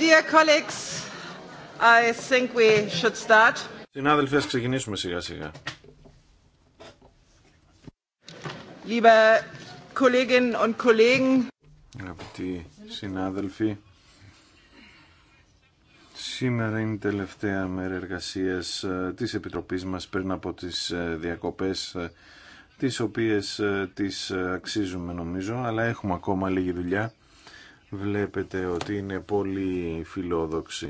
Dear Συνάδελφοι, ας ξεκινήσουμε σιγά σιγά. Liebe Kolleginnen und Kollegen. Αγαπητοί συνάδελφοι, σήμερα είναι η τελευταία μέρα εργασίας ε, της Επιτροπής μας πριν από τις ε, διακοπές ε, τις οποίες τις αξίζουμε νομίζω, αλλά έχουμε ακόμα λίγη δουλειά Βλέπετε ότι είναι πολύ φιλόδοξη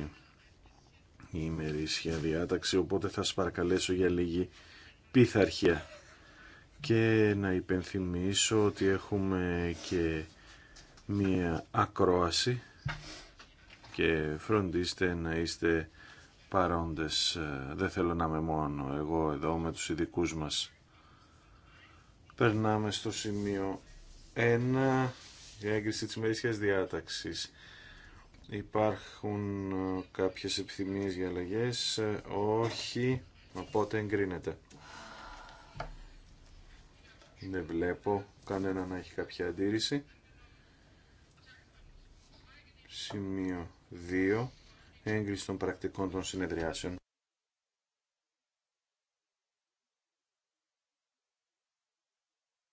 η ημερήσια διάταξη, οπότε θα σας παρακαλέσω για λίγη πειθαρχία. Και να υπενθυμίσω ότι έχουμε και μία ακρόαση και φροντίστε να είστε παρόντες. Δεν θέλω να είμαι μόνο εγώ εδώ με τους ειδικού μας. Περνάμε στο σημείο 1 για έγκριση της μερίσιας διάταξης. Υπάρχουν ε, κάποιες επιθυμίες για αλλαγές. Ε, όχι, οπότε εγκρίνεται. Δεν βλέπω κανένα να έχει κάποια αντίρρηση. Σημείο 2. Έγκριση των πρακτικών των συνεδριάσεων.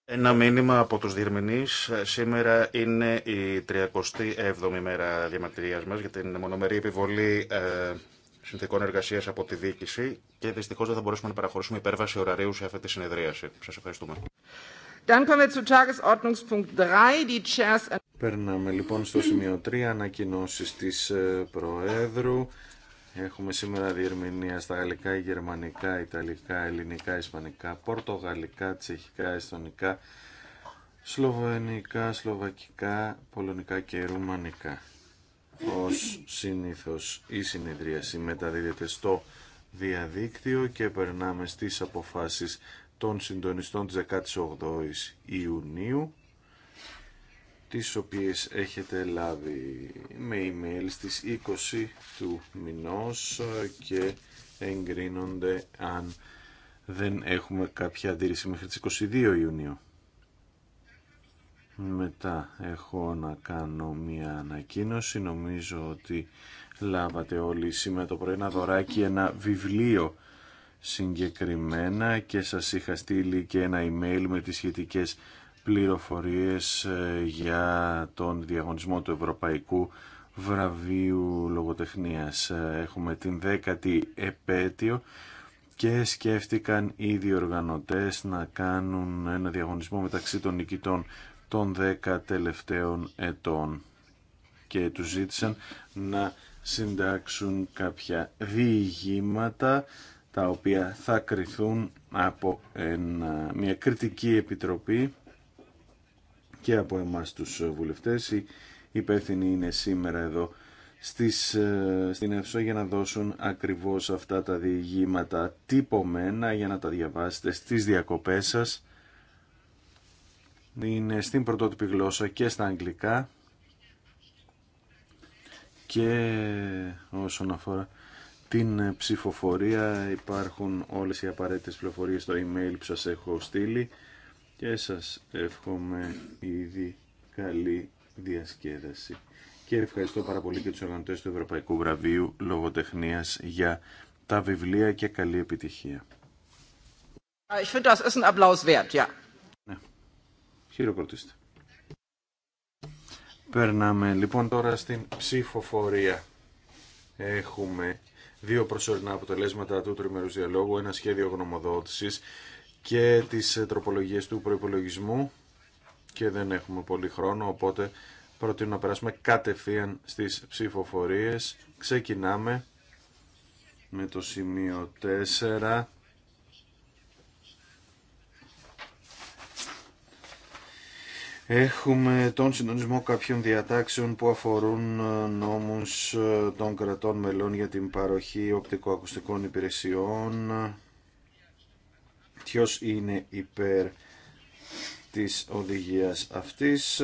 Ένα μήνυμα από τους διερμηνείς. Σήμερα είναι η 37η μέρα διαμαρτυρίας μας για την μονομερή επιβολή ε, συνθηκών εργασία από τη διοίκηση και δυστυχώς δεν θα μπορέσουμε να παραχωρήσουμε υπέρβαση ωραρίου σε αυτή τη συνεδρίαση. Σας ευχαριστούμε. Περνάμε λοιπόν στο σημείο 3, ανακοινώσει τη ε, Προέδρου. Έχουμε σήμερα διερμηνία στα γαλλικά, γερμανικά, ιταλικά, ελληνικά, ισπανικά, πορτογαλικά, τσεχικά, εστονικά, σλοβενικά, σλοβακικά, πολωνικά και ρουμανικά. Ως συνήθως η συνεδρίαση μεταδίδεται στο διαδίκτυο και περνάμε στις αποφάσεις των συντονιστών της 18ης Ιουνίου τις οποίες έχετε λάβει με email στις 20 του μηνός και εγκρίνονται αν δεν έχουμε κάποια αντίρρηση μέχρι τις 22 Ιουνίου. Μετά έχω να κάνω μία ανακοίνωση. Νομίζω ότι λάβατε όλοι σήμερα το πρωί ένα δωράκι, ένα βιβλίο συγκεκριμένα και σας είχα στείλει και ένα email με τις σχετικές πληροφορίες ε, για τον διαγωνισμό του Ευρωπαϊκού Βραβείου Λογοτεχνίας. Ε, έχουμε την δέκατη επέτειο και σκέφτηκαν οι διοργανωτές να κάνουν ένα διαγωνισμό μεταξύ των νικητών των 10 τελευταίων ετών και τους ζήτησαν να συντάξουν κάποια διηγήματα τα οποία θα κριθούν από μια κριτική επιτροπή και από εμάς τους βουλευτές. Οι υπεύθυνοι είναι σήμερα εδώ ε, στην Ευσό για να δώσουν ακριβώς αυτά τα διηγήματα τυπωμένα για να τα διαβάσετε στις διακοπές σας. Είναι στην πρωτότυπη γλώσσα και στα αγγλικά και όσον αφορά την ψηφοφορία υπάρχουν όλες οι απαραίτητες πληροφορίες στο email που σας έχω στείλει και σας εύχομαι ήδη καλή διασκέδαση. Και ευχαριστώ πάρα πολύ και τους οργανωτές του Ευρωπαϊκού Βραβείου Λογοτεχνίας για τα βιβλία και καλή επιτυχία. Äh, ich finde, das ist ein Applaus Ναι. Χειροκροτήστε. Περνάμε λοιπόν τώρα στην ψηφοφορία. Έχουμε δύο προσωρινά αποτελέσματα του τριμερούς διαλόγου, ένα σχέδιο γνωμοδότησης και τις ε, τροπολογίες του προϋπολογισμού και δεν έχουμε πολύ χρόνο, οπότε προτείνω να περάσουμε κατευθείαν στις ψηφοφορίες. Ξεκινάμε με το σημείο 4. Έχουμε τον συντονισμό κάποιων διατάξεων που αφορούν ε, νόμους ε, των κρατών μελών για την παροχή οπτικοακουστικών υπηρεσιών ποιος είναι υπέρ της οδηγίας αυτής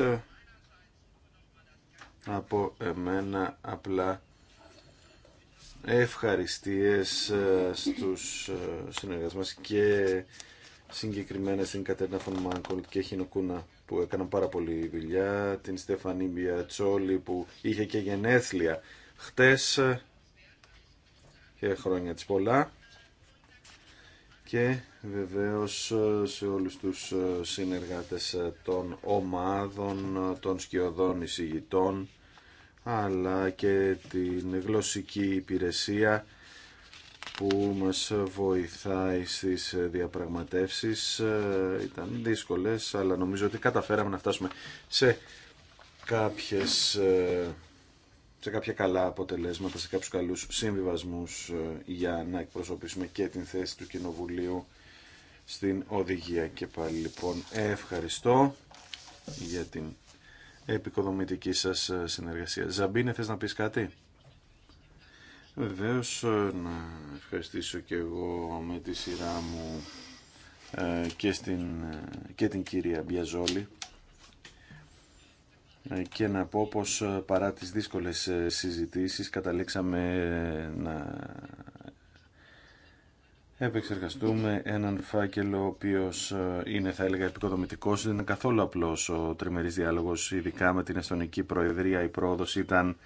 από εμένα απλά ευχαριστίες ε, στους ε, συνεργασμούς μας και συγκεκριμένα στην Κατερίνα Φων και Χινοκούνα που έκαναν πάρα πολύ δουλειά, την Στεφανή Μπιατσόλη που είχε και γενέθλια χτες ε, και χρόνια της πολλά και βεβαίως σε όλους τους ε, συνεργάτες ε, των ομάδων, ε, των σκιωδών εισηγητών, αλλά και την γλωσσική υπηρεσία που μας βοηθάει στις διαπραγματεύσεις. Ήταν δύσκολες, αλλά νομίζω ότι καταφέραμε να φτάσουμε σε, κάποιες, σε κάποια καλά αποτελέσματα, σε κάποιους καλούς συμβιβασμούς για να εκπροσωπήσουμε και την θέση του Κοινοβουλίου στην οδηγία. Και πάλι λοιπόν ευχαριστώ για την επικοδομητική σας συνεργασία. Ζαμπίνε, θες να πεις κάτι? Βεβαίω να ευχαριστήσω και εγώ με τη σειρά μου ε, και, στην, και την κυρία Μπιαζόλη ε, και να πω πως ε, παρά τις δύσκολες συζητήσεις καταλήξαμε να επεξεργαστούμε έναν φάκελο ο οποίο ε, είναι θα έλεγα επικοδομητικός δεν είναι καθόλου απλό ο τριμερής διάλογο, ειδικά με την Εστονική Προεδρία η πρόοδος ήταν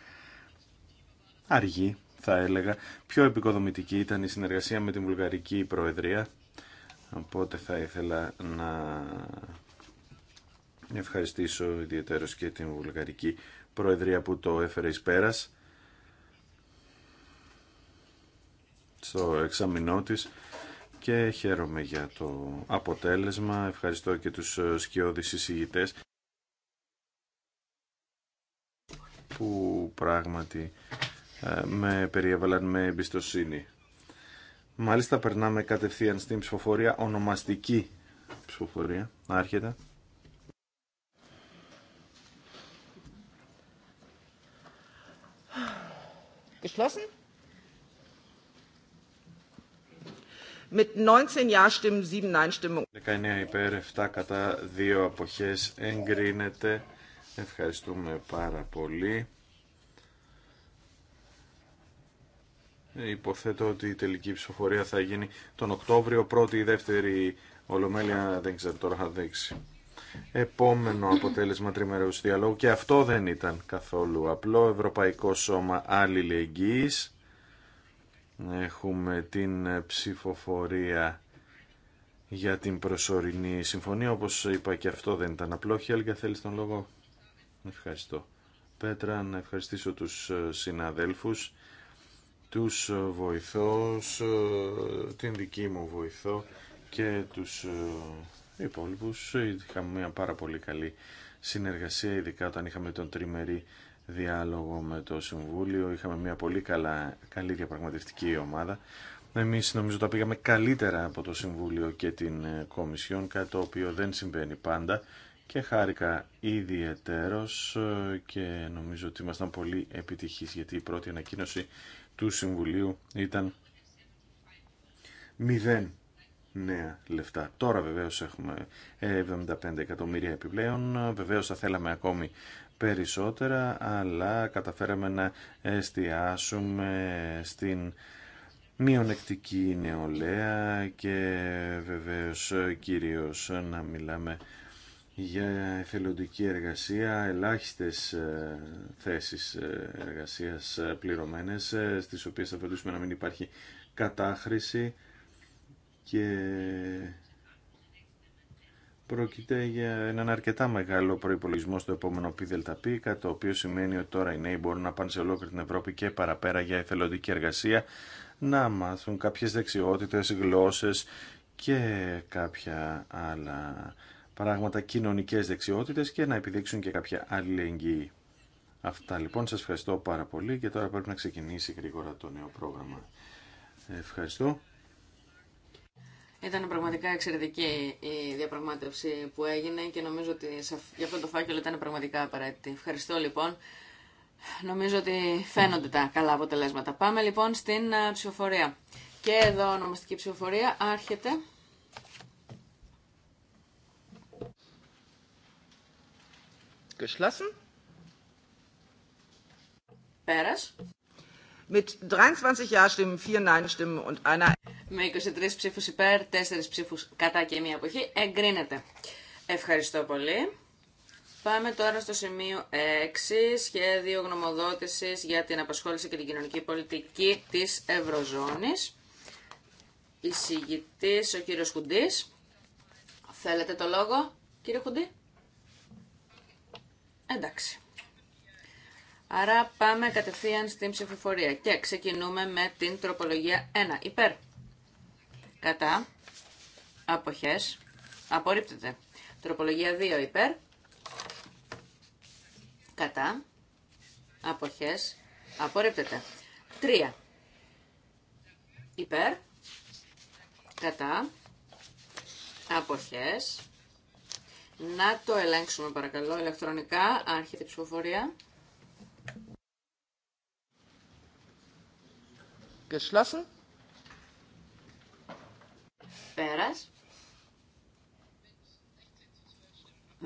αργή θα έλεγα πιο επικοδομητική ήταν η συνεργασία με την Βουλγαρική Προεδρία οπότε θα ήθελα να ευχαριστήσω ιδιαίτερως και την Βουλγαρική Προεδρία που το έφερε εις πέρας στο εξαμεινό τη και χαίρομαι για το αποτέλεσμα. Ευχαριστώ και τους ε, σκιώδεις εισηγητές που πράγματι ε, με περιέβαλαν με εμπιστοσύνη. Μάλιστα περνάμε κατευθείαν στην ψηφοφορία, ονομαστική ψηφοφορία. Άρχεται. Geschlossen. Mit 19 Ja-Stimmen, 7 Nein-Stimmen. 19 υπέρ, 7 κατά, 2 αποχές εγκρίνεται. Ευχαριστούμε πάρα πολύ. Υποθέτω ότι η τελική ψηφοφορία θα γίνει τον Οκτώβριο, πρώτη ή δεύτερη ολομέλεια, δεν ξέρω τώρα θα δείξει. Επόμενο αποτέλεσμα τριμερούς διαλόγου και αυτό δεν ήταν καθόλου απλό. Ευρωπαϊκό Σώμα Αλληλεγγύης έχουμε την ψηφοφορία για την προσωρινή συμφωνία. Όπως είπα και αυτό δεν ήταν απλό. Χέλγα θέλεις τον λόγο. Ευχαριστώ. Πέτρα, να ευχαριστήσω τους ε, συναδέλφους, τους ε, βοηθούς, ε, την δική μου βοηθό και τους υπόλοιπους. Είχαμε μια πάρα πολύ καλή συνεργασία, ειδικά όταν είχαμε τον τριμερή διάλογο με το Συμβούλιο. Είχαμε μια πολύ καλά, καλή διαπραγματευτική ομάδα. Εμείς νομίζω τα πήγαμε καλύτερα από το Συμβούλιο και την ε, Κομισιόν, κάτι το οποίο δεν συμβαίνει πάντα και χάρηκα ιδιαίτερο και νομίζω ότι ήμασταν πολύ επιτυχείς γιατί η πρώτη ανακοίνωση του Συμβουλίου ήταν μηδέν νέα λεφτά. Τώρα βεβαίως έχουμε 75 εκατομμύρια επιπλέον, βεβαίως θα θέλαμε ακόμη περισσότερα, αλλά καταφέραμε να εστιάσουμε στην μειονεκτική νεολαία και βεβαίως κυρίως να μιλάμε για εθελοντική εργασία, ελάχιστες ε, θέσεις ε, εργασίας πληρωμένες, ε, στις οποίες θα φελούσουμε να μην υπάρχει κατάχρηση και Πρόκειται για έναν αρκετά μεγάλο προπολογισμό στο επόμενο ΠΔΠ, το οποίο σημαίνει ότι τώρα οι νέοι μπορούν να πάνε σε ολόκληρη την Ευρώπη και παραπέρα για εθελοντική εργασία, να μάθουν κάποιες δεξιότητες, γλώσσες και κάποια άλλα πράγματα, κοινωνικές δεξιότητες και να επιδείξουν και κάποια αλληλεγγύη. Αυτά λοιπόν, σας ευχαριστώ πάρα πολύ και τώρα πρέπει να ξεκινήσει γρήγορα το νέο πρόγραμμα. Ευχαριστώ. Ήταν πραγματικά εξαιρετική η διαπραγμάτευση που έγινε και νομίζω ότι για αυτό το φάκελο ήταν πραγματικά απαραίτητη. Ευχαριστώ λοιπόν. Νομίζω ότι φαίνονται τα καλά αποτελέσματα. Πάμε λοιπόν στην ε, ψηφοφορία. Και εδώ ονομαστική ψηφοφορία άρχεται. Geschlossen. Πέρας. Με 23 4 Με 23 ψήφους υπέρ, 4 ψήφους κατά και μία εποχή, εγκρίνεται. Ευχαριστώ πολύ. Πάμε τώρα στο σημείο 6, σχέδιο γνωμοδότησης για την απασχόληση και την κοινωνική πολιτική της Ευρωζώνης. Εισηγητής ο κύριος Χουντής. Θέλετε το λόγο, κύριε Χουντή. Εντάξει. Άρα πάμε κατευθείαν στην ψηφοφορία και ξεκινούμε με την τροπολογία 1. Υπέρ. Κατά. Αποχές. Απορρίπτεται. Τροπολογία 2. Υπέρ. Κατά. Αποχές. Απορρίπτεται. 3. Υπέρ. Κατά. Αποχές. Να το ελέγξουμε παρακαλώ ηλεκτρονικά. Άρχεται η ψηφοφορία. Geschlossen. Πέρας.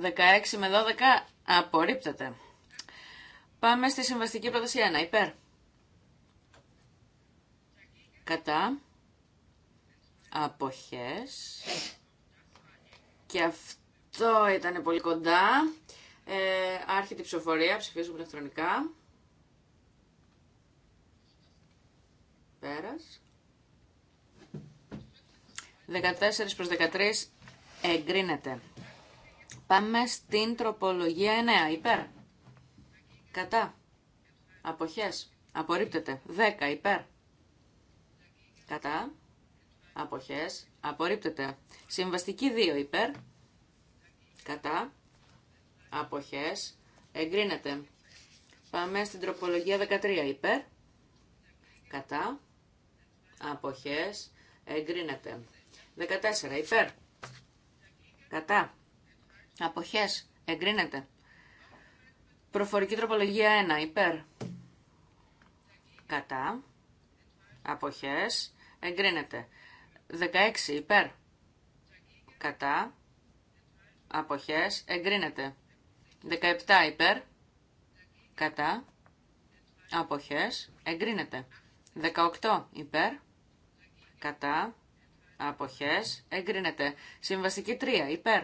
16 με 12 απορρίπτεται. Πάμε στη συμβαστική πρόταση 1. Υπέρ. Κατά. Αποχές. Και αυτό ήταν πολύ κοντά. Ε, άρχεται η ψηφοφορία. Ψηφίζουμε ηλεκτρονικά. 14 προς 13 εγκρίνεται. Πάμε στην τροπολογία 9. Υπέρ. Κατά. Αποχές. Απορρίπτεται. 10. Υπέρ. Κατά. Αποχές. Απορρίπτεται. Συμβαστική 2. Υπέρ. Κατά. Αποχές. Εγκρίνεται. Πάμε στην τροπολογία 13. Υπέρ. Κατά αποχές εγκρίνεται. 14 υπέρ κατά αποχές εγκρίνεται. Προφορική τροπολογία 1 υπέρ κατά αποχές εγκρίνεται. 16 υπέρ κατά αποχές εγκρίνεται. 17 υπέρ κατά αποχές εγκρίνεται. 18 υπέρ κατά, αποχές, εγκρίνεται. Συμβαστική 3, υπέρ,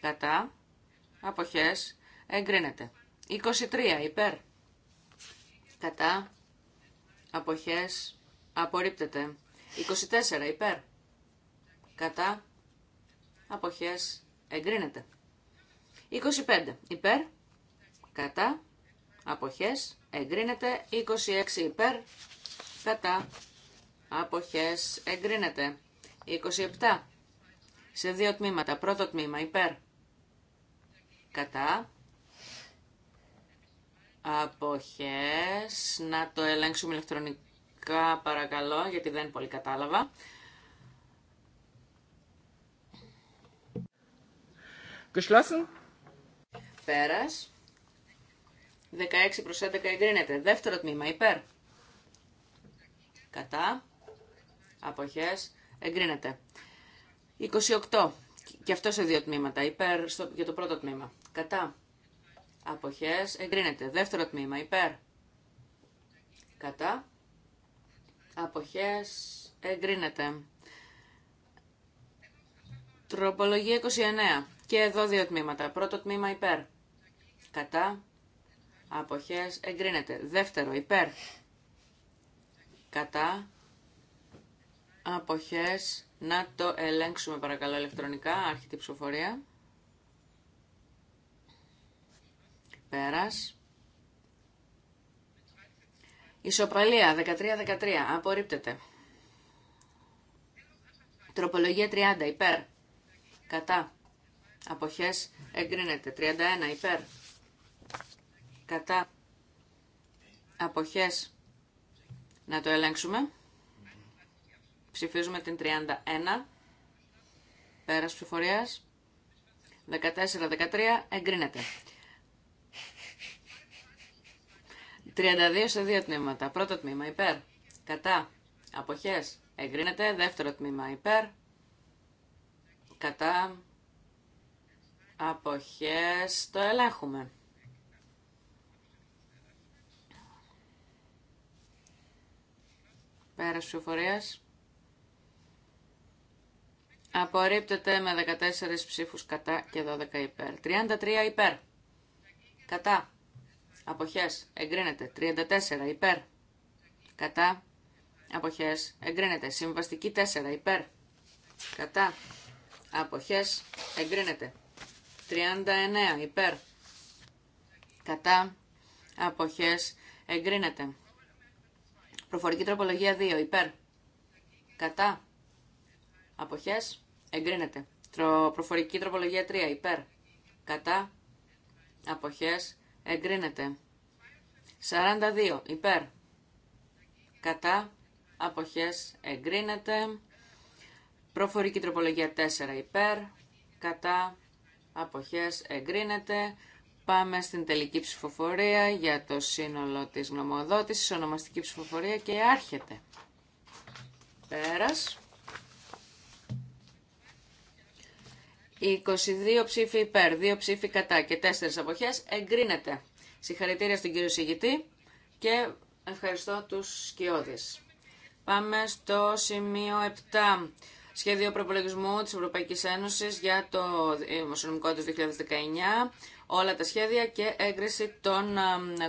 κατά, αποχές, εγκρίνεται. 23, υπέρ, κατά, αποχές, απορρίπτεται. 24, υπέρ, κατά, αποχές, εγκρίνεται. 25, υπέρ, κατά, αποχές, εγκρίνεται. 26, υπέρ, κατά, αποχές εγκρίνεται. 27 σε δύο τμήματα. Πρώτο τμήμα υπέρ κατά αποχές. Να το ελέγξουμε ηλεκτρονικά παρακαλώ γιατί δεν πολύ κατάλαβα. Geschlossen. Πέρας. 16 προς 11 εγκρίνεται. Δεύτερο τμήμα υπέρ. Κατά αποχές, εγκρίνεται. 28. Και αυτό σε δύο τμήματα. Υπέρ για το πρώτο τμήμα. Κατά. Αποχές. Εγκρίνεται. Δεύτερο τμήμα. Υπέρ. Κατά. Αποχές. Εγκρίνεται. Τροπολογία 29. Και εδώ δύο τμήματα. Πρώτο τμήμα υπέρ. Κατά. Αποχές. Εγκρίνεται. Δεύτερο. Υπέρ. Κατά αποχές να το ελέγξουμε παρακαλώ ηλεκτρονικά, άρχεται η ψηφοφορία. Πέρας. Ισοπαλία 13-13, απορρίπτεται. Τροπολογία 30, υπέρ. Κατά. Αποχές εγκρίνεται. 31, υπέρ. Κατά. Αποχές. Να το ελέγξουμε. Ψηφίζουμε την 31. Πέρας ψηφορίας. 14-13 εγκρίνεται. 32 σε δύο τμήματα. Πρώτο τμήμα υπέρ. Κατά. Αποχές. Εγκρίνεται. Δεύτερο τμήμα υπέρ. Κατά. Αποχές. Το ελέγχουμε. Πέρας 32-13. Απορρίπτεται με 14 ψήφους κατά και 12 υπέρ. 33 υπέρ. Κατά. Αποχές. Εγκρίνεται. 34 υπέρ. Κατά. Αποχές. Εγκρίνεται. Συμβαστική 4 υπέρ. Κατά. Αποχές. Εγκρίνεται. 39 υπέρ. Κατά. Αποχές. Εγκρίνεται. Προφορική τροπολογία 2 υπέρ. Κατά. Αποχές. Εγκρίνεται. Τρο, προφορική τροπολογία 3. Υπέρ. Κατά. Αποχές. Εγκρίνεται. 42. Υπέρ. Κατά. Αποχές. Εγκρίνεται. Προφορική τροπολογία 4. Υπέρ. Κατά. Αποχές. Εγκρίνεται. Πάμε στην τελική ψηφοφορία για το σύνολο της γνωμοδότησης, ονομαστική ψηφοφορία και άρχεται. Πέρας. 22 ψήφοι υπέρ, 2 ψήφοι κατά και 4 αποχές εγκρίνεται. Συγχαρητήρια στον κύριο Σιγητή και ευχαριστώ τους σκιώδες. Πάμε στο σημείο 7. Σχέδιο προπολογισμού της Ευρωπαϊκής Ένωσης για το Μοσονομικό του 2019 όλα τα σχέδια και έγκριση των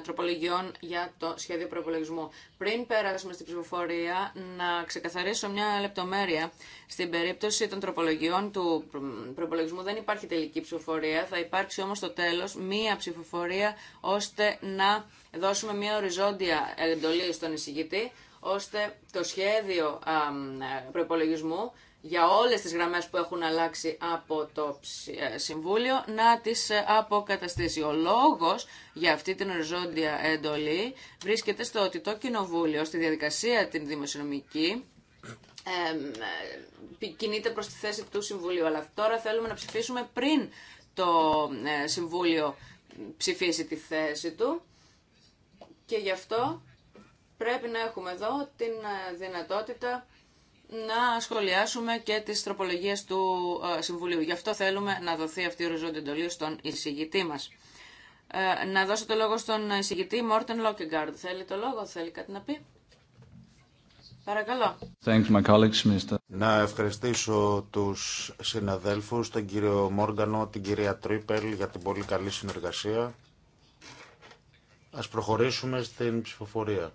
τροπολογιών για το σχέδιο προπολογισμού. Πριν πέρασουμε στην ψηφοφορία, να ξεκαθαρίσω μια λεπτομέρεια. Στην περίπτωση των τροπολογιών του προπολογισμού δεν υπάρχει τελική ψηφοφορία, θα υπάρξει όμως στο τέλος μια ψηφοφορία ώστε να δώσουμε μια οριζόντια εντολή στον εισηγητή ώστε το σχέδιο προπολογισμού για όλες τις γραμμές που έχουν αλλάξει από το ε, Συμβούλιο να τις ε, αποκαταστήσει. Ο λόγος για αυτή την οριζόντια εντολή βρίσκεται στο ότι το Κοινοβούλιο στη διαδικασία την δημοσιονομική ε, κινείται προς τη θέση του Συμβουλίου. Αλλά τώρα θέλουμε να ψηφίσουμε πριν το Συμβούλιο ψηφίσει τη θέση του και γι' αυτό πρέπει να έχουμε εδώ την δυνατότητα να σχολιάσουμε και τις τροπολογίες του ε, Συμβουλίου. Γι' αυτό θέλουμε να δοθεί αυτή η οριζόντια εντολή στον εισηγητή μας. Ε, να δώσω το λόγο στον εισηγητή Μόρτεν Λόκεγκαρντ. Θέλει το λόγο, θέλει κάτι να πει. Παρακαλώ. Thanks, my colleagues, Mr. Να ευχαριστήσω τους συναδέλφους, τον κύριο Μόργανο, την κυρία Τρίπελ για την πολύ καλή συνεργασία. Ας προχωρήσουμε στην ψηφοφορία.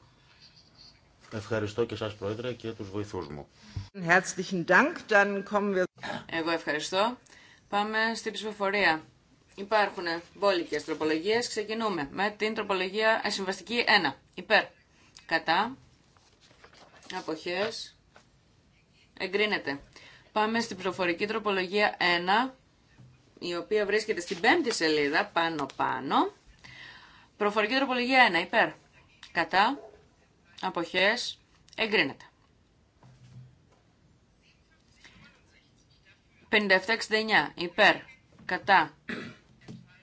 Ευχαριστώ και σας Πρόεδρε και τους βοηθούς μου. Εγώ ευχαριστώ. Πάμε στην ψηφοφορία. Υπάρχουν βόλικες τροπολογίες. Ξεκινούμε με την τροπολογία ε, συμβαστική 1. Υπέρ. Κατά. Αποχές. Εγκρίνεται. Πάμε στην προφορική τροπολογία 1, η οποία βρίσκεται στην πέμπτη σελίδα, πάνω-πάνω. Προφορική τροπολογία 1, υπέρ. Κατά αποχές, εγκρίνεται. 5769 υπέρ, κατά,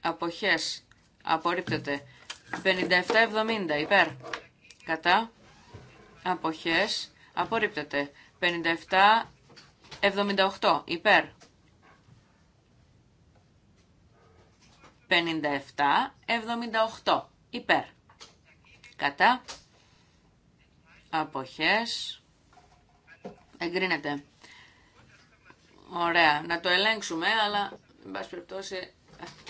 αποχές, απορρίπτεται. 5770 υπέρ, κατά, αποχές, απορρίπτεται. 5778 υπέρ. 5778 υπέρ. Κατά, αποχές, εγκρίνεται. Ωραία, να το ελέγξουμε, αλλά, εν πάση περιπτώσει,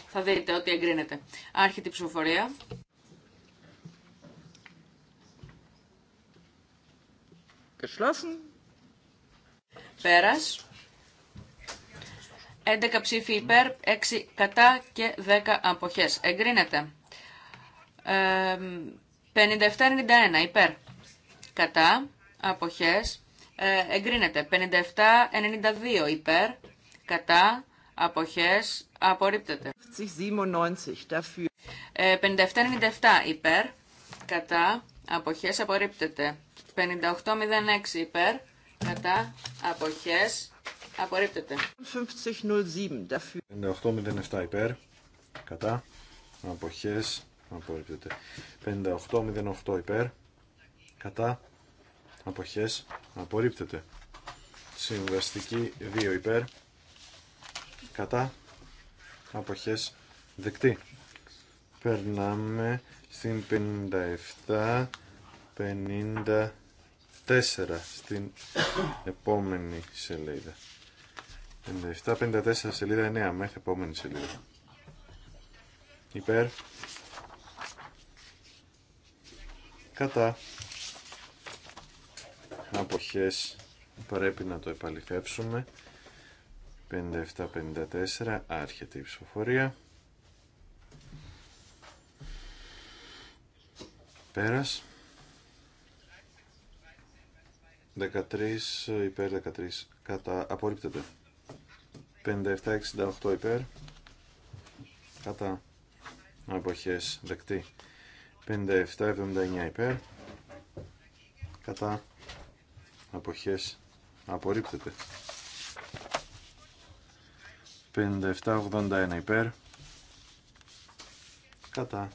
θα δείτε ότι εγκρίνεται. Άρχεται η ψηφοφορία. Geschlossen. Πέρας. 11 ψήφοι υπέρ, 6 κατά και 10 αποχές. Εγκρίνεται. Ε, 57-91 υπέρ κατά, αποχές, ε, εγκρίνεται. 57-92 υπέρ, κατά, αποχές, απορρίπτεται. 57-97 ε, υπέρ, κατά, αποχές, απορρίπτεται. 58-06 υπέρ, κατά, αποχές, απορρίπτεται. 58-07 υπέρ, κατά, αποχές, απορρίπτεται. 58-08 υπέρ, κατά, αποχές απορρίπτεται. Συμβαστική 2 υπέρ κατά αποχές δεκτή. Περνάμε στην 57, 54 στην επόμενη σελίδα. 57-54 σελίδα 9 μέχρι επόμενη σελίδα. Υπέρ. Κατά αποχές πρέπει να το επαληθεύσουμε 57-54 άρχεται η ψηφοφορία πέρας 13 υπέρ 13 κατά απορρίπτεται 57-68 υπέρ κατά αποχές δεκτή 57-79 υπέρ κατά αποχές απορρίπτεται 5781 υπέρ κατά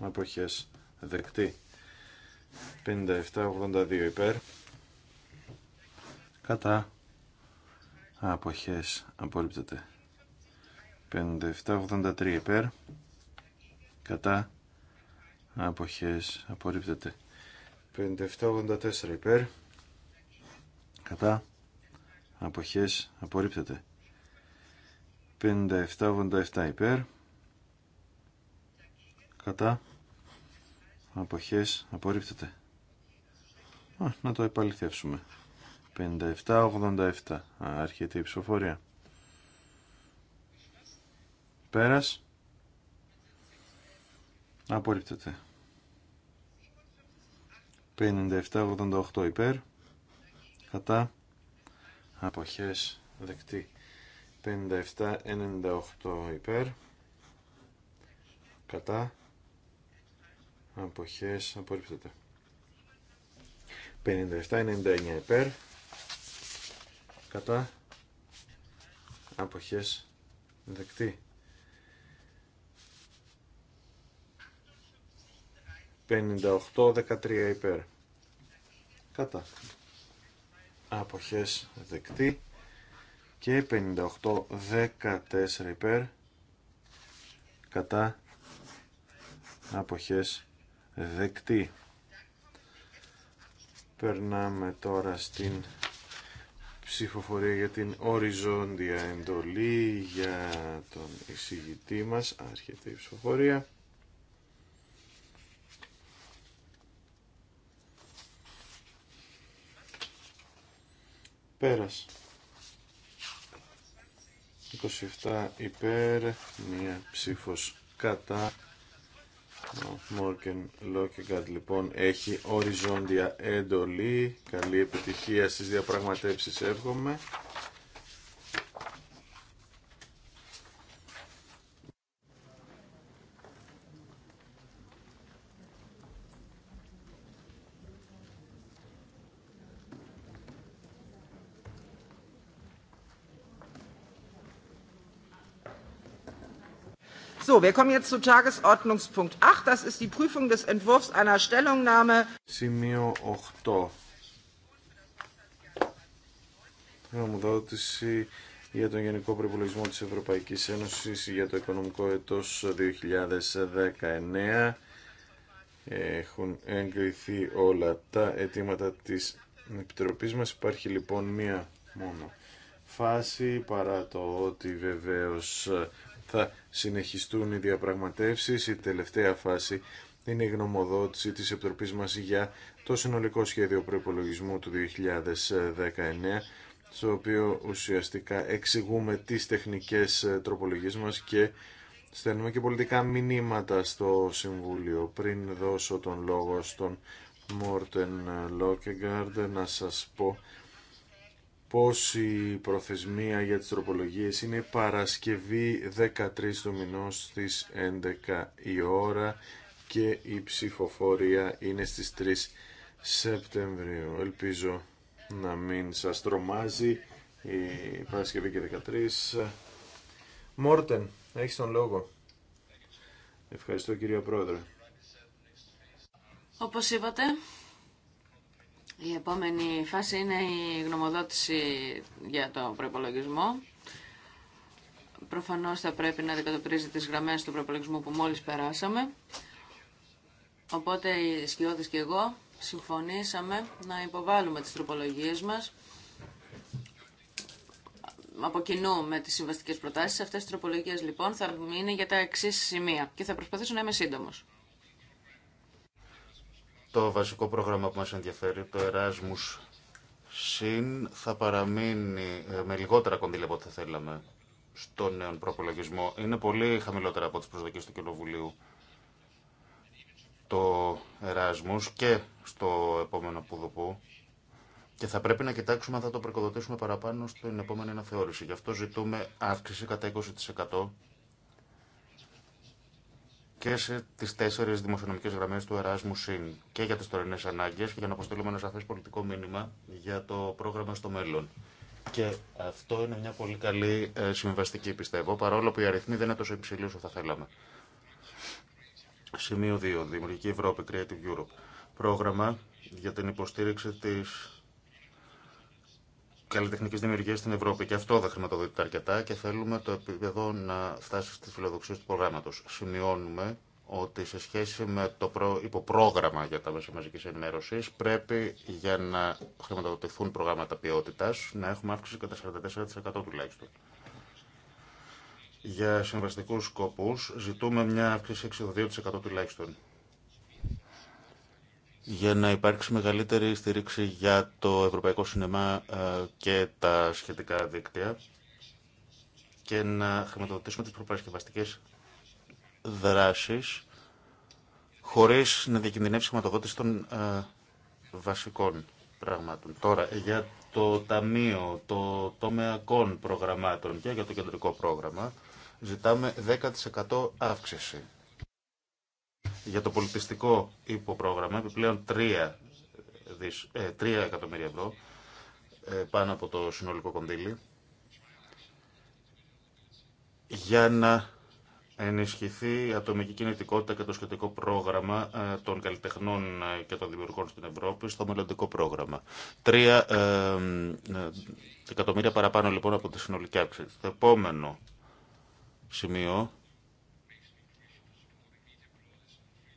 αποχές δεκτή 5782 υπέρ κατά αποχές απορρίπτεται 5783 υπέρ κατά αποχές απορρίπτεται 5784 υπέρ κατά αποχές απορρίπτεται 57-87 υπέρ κατά αποχές απορρίπτεται Α, να το επαληθεύσουμε 57-87 άρχεται η ψηφοφορία πέρας απορρίπτεται 57-88 υπέρ κατά αποχές δεκτή 57-98 υπέρ κατά αποχές απορρίπτεται 57-99 υπέρ κατά αποχές δεκτή 58-13 υπέρ κατά αποχές δεκτή και 58-14 υπέρ κατά αποχές δεκτή. Περνάμε τώρα στην ψηφοφορία για την οριζόντια εντολή για τον εισηγητή μας. Άρχεται η ψηφοφορία. Πέρας. 27 υπέρ, μία ψήφος κατά. Ο Μόρκεν Λόκεγκατ λοιπόν έχει οριζόντια έντολη. Καλή επιτυχία στις διαπραγματεύσεις εύχομαι. Σημείο 8. Νομοδότηση για τον Γενικό Προπολογισμό της Ευρωπαϊκής Ένωσης για το οικονομικό έτος 2019. Έχουν εγκριθεί όλα τα αιτήματα της Επιτροπής μας. Υπάρχει λοιπόν μία μόνο φάση παρά το ότι βεβαίως θα συνεχιστούν οι διαπραγματεύσεις. Η τελευταία φάση είναι η γνωμοδότηση της Επιτροπής μας για το συνολικό σχέδιο προϋπολογισμού του 2019 στο οποίο ουσιαστικά εξηγούμε τις τεχνικές τροπολογίες μας και στέλνουμε και πολιτικά μηνύματα στο Συμβούλιο. Πριν δώσω τον λόγο στον Μόρτεν Λόκεγκάρντ να σας πω πως η προθεσμία για τις τροπολογίες είναι Παρασκευή 13 του μηνός στις 11 η ώρα και η ψηφοφορία είναι στις 3 Σεπτεμβρίου. Ελπίζω να μην σας τρομάζει η Παρασκευή και 13. Μόρτεν, έχεις τον λόγο. Ευχαριστώ κυρία Πρόεδρε. Όπως είπατε, η επόμενη φάση είναι η γνωμοδότηση για το προπολογισμό. Προφανώς θα πρέπει να αντικατοπτρίζει τις γραμμές του προπολογισμού που μόλις περάσαμε. Οπότε οι Σκιώδης και εγώ συμφωνήσαμε να υποβάλουμε τις τροπολογίες μας από κοινού με τις συμβαστικές προτάσεις. Αυτές οι τροπολογίες λοιπόν θα είναι για τα εξή σημεία και θα προσπαθήσω να είμαι σύντομος το βασικό πρόγραμμα που μας ενδιαφέρει, το Erasmus Συν, θα παραμείνει ε, με λιγότερα κονδύλια από ό,τι θα θέλαμε στο νέο προπολογισμό. Είναι πολύ χαμηλότερα από τις προσδοκίες του Κοινοβουλίου το Erasmus και στο επόμενο πουδουπού. Και θα πρέπει να κοιτάξουμε αν θα το προκοδοτήσουμε παραπάνω στην επόμενη αναθεώρηση. Γι' αυτό ζητούμε αύξηση κατά 20% και σε τι τέσσερι δημοσιονομικέ γραμμέ του Εράσμου ΣΥΝ και για τι τωρινέ ανάγκε και για να αποστείλουμε ένα σαφέ πολιτικό μήνυμα για το πρόγραμμα στο μέλλον. Και αυτό είναι μια πολύ καλή ε, συμβαστική, πιστεύω, παρόλο που οι αριθμοί δεν είναι τόσο υψηλή όσο θα θέλαμε. Σημείο 2. Δημιουργική Ευρώπη, Creative Europe. Πρόγραμμα για την υποστήριξη της καλλιτεχνική δημιουργία στην Ευρώπη. Και αυτό δεν χρηματοδοτείται αρκετά και θέλουμε το επίπεδο να φτάσει στι φιλοδοξίε του προγράμματο. Σημειώνουμε ότι σε σχέση με το προ... υποπρόγραμμα για τα μέσα μαζική ενημέρωση πρέπει για να χρηματοδοτηθούν προγράμματα ποιότητα να έχουμε αύξηση κατά 44% τουλάχιστον. Για συμβαστικού σκοπού ζητούμε μια αύξηση 62% τουλάχιστον για να υπάρξει μεγαλύτερη στήριξη για το ευρωπαϊκό σινεμά ε, και τα σχετικά δίκτυα και να χρηματοδοτήσουμε τις προπαρασκευαστικές δράσεις χωρίς να διακινδυνεύσει χρηματοδότηση των ε, βασικών πραγμάτων. Τώρα, για το Ταμείο, το τομεακών προγραμμάτων και για το κεντρικό πρόγραμμα, ζητάμε 10% αύξηση για το πολιτιστικό υποπρόγραμμα επιπλέον 3, 3 ε, εκατομμύρια ευρώ ε, πάνω από το συνολικό κονδύλι για να ενισχυθεί η ατομική κινητικότητα και το σχετικό πρόγραμμα ε, των καλλιτεχνών και των δημιουργών στην Ευρώπη στο μελλοντικό πρόγραμμα. Τρία εκατομμύρια παραπάνω λοιπόν από τη συνολική αύξηση. Το επόμενο σημείο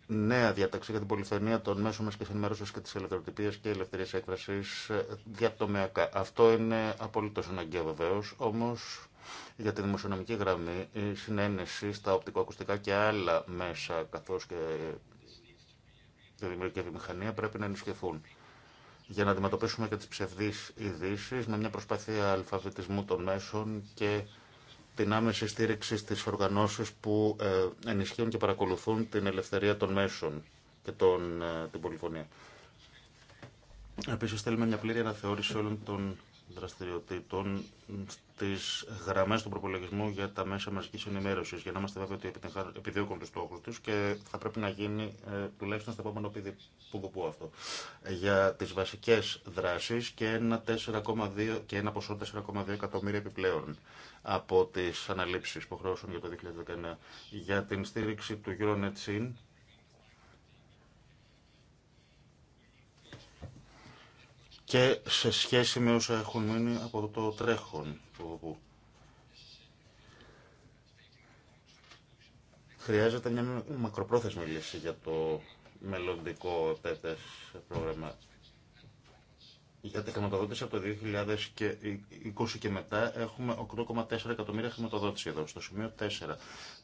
νέα διάταξη για την πολυθενία των μέσων μας και ενημέρωση και της ελευθεροτυπίας και ελευθερίας έκφρασης διατομεακά. Ε, Αυτό είναι απολύτως αναγκαίο βεβαίω, όμως για τη δημοσιονομική γραμμή η συνένεση στα οπτικοακουστικά και άλλα μέσα καθώς και τη δημιουργική βιομηχανία πρέπει να ενισχυθούν για να αντιμετωπίσουμε και τις ψευδείς ειδήσει με μια προσπάθεια αλφαβητισμού των μέσων και την άμεση στήριξη στις οργανώσεις που ε, ενισχύουν και παρακολουθούν την ελευθερία των μέσων και τον, ε, την πολυφωνία. Επίσης θέλουμε μια πλήρη αναθεώρηση όλων των δραστηριοτήτων στι γραμμέ του προπολογισμού για τα μέσα μαζική ενημέρωση, για να είμαστε βέβαιοι ότι επιδιώκουν του στόχου του και θα πρέπει να γίνει ε, τουλάχιστον στο επόμενο πίδι που, που, αυτό. Ε, για τι βασικέ δράσει και, ένα και ένα ποσό 4,2 εκατομμύρια επιπλέον από τι αναλήψει υποχρεώσεων για το 2019. Για την στήριξη του EuroNet και σε σχέση με όσα έχουν μείνει από το τρέχον που χρειάζεται μια μακροπρόθεσμη λύση για το μελλοντικό τέτοιο πρόγραμμα. Για τη χρηματοδότηση από το 2020 και μετά έχουμε 8,4 εκατομμύρια χρηματοδότηση εδώ. Στο σημείο 4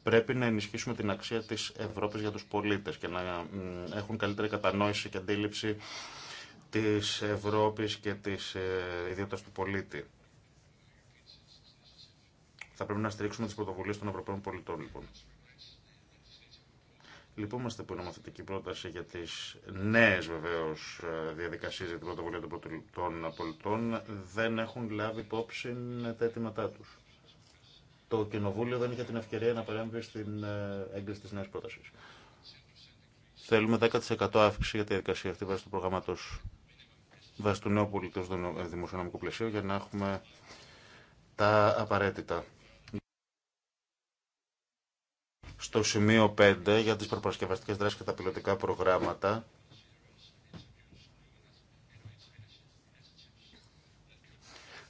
πρέπει να ενισχύσουμε την αξία της Ευρώπης για τους πολίτες και να έχουν καλύτερη κατανόηση και αντίληψη της Ευρώπης και της ε, ιδιότητας του πολίτη. Θα πρέπει να στηρίξουμε τις πρωτοβουλίες των Ευρωπαίων πολιτών, λοιπόν. Λυπούμαστε που η νομοθετική πρόταση για τις νέε βεβαίω ε, διαδικασίε για την πρωτοβουλία των πολιτών δεν έχουν λάβει υπόψη τα αιτήματά τους. Το Κοινοβούλιο δεν είχε την ευκαιρία να παρέμβει στην ε, έγκριση της νέα πρότασης. Θέλουμε 10% αύξηση για τη διαδικασία αυτή βάσει του προγράμματο βάσει του νέου πολιτικού ε, δημοσιονομικού πλαισίου για να έχουμε τα απαραίτητα. Στο σημείο 5 για τις προπαρασκευαστικές δράσεις και τα πιλωτικά προγράμματα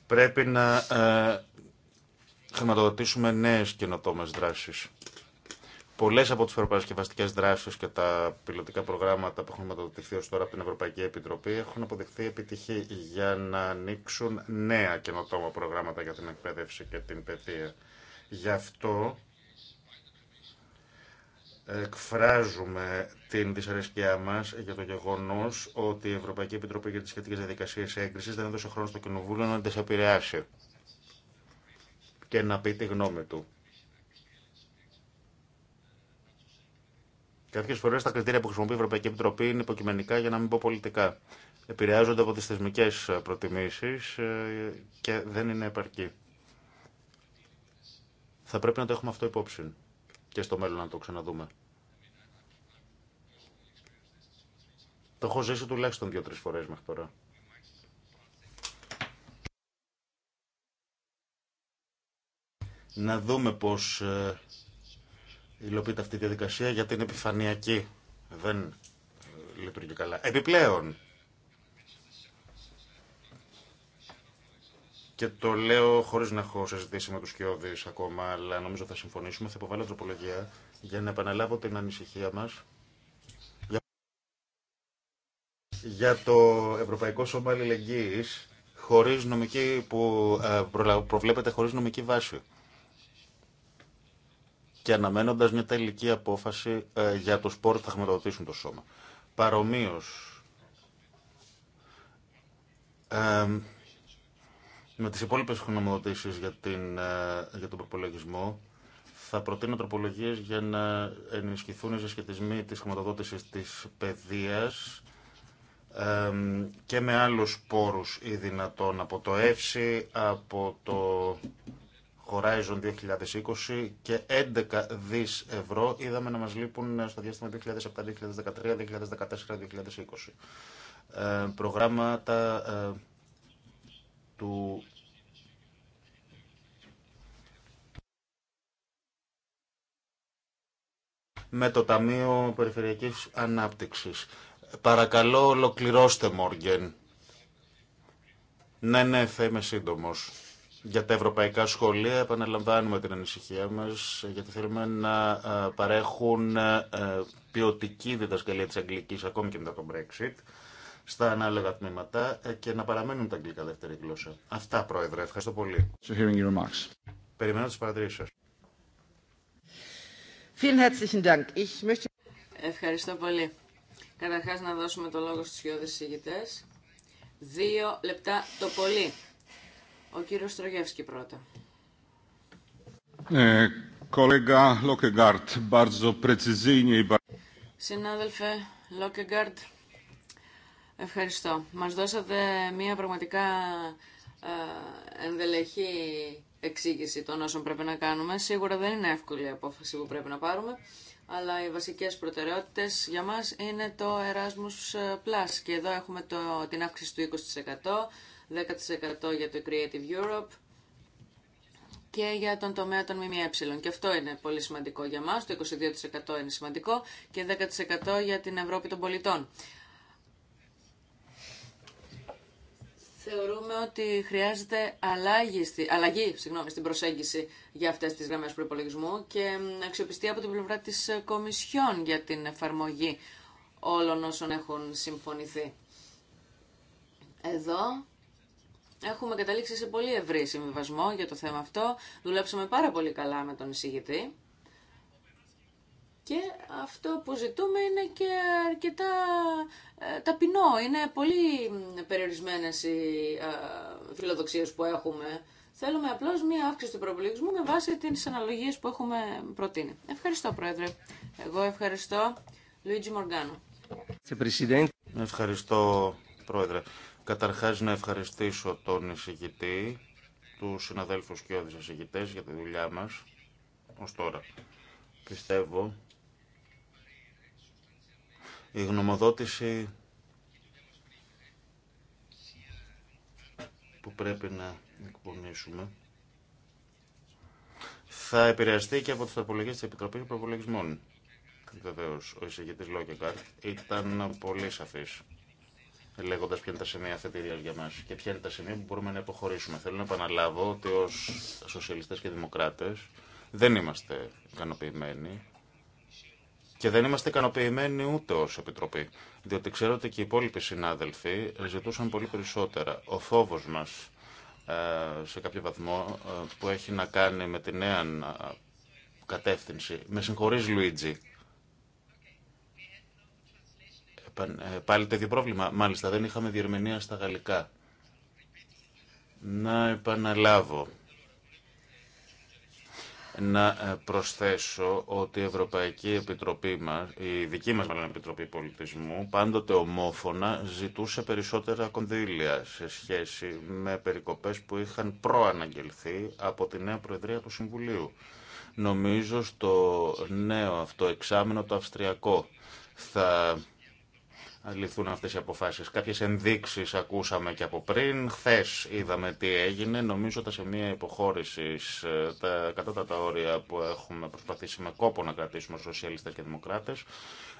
πρέπει να ε, χρηματοδοτήσουμε νέες καινοτόμες δράσεις. Πολλέ από τι προπαρασκευαστικέ δράσει και τα πιλωτικά προγράμματα που έχουν μεταδοτηθεί ω τώρα από την Ευρωπαϊκή Επιτροπή έχουν αποδειχθεί επιτυχή για να ανοίξουν νέα καινοτόμα προγράμματα για την εκπαίδευση και την παιδεία. Γι' αυτό εκφράζουμε την δυσαρεσκιά μα για το γεγονό ότι η Ευρωπαϊκή Επιτροπή για τι σχετικέ διαδικασίε έγκριση δεν έδωσε χρόνο στο Κοινοβούλιο να τι επηρεάσει και να πει τη γνώμη του. Κάποιε φορέ τα κριτήρια που χρησιμοποιεί η Ευρωπαϊκή Επιτροπή είναι υποκειμενικά για να μην πω πολιτικά. Επηρεάζονται από τι θεσμικέ ε, προτιμήσει ε, και δεν είναι επαρκή. Θα πρέπει να το έχουμε αυτό υπόψη και στο μέλλον να το ξαναδούμε. Το έχω ζήσει τουλάχιστον δύο-τρει φορέ μέχρι τώρα. Να δούμε πώς ε, υλοποιείται αυτή η διαδικασία γιατί είναι επιφανειακή. Δεν ε, λειτουργεί καλά. Επιπλέον, και το λέω χωρίς να έχω συζητήσει με τους Κιώδης ακόμα, αλλά νομίζω θα συμφωνήσουμε, θα υποβάλω τροπολογία για να επαναλάβω την ανησυχία μας για το Ευρωπαϊκό Σώμα Αλληλεγγύης χωρίς νομική, που ε, προβλέπεται χωρίς νομική βάση και αναμένοντα μια τελική απόφαση ε, για του πόρου που θα χρηματοδοτήσουν το σώμα. Παρομοίω, ε, με τι υπόλοιπε χρηματοδοτήσει για, την, ε, για τον προπολογισμό, θα προτείνω τροπολογίε για να ενισχυθούν οι συσχετισμοί τη χρηματοδότηση τη παιδεία και με άλλους πόρους ή δυνατόν από το ΕΦΣΙ, από το Horizon 2020 και 11 δις ευρώ είδαμε να μας λείπουν στο διάστημα 2007-2013, 2014-2020. Ε, προγράμματα ε, του με το Ταμείο Περιφερειακής Ανάπτυξης. Παρακαλώ ολοκληρώστε Μόργεν. Ναι, ναι, θα είμαι σύντομος για τα ευρωπαϊκά σχολεία επαναλαμβάνουμε την ανησυχία μας γιατί θέλουμε να ε, παρέχουν ε, ποιοτική διδασκαλία της αγγλικής ακόμη και μετά τον Brexit στα ανάλογα τμήματα ε, και να παραμένουν τα αγγλικά δεύτερη γλώσσα. Αυτά, Πρόεδρε. Ευχαριστώ πολύ. So hearing Περιμένω τις παρατηρήσεις σας. Ευχαριστώ πολύ. Καταρχάς να δώσουμε το λόγο στους χειόδες συγγητές. Δύο λεπτά το πολύ. Ο κύριο Στρογεύσκη πρώτα. Ε, κολέγα Λόκεγκάρτ, Συνάδελφε Λόκεγκάρτ, ευχαριστώ. Μας δώσατε μια πραγματικά ε, ενδελεχή εξήγηση των όσων πρέπει να κάνουμε. Σίγουρα δεν είναι εύκολη η απόφαση που πρέπει να πάρουμε, αλλά οι βασικές προτεραιότητες για μας είναι το Erasmus Plus και εδώ έχουμε την αύξηση του 20%, 10% για το Creative Europe και για τον τομέα των ΜΜΕ. Και αυτό είναι πολύ σημαντικό για μας, το 22% είναι σημαντικό και 10% για την Ευρώπη των πολιτών. Θεωρούμε ότι χρειάζεται αλλαγή, αλλαγή συγγνώμη, στην προσέγγιση για αυτές τις γραμμές προπολογισμού και αξιοπιστία από την πλευρά της ε, Κομισιόν για την εφαρμογή όλων όσων έχουν συμφωνηθεί. Εδώ Έχουμε καταλήξει σε πολύ ευρύ συμβιβασμό για το θέμα αυτό. Δουλέψαμε πάρα πολύ καλά με τον εισηγητή. Και αυτό που ζητούμε είναι και αρκετά ε, ταπεινό. Είναι πολύ περιορισμένες οι ε, φιλοδοξίες που έχουμε. Θέλουμε απλώς μία αύξηση του προπολογισμού με βάση τις αναλογίες που έχουμε προτείνει. Ευχαριστώ, Πρόεδρε. Εγώ ευχαριστώ. Λουίτζι Μοργάνο. Ευχαριστώ, Πρόεδρε. Καταρχάς να ευχαριστήσω τον εισηγητή, του συναδέλφους και όδης εισηγητές για τη δουλειά μας ως τώρα. Πιστεύω η γνωμοδότηση που πρέπει να εκπονήσουμε θα επηρεαστεί και από τις τροπολογίες της Επιτροπής Προπολογισμών. Βεβαίω, ο εισηγητής Λόκεγκαρτ ήταν πολύ σαφής λέγοντα ποια είναι τα σημεία θετήρια για μα και ποια είναι τα σημεία που μπορούμε να υποχωρήσουμε. Θέλω να επαναλάβω ότι ω σοσιαλιστέ και δημοκράτε δεν είμαστε ικανοποιημένοι και δεν είμαστε ικανοποιημένοι ούτε ω Επιτροπή. Διότι ξέρω ότι και οι υπόλοιποι συνάδελφοι ζητούσαν πολύ περισσότερα. Ο φόβο μα ε, σε κάποιο βαθμό ε, που έχει να κάνει με τη νέα ε, κατεύθυνση. Με συγχωρείς Λουίτζι, ε, πάλι το πρόβλημα. Μάλιστα, δεν είχαμε διερμηνία στα γαλλικά. Να επαναλάβω. Να ε, προσθέσω ότι η Ευρωπαϊκή Επιτροπή μας, η δική μας μάλλον Επιτροπή Πολιτισμού, πάντοτε ομόφωνα ζητούσε περισσότερα κονδύλια σε σχέση με περικοπές που είχαν προαναγγελθεί από τη νέα Προεδρία του Συμβουλίου. Νομίζω στο νέο αυτό εξάμεινο το αυστριακό θα ληφθούν αυτέ οι αποφάσεις. Κάποιες ενδείξεις ακούσαμε και από πριν. Χθε είδαμε τι έγινε. Νομίζω ότι τα σημεία υποχώρηση ε, τα κατώτατα όρια που έχουμε προσπαθήσει με κόπο να κρατήσουμε σοσιαλιστές και δημοκράτες,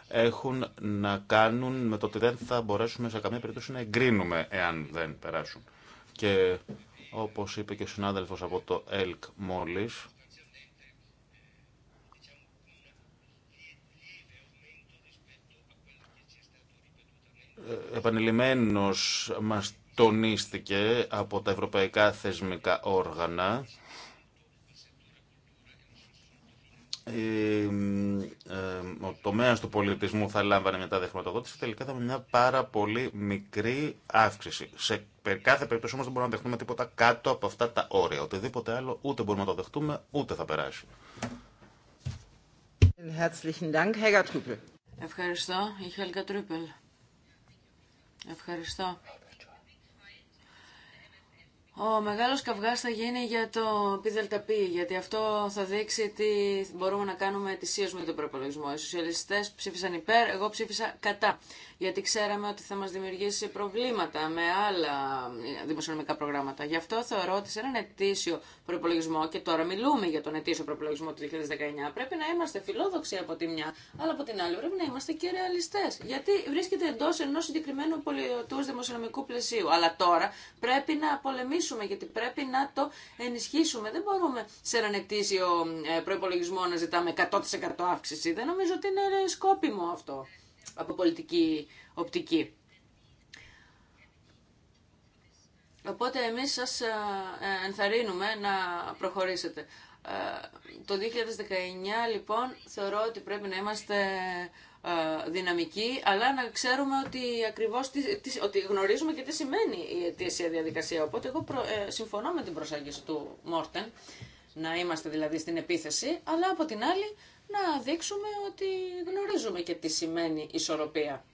έχουν να κάνουν με το ότι δεν θα μπορέσουμε σε καμία περίπτωση να εγκρίνουμε εάν δεν περάσουν. Και όπως είπε και ο συνάδελφος από το ΕΛΚ μόλις, Ε, επανειλημμένος μας τονίστηκε από τα ευρωπαϊκά θεσμικά όργανα ε, ε, ο τομέας του πολιτισμού θα λάμβανε μετά δεχματοδότηση χρηματοδότηση, τελικά θα είναι μια πάρα πολύ μικρή αύξηση. Σε κάθε περίπτωση όμως δεν μπορούμε να δεχτούμε τίποτα κάτω από αυτά τα όρια. Οτιδήποτε άλλο ούτε μπορούμε να το δεχτούμε, ούτε θα περάσει. Ευχαριστώ, Herr Ευχαριστώ. Ο μεγάλος καυγάς θα γίνει για το ΠΔΠ, γιατί αυτό θα δείξει τι μπορούμε να κάνουμε ετησίως με τον προπολογισμό. Οι σοσιαλιστές ψήφισαν υπέρ, εγώ ψήφισα κατά γιατί ξέραμε ότι θα μας δημιουργήσει προβλήματα με άλλα δημοσιονομικά προγράμματα. Γι' αυτό θεωρώ ότι σε έναν ετήσιο προπολογισμό, και τώρα μιλούμε για τον ετήσιο προπολογισμό του 2019, πρέπει να είμαστε φιλόδοξοι από τη μια, αλλά από την άλλη πρέπει να είμαστε και ρεαλιστέ. Γιατί βρίσκεται εντό ενό συγκεκριμένου πολιτού δημοσιονομικού πλαισίου. Αλλά τώρα πρέπει να πολεμήσουμε, γιατί πρέπει να το ενισχύσουμε. Δεν μπορούμε σε έναν ετήσιο ε, προπολογισμό να ζητάμε 100% αύξηση. Δεν νομίζω ότι είναι σκόπιμο αυτό από πολιτική οπτική. Οπότε εμείς σας ε, ε, ενθαρρύνουμε να προχωρήσετε. Ε, το 2019 λοιπόν θεωρώ ότι πρέπει να είμαστε δυναμικοί, αλλά να ξέρουμε ότι ακριβώς ότι γνωρίζουμε και τι σημαίνει η αιτήσια διαδικασία. Οπότε εγώ συμφωνώ με την προσέγγιση του Μόρτεν, να είμαστε δηλαδή στην επίθεση, αλλά από την άλλη να δείξουμε ότι γνωρίζουμε και τι σημαίνει ισορροπία.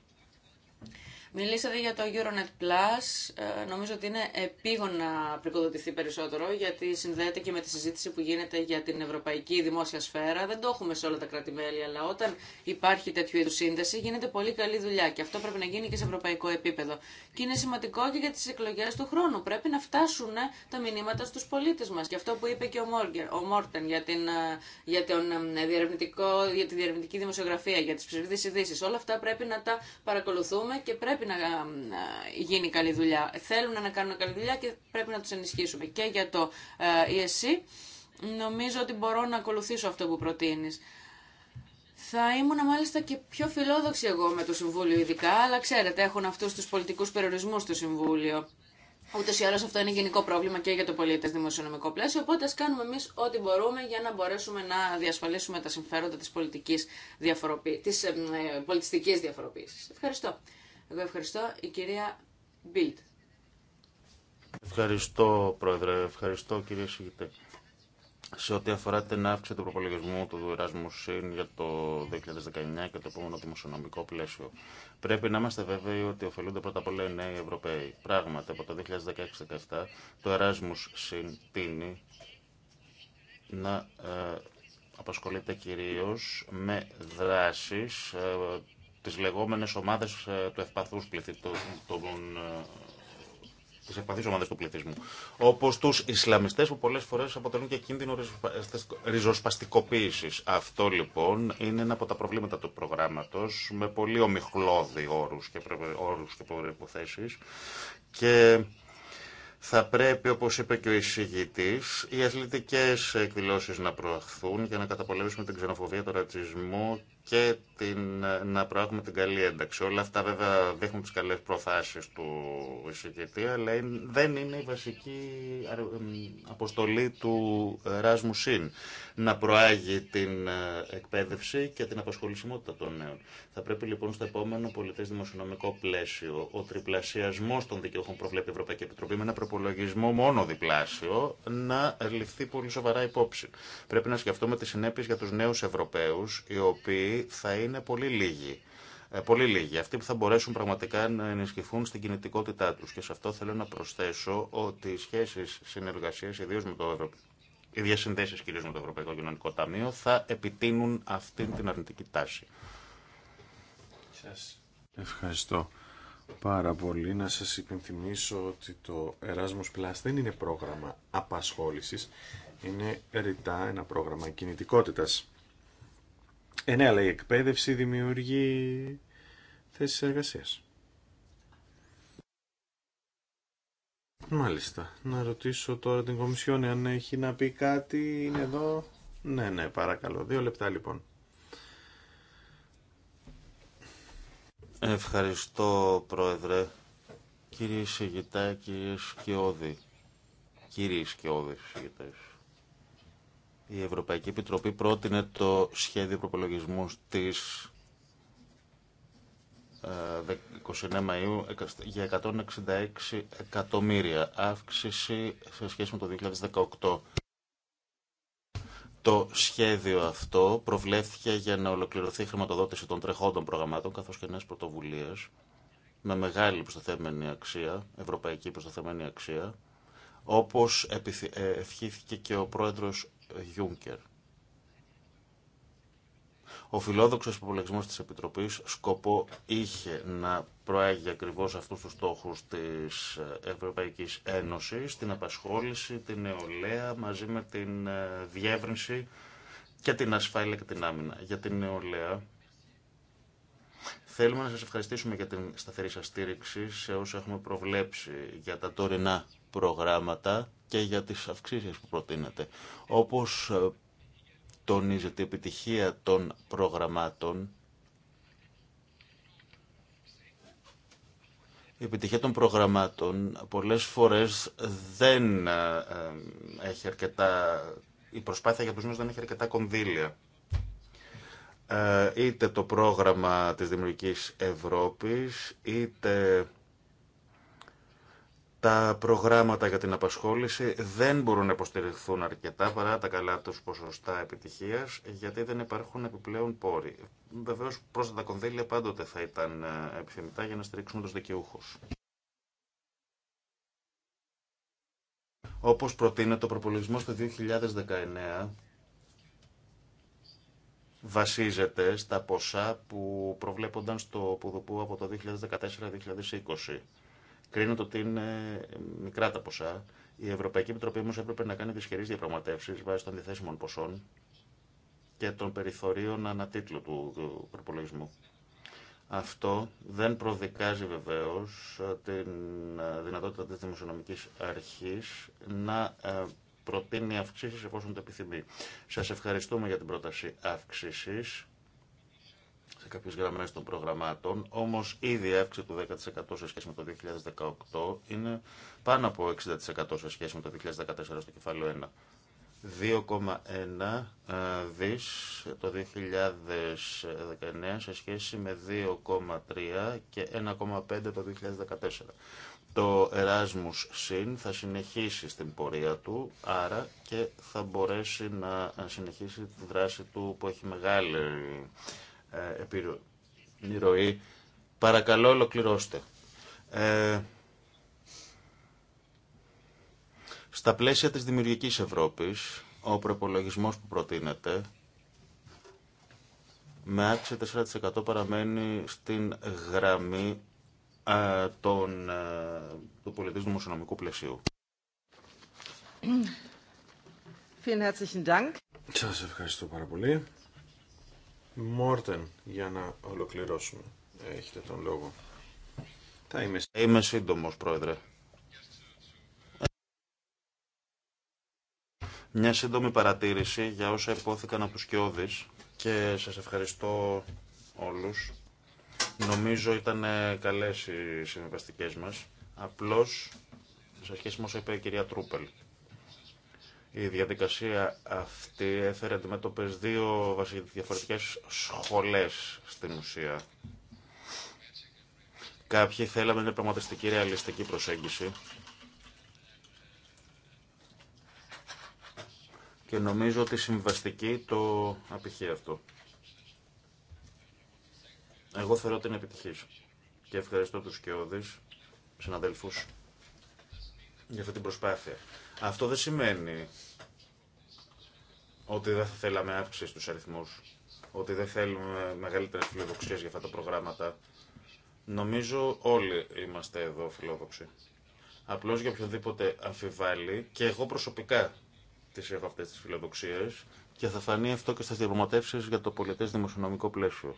Μιλήσατε για το Euronet Plus. Ε, νομίζω ότι είναι επίγον να πρικοδοτηθεί περισσότερο, γιατί συνδέεται και με τη συζήτηση που γίνεται για την ευρωπαϊκή δημόσια σφαίρα. Δεν το έχουμε σε όλα τα κρατη αλλά όταν υπάρχει τέτοιου είδου σύνδεση, γίνεται πολύ καλή δουλειά. Και αυτό πρέπει να γίνει και σε ευρωπαϊκό επίπεδο. Και είναι σημαντικό και για τι εκλογέ του χρόνου. Πρέπει να φτάσουν ε, τα μηνύματα στου πολίτε μα. Και αυτό που είπε και ο, Μόργερ, ο Μόρτεν για, την, ε, για, τον, για τη διερευνητική δημοσιογραφία, για τι ψευδεί ειδήσει. Όλα αυτά πρέπει να τα παρακολουθούμε και πρέπει να ε, γίνει καλή δουλειά. Θέλουν να κάνουν καλή δουλειά και πρέπει να τους ενισχύσουμε. Και για το ε, ESC νομίζω ότι μπορώ να ακολουθήσω αυτό που προτείνεις. Θα ήμουν μάλιστα και πιο φιλόδοξη εγώ με το Συμβούλιο ειδικά, αλλά ξέρετε έχουν αυτούς τους πολιτικούς περιορισμούς στο Συμβούλιο. Ούτε ή άλλω αυτό είναι γενικό πρόβλημα και για το πολίτε δημοσιονομικό πλαίσιο. Οπότε α κάνουμε εμεί ό,τι μπορούμε για να μπορέσουμε να διασφαλίσουμε τα συμφέροντα τη ε, πολιτιστική διαφοροποίηση. Ευχαριστώ. Εγώ ευχαριστώ. Η κυρία Μπίλτ. Ευχαριστώ, Πρόεδρε. Ευχαριστώ, κύριε Σιγητέ. Σε ό,τι αφορά την αύξηση του προπολογισμού του Εράσμου ΣΥΝ για το 2019 και το επόμενο δημοσιονομικό πλαίσιο, πρέπει να είμαστε βέβαιοι ότι ωφελούνται πρώτα απ' όλα οι νέοι Ευρωπαίοι. Πράγματι, από το 2016-2017 το Εράσμου ΣΥΝ τίνει να ε, απασχολείται κυρίως με δράσεις ε, τις λεγόμενες ομάδες ε, του ευπαθούς πληθυσμού, ε, τις ομάδες του πληθυσμού, όπως τους Ισλαμιστές που πολλές φορές αποτελούν και κίνδυνο ριζοσπαστικοποίησης. Αυτό λοιπόν είναι ένα από τα προβλήματα του προγράμματος, με πολύ ομιχλώδη όρους και, όρους και προϋποθέσεις. Και θα πρέπει, όπως είπε και ο εισηγητής, οι αθλητικές εκδηλώσεις να προαχθούν για να καταπολεμήσουμε την ξενοφοβία, τον ρατσισμό και την, να προάγουμε την καλή ένταξη. Όλα αυτά βέβαια δείχνουν τις καλές προθάσεις του εισηγητή, αλλά δεν είναι η βασική αποστολή του Ράσμου ΣΥΝ να προάγει την ε, εκπαίδευση και την απασχολησιμότητα των νέων. Θα πρέπει λοιπόν στο επόμενο πολιτές δημοσιονομικό πλαίσιο ο τριπλασιασμός των δικαιούχων προβλέπει η Ευρωπαϊκή Επιτροπή με ένα προπολογισμό μόνο διπλάσιο να ληφθεί πολύ σοβαρά υπόψη. Πρέπει να σκεφτούμε τις συνέπειες για τους νέους Ευρωπαίους οι οποίοι θα είναι πολύ λίγοι. Ε, πολύ λίγοι, αυτοί που θα μπορέσουν πραγματικά να ενισχυθούν στην κινητικότητά του. Και σε αυτό θέλω να προσθέσω ότι οι σχέσει συνεργασία, ιδίω με το Ευρωπαϊκό, οι διασυνδέσεις κυρίω με το Ευρωπαϊκό Κοινωνικό Ταμείο, θα επιτείνουν αυτή την αρνητική τάση. Σας ευχαριστώ πάρα πολύ. Να σας υπενθυμίσω ότι το Erasmus Plus δεν είναι πρόγραμμα απασχόλησης, είναι ρητά ένα πρόγραμμα κινητικότητας. Ε, ναι, αλλά η εκπαίδευση δημιουργεί θέσεις εργασίας. Μάλιστα. Να ρωτήσω τώρα την Κομισιόν αν έχει να πει κάτι. Είναι εδώ. Ναι, ναι, παρακαλώ. Δύο λεπτά λοιπόν. Ευχαριστώ, Πρόεδρε. Κύριε Σιγητά, κύριε Σκιώδη. Κύριε Σκιώδη, Σιγητές. Η Ευρωπαϊκή Επιτροπή πρότεινε το σχέδιο προπολογισμού της 29 ε, Μαΐου για 166 εκατομμύρια, αύξηση σε σχέση με το 2018. Το σχέδιο αυτό προβλέφθηκε για να ολοκληρωθεί η χρηματοδότηση των τρεχόντων προγραμμάτων καθώς και νέες πρωτοβουλίες με μεγάλη προσταθέμενη αξία, ευρωπαϊκή προσταθέμενη αξία, όπως ε, ευχήθηκε και ο πρόεδρος ο φιλόδοξος υπολογισμός της Επιτροπής σκοπό είχε να προάγει ακριβώς αυτούς τους στόχους της Ευρωπαϊκής Ένωσης, την απασχόληση, την νεολαία, μαζί με την ε, διεύρυνση και την ασφάλεια και την άμυνα. Για την νεολαία, θέλουμε να σας ευχαριστήσουμε για την σταθερή σας στήριξη σε όσα έχουμε προβλέψει για τα τωρινά προγράμματα και για τις αυξήσεις που προτείνεται. Όπως ε, τονίζεται η επιτυχία των προγραμμάτων, Η επιτυχία των προγραμμάτων πολλές φορές δεν ε, ε, έχει αρκετά, η προσπάθεια για τους νέους δεν έχει αρκετά κονδύλια. είτε το πρόγραμμα της Δημιουργικής Ευρώπης, είτε τα προγράμματα για την απασχόληση δεν μπορούν να υποστηριχθούν αρκετά παρά τα καλά του ποσοστά επιτυχία, γιατί δεν υπάρχουν επιπλέον πόροι. Βεβαίω, πρόσθετα κονδύλια πάντοτε θα ήταν ε, επιθυμητά για να στηρίξουμε του δικαιούχου. Όπω προτείνεται, ο προπολογισμό του 2019 βασίζεται στα ποσά που προβλέπονταν στο Πουδουπού από το 2014-2020 κρίνονται ότι είναι μικρά τα ποσά. Η Ευρωπαϊκή Επιτροπή όμω έπρεπε να κάνει δυσχερεί διαπραγματεύσει βάσει των διαθέσιμων ποσών και των περιθωρίων ανατίτλου του προπολογισμού. Αυτό δεν προδικάζει βεβαίω την δυνατότητα τη δημοσιονομική αρχή να ε, προτείνει αυξήσει εφόσον το επιθυμεί. Σα ευχαριστούμε για την πρόταση αύξηση Κάποιε κάποιες γραμμές των προγραμμάτων, όμω ήδη η αύξηση του 10% σε σχέση με το 2018 είναι πάνω από 60% σε σχέση με το 2014 στο κεφάλαιο 1. 2,1 ε, δις το 2019 σε σχέση με 2,3 και 1,5 το 2014. Το Erasmus Συν θα συνεχίσει στην πορεία του, άρα και θα μπορέσει να συνεχίσει τη δράση του που έχει μεγάλη ε, επιρροή. Παρακαλώ, ολοκληρώστε. Ε, στα πλαίσια της δημιουργικής Ευρώπης, ο προπολογισμός που προτείνεται με άξιο 4% παραμένει στην γραμμή ε, των, ε, του πολιτισμού νομοσυνομικού πλαισίου. Σας ευχαριστώ πάρα πολύ. Μόρτεν για να ολοκληρώσουμε. Έχετε τον λόγο. Θα είμαι, είμαι σύντομος, Πρόεδρε. Μια σύντομη παρατήρηση για όσα υπόθηκαν από Κιώδης και σας ευχαριστώ όλους. Νομίζω ήταν καλές οι συμβαστικές μας. Απλώς, σε σχέση με όσα είπε η κυρία Τρούπελ, η διαδικασία αυτή έφερε αντιμέτωπε δύο διαφορετικές σχολές στην ουσία. Κάποιοι θέλαμε μια πραγματιστική ρεαλιστική προσέγγιση και νομίζω ότι συμβαστική το απηχεί αυτό. Εγώ θεωρώ ότι είναι επιτυχής και ευχαριστώ τους Κιώδης, συναδέλφους για αυτή την προσπάθεια. Αυτό δεν σημαίνει ότι δεν θα θέλαμε αύξηση στους αριθμούς, ότι δεν θέλουμε μεγαλύτερες φιλοδοξίες για αυτά τα προγράμματα. Νομίζω όλοι είμαστε εδώ φιλόδοξοι. Απλώς για οποιοδήποτε αμφιβάλλει, και εγώ προσωπικά τις έχω αυτές τις φιλοδοξίες, και θα φανεί αυτό και στις διαπραγματεύσεις για το πολιτές δημοσιονομικό πλαίσιο.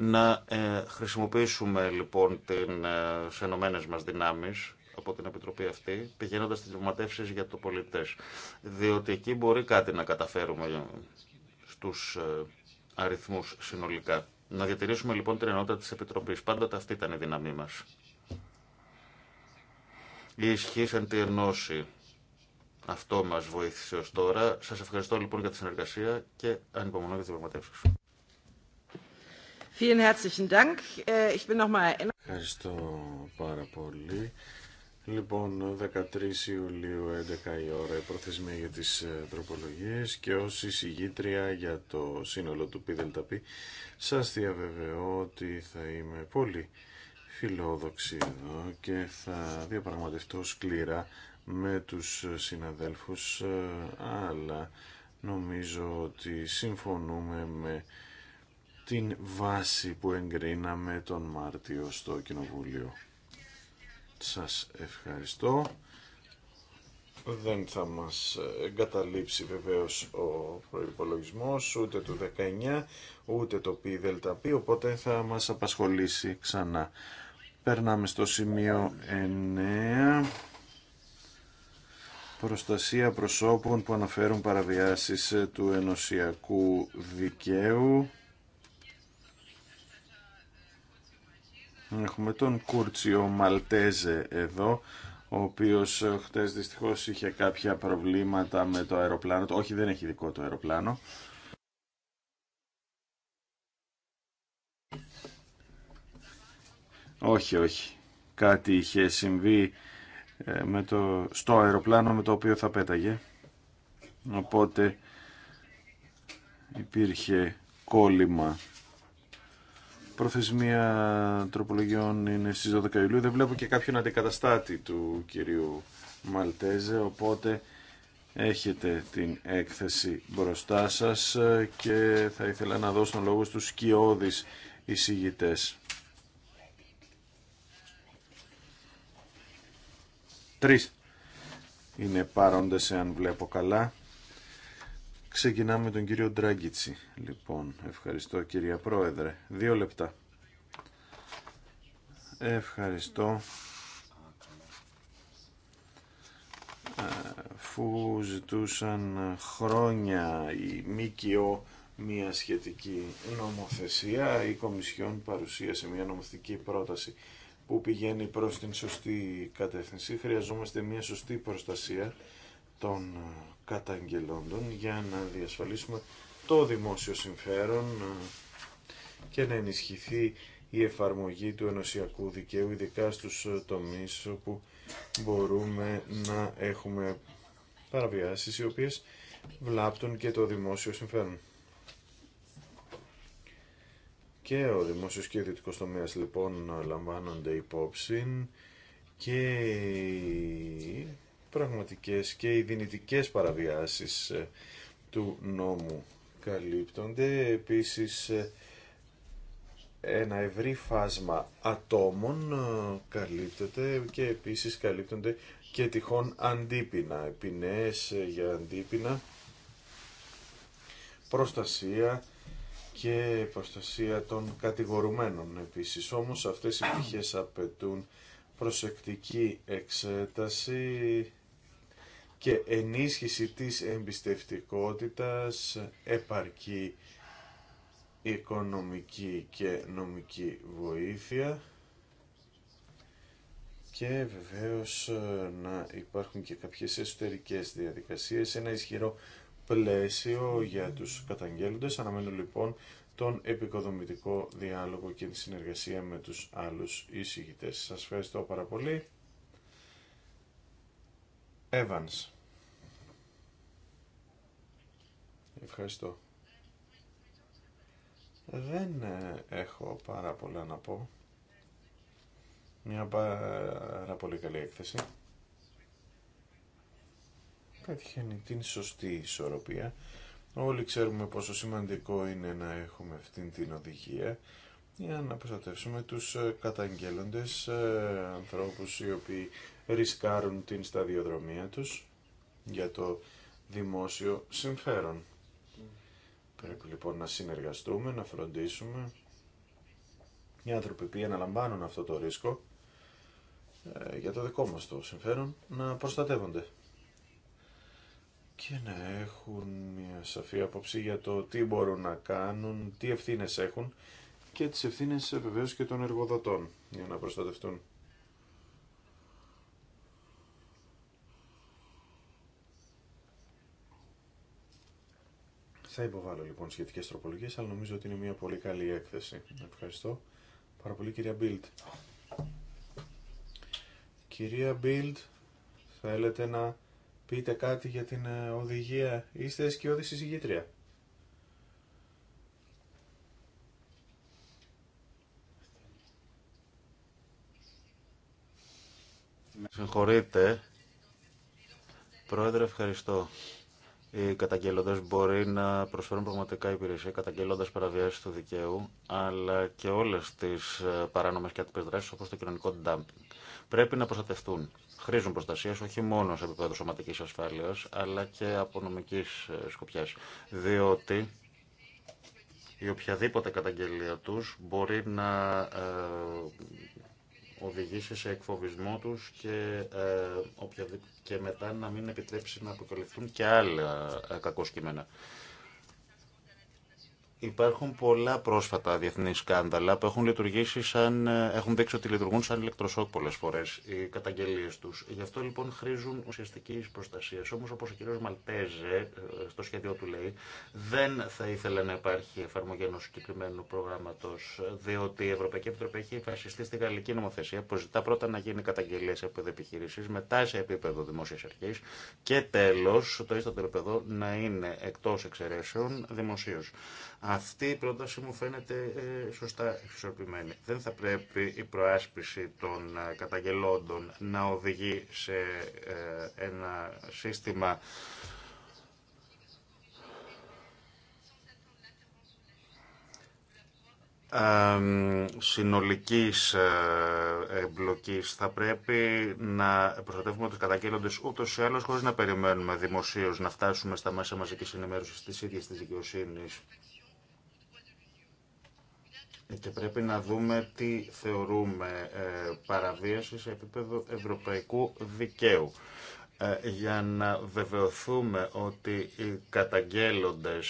Να ε, χρησιμοποιήσουμε λοιπόν τις ε, ενωμένες μας δυνάμεις από την Επιτροπή αυτή, πηγαίνοντα στι διαπραγματεύσει για το πολιτέ. Διότι εκεί μπορεί κάτι να καταφέρουμε στου ε, αριθμού συνολικά. Να διατηρήσουμε λοιπόν την ενότητα τη Επιτροπή. Πάντοτε αυτή ήταν η δύναμή μα. Η ισχύ εν τη ενώση. Αυτό μας βοήθησε ως τώρα. Σας ευχαριστώ λοιπόν για τη συνεργασία και ανυπομονώ για τις διαπραγματεύσεις. Äh, Ευχαριστώ πάρα πολύ. Λοιπόν, 13 Ιουλίου, 11 η ώρα, η προθεσμία για τις ε, τροπολογίες και ως εισηγήτρια για το σύνολο του ΠΙΔΕΛΤΑΠΗ σας διαβεβαιώ ότι θα είμαι πολύ φιλόδοξη εδώ και θα διαπραγματευτώ σκληρά με τους συναδέλφους, ε, αλλά νομίζω ότι συμφωνούμε με την βάση που εγκρίναμε τον Μάρτιο στο Κοινοβούλιο. Σας ευχαριστώ. Δεν θα μας εγκαταλείψει βεβαίως ο προϋπολογισμός, ούτε του 19, ούτε το πι δελτα πι, οπότε θα μας απασχολήσει ξανά. Περνάμε στο σημείο 9. Προστασία προσώπων που αναφέρουν παραβιάσεις του ενωσιακού δικαίου. Έχουμε τον Κούρτσιο Μαλτέζε εδώ, ο οποίος ε, χτες δυστυχώς είχε κάποια προβλήματα με το αεροπλάνο. Όχι, δεν έχει δικό το αεροπλάνο. Όχι, όχι. Κάτι είχε συμβεί ε, με το, στο αεροπλάνο με το οποίο θα πέταγε. Οπότε υπήρχε κόλλημα Προθεσμία τροπολογιών είναι στις 12 Ιουλίου. Δεν βλέπω και κάποιον αντικαταστάτη του κυρίου Μαλτέζε, οπότε έχετε την έκθεση μπροστά σας και θα ήθελα να δώσω τον λόγο στους σκιώδεις εισηγητές. Τρεις είναι παρόντες αν βλέπω καλά. Ξεκινάμε τον κύριο Ντράγκητσι. Λοιπόν, ευχαριστώ κυρία Πρόεδρε. Δύο λεπτά. Ευχαριστώ. Αφού ζητούσαν χρόνια η ΜΚΟ μια σχετική νομοθεσία, η Κομισιόν παρουσίασε μια νομοθετική πρόταση που πηγαίνει προς την σωστή κατεύθυνση. Χρειαζόμαστε μια σωστή προστασία των καταγγελόντων για να διασφαλίσουμε το δημόσιο συμφέρον ε, και να ενισχυθεί η εφαρμογή του ενωσιακού δικαίου, ειδικά στους ε, τομείς όπου μπορούμε να έχουμε παραβιάσεις οι οποίες βλάπτουν και το δημόσιο συμφέρον. Και ο δημόσιος και ιδιωτικός τομέας λοιπόν λαμβάνονται υπόψη και πραγματικές και οι δυνητικές παραβιάσεις ε, του νόμου καλύπτονται. Επίσης ε, ένα ευρύ φάσμα ατόμων ε, καλύπτεται και επίσης καλύπτονται και τυχόν αντίπινα Επινέες για αντίπινα προστασία και προστασία των κατηγορουμένων επίσης. Όμως αυτές οι πτυχές απαιτούν προσεκτική εξέταση και ενίσχυση της εμπιστευτικότητας επαρκή οικονομική και νομική βοήθεια και βεβαίως ε, να υπάρχουν και κάποιες εσωτερικές διαδικασίες, ένα ισχυρό πλαίσιο για τους καταγγέλλοντες. Αναμένω λοιπόν τον επικοδομητικό διάλογο και τη συνεργασία με τους άλλους εισηγητές. Σας ευχαριστώ πάρα πολύ. Evans. Ευχαριστώ. Δεν ε, έχω πάρα πολλά να πω. Μια πάρα πολύ καλή έκθεση. Πετυχαίνει την σωστή ισορροπία. Όλοι ξέρουμε πόσο σημαντικό είναι να έχουμε αυτήν την οδηγία για να προστατεύσουμε τους ε, καταγγέλλοντες ε, ανθρώπους οι οποίοι ρισκάρουν την σταδιοδρομία τους για το δημόσιο συμφέρον. Πρέπει λοιπόν να συνεργαστούμε, να φροντίσουμε. Οι άνθρωποι που αναλαμβάνουν αυτό το ρίσκο ε, για το δικό μας το συμφέρον να προστατεύονται και να έχουν μια σαφή απόψη για το τι μπορούν να κάνουν, τι ευθύνες έχουν και τις ευθύνες βεβαίως και των εργοδοτών για να προστατευτούν. Θα υποβάλω λοιπόν σχετικέ τροπολογίε, αλλά νομίζω ότι είναι μια πολύ καλή έκθεση. Ευχαριστώ πάρα πολύ κυρία Μπίλτ. Κυρία Μπίλτ, θέλετε να πείτε κάτι για την ε, οδηγία. Είστε εσκιώδη συζητήτρια. Συγχωρείτε. Πρόεδρε, ευχαριστώ οι καταγγέλλοντε μπορεί να προσφέρουν πραγματικά υπηρεσία καταγγελώντα παραβιάσει του δικαίου, αλλά και όλε τι ε, παράνομε και άτυπε δράσει όπω το κοινωνικό ντάμπινγκ. Πρέπει να προστατευτούν. Χρήζουν προστασία όχι μόνο σε επίπεδο σωματική ασφάλεια, αλλά και από νομική ε, σκοπιά. Διότι η οποιαδήποτε καταγγελία του μπορεί να ε, οδηγήσει σε εκφοβισμό τους και, ε, και μετά να μην επιτρέψει να αποκαλυφθούν και άλλα ε, κακό Υπάρχουν πολλά πρόσφατα διεθνή σκάνδαλα που έχουν λειτουργήσει σαν, ε, έχουν δείξει ότι λειτουργούν σαν ηλεκτροσόκ πολλέ φορέ οι καταγγελίε του. Γι' αυτό λοιπόν χρήζουν ουσιαστική προστασία. Όμω, όπω ο κ. Μαλτέζε ε, στο σχέδιό του λέει, δεν θα ήθελε να υπάρχει εφαρμογή ενό συγκεκριμένου προγράμματο, διότι η Ευρωπαϊκή Επιτροπή έχει βασιστεί στη γαλλική νομοθεσία που ζητά πρώτα να γίνει καταγγελία σε επίπεδο επιχείρηση, μετά σε επίπεδο δημόσια αρχή και τέλο το ίστατο επίπεδο να είναι εκτό εξαιρέσεων δημοσίω. Αυτή η πρόταση μου φαίνεται ε, σωστά εξορπημένη. Δεν θα πρέπει η προάσπιση των ε, καταγγελόντων να οδηγεί σε ε, ένα σύστημα συνολικής εμπλοκής θα πρέπει να προστατεύουμε τους καταγγέλλοντες ούτως ή άλλως χωρίς να περιμένουμε δημοσίως να φτάσουμε στα μέσα μαζικής ενημέρωσης της ίδιας της δικαιοσύνης και πρέπει να δούμε τι θεωρούμε ε, παραβίαση σε επίπεδο ευρωπαϊκού δικαίου ε, για να βεβαιωθούμε ότι οι καταγγέλλοντες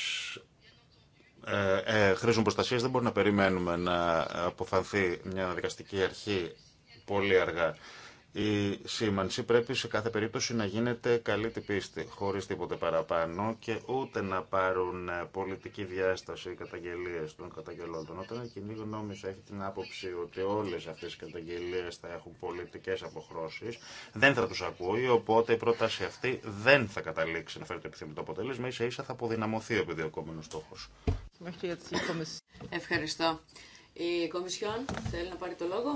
ε, ε χρήζουν προστασίας δεν μπορούμε να περιμένουμε να αποφανθεί μια δικαστική αρχή πολύ αργά. Η σήμανση πρέπει σε κάθε περίπτωση να γίνεται καλή την πίστη, χωρίς τίποτε παραπάνω και ούτε να πάρουν ε, πολιτική διάσταση οι καταγγελίες των καταγγελόντων. Όταν η κοινή γνώμη θα έχει την άποψη ότι όλες αυτές οι καταγγελίες θα έχουν πολιτικές αποχρώσεις, δεν θα τους ακούει, οπότε η πρόταση αυτή δεν θα καταλήξει να φέρει το επιθυμητό αποτέλεσμα, ίσα ίσα θα αποδυναμωθεί ο επιδιωκόμενος στόχος. Ευχαριστώ. Η Κομισιόν θέλει να πάρει το λόγο.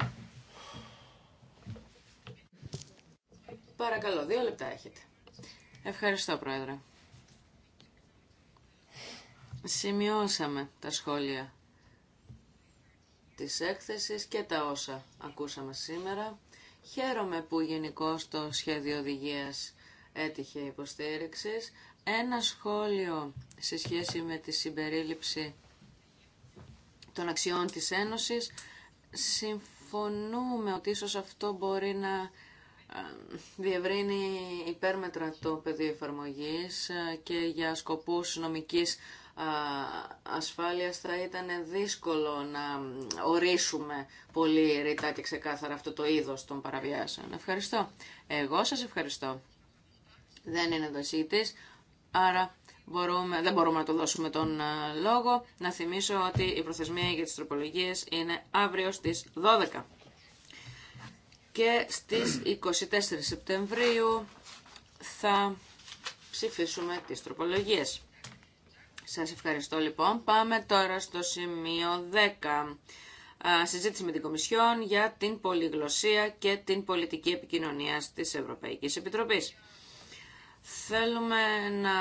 Παρακαλώ, δύο λεπτά έχετε. Ευχαριστώ, Πρόεδρε. Σημειώσαμε τα σχόλια της έκθεσης και τα όσα ακούσαμε σήμερα. Χαίρομαι που γενικώ το σχέδιο οδηγίας έτυχε υποστήριξης. Ένα σχόλιο σε σχέση με τη συμπερίληψη των αξιών της Ένωσης. Συμφωνούμε ότι ίσως αυτό μπορεί να διευρύνει υπέρμετρα το πεδίο εφαρμογής ε, και για σκοπούς νομικής ε, ασφάλειας θα ήταν δύσκολο να ορίσουμε πολύ ρητά και ξεκάθαρα αυτό το είδος των παραβιάσεων. Ευχαριστώ. Εγώ σας ευχαριστώ. Δεν είναι δοσίτης, άρα μπορούμε, δεν μπορούμε να το δώσουμε τον ε, λόγο. Να θυμίσω ότι η προθεσμία για τις τροπολογίες είναι αύριο στις 12 και στις 24 Σεπτεμβρίου θα ψηφίσουμε τις τροπολογίες. Σας ευχαριστώ λοιπόν. Πάμε τώρα στο σημείο 10. Συζήτηση με την Κομισιόν για την πολυγλωσία και την πολιτική επικοινωνία της Ευρωπαϊκής Επιτροπής. Θέλουμε να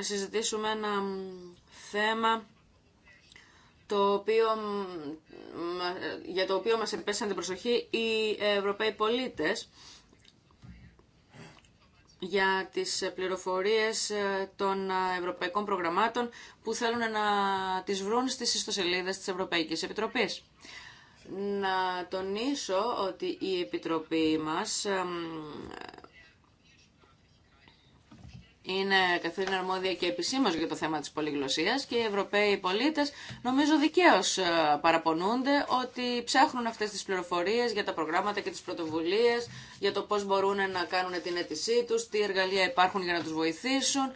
συζητήσουμε ένα θέμα το οποίο, για το οποίο μας επέσαν την προσοχή οι Ευρωπαίοι πολίτες για τις πληροφορίες ε, των ε, ευρωπαϊκών προγραμμάτων που θέλουν να τις βρουν στις ιστοσελίδες της Ευρωπαϊκής Επιτροπής. Να τονίσω ότι η Επιτροπή μας ε, είναι καθήλυνα αρμόδια και επισήμω για το θέμα της πολυγλωσσίας και οι Ευρωπαίοι πολίτες νομίζω δικαίως ε, παραπονούνται ότι ψάχνουν αυτές τις πληροφορίες για τα προγράμματα και τις πρωτοβουλίες, για το πώς μπορούν να κάνουν την αίτησή τους, τι εργαλεία υπάρχουν για να τους βοηθήσουν,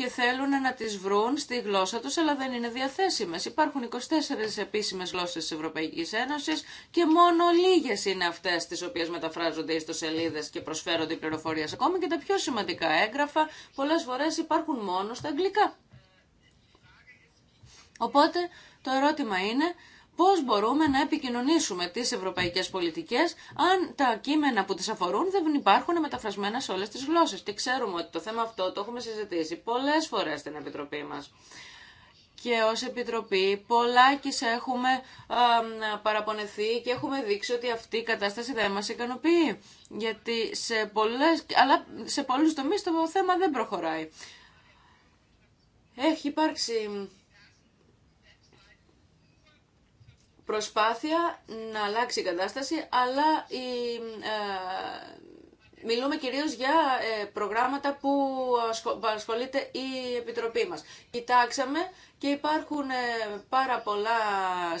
και θέλουν να τις βρουν στη γλώσσα τους, αλλά δεν είναι διαθέσιμες. Υπάρχουν 24 επίσημες γλώσσες της Ευρωπαϊκής Ένωσης και μόνο λίγες είναι αυτές τις οποίες μεταφράζονται στο σελίδες και προσφέρονται οι Ακόμα και τα πιο σημαντικά έγγραφα πολλές φορές υπάρχουν μόνο στα αγγλικά. Οπότε το ερώτημα είναι πώς μπορούμε να επικοινωνήσουμε τις ευρωπαϊκές πολιτικές αν τα κείμενα που τις αφορούν δεν υπάρχουν μεταφρασμένα σε όλες τις γλώσσες. Και ξέρουμε ότι το θέμα αυτό το έχουμε συζητήσει πολλές φορές στην Επιτροπή μας. Και ως Επιτροπή σε έχουμε παραπονεθεί και έχουμε δείξει ότι αυτή η κατάσταση δεν μας ικανοποιεί. Γιατί σε, πολλές, αλλά σε πολλούς τομείς το θέμα δεν προχωράει. Έχει υπάρξει προσπάθεια να αλλάξει η κατάσταση, αλλά η, ε, Μιλούμε κυρίως για ε, προγράμματα που ασχολείται η Επιτροπή μας. Κοιτάξαμε και υπάρχουν ε, πάρα πολλά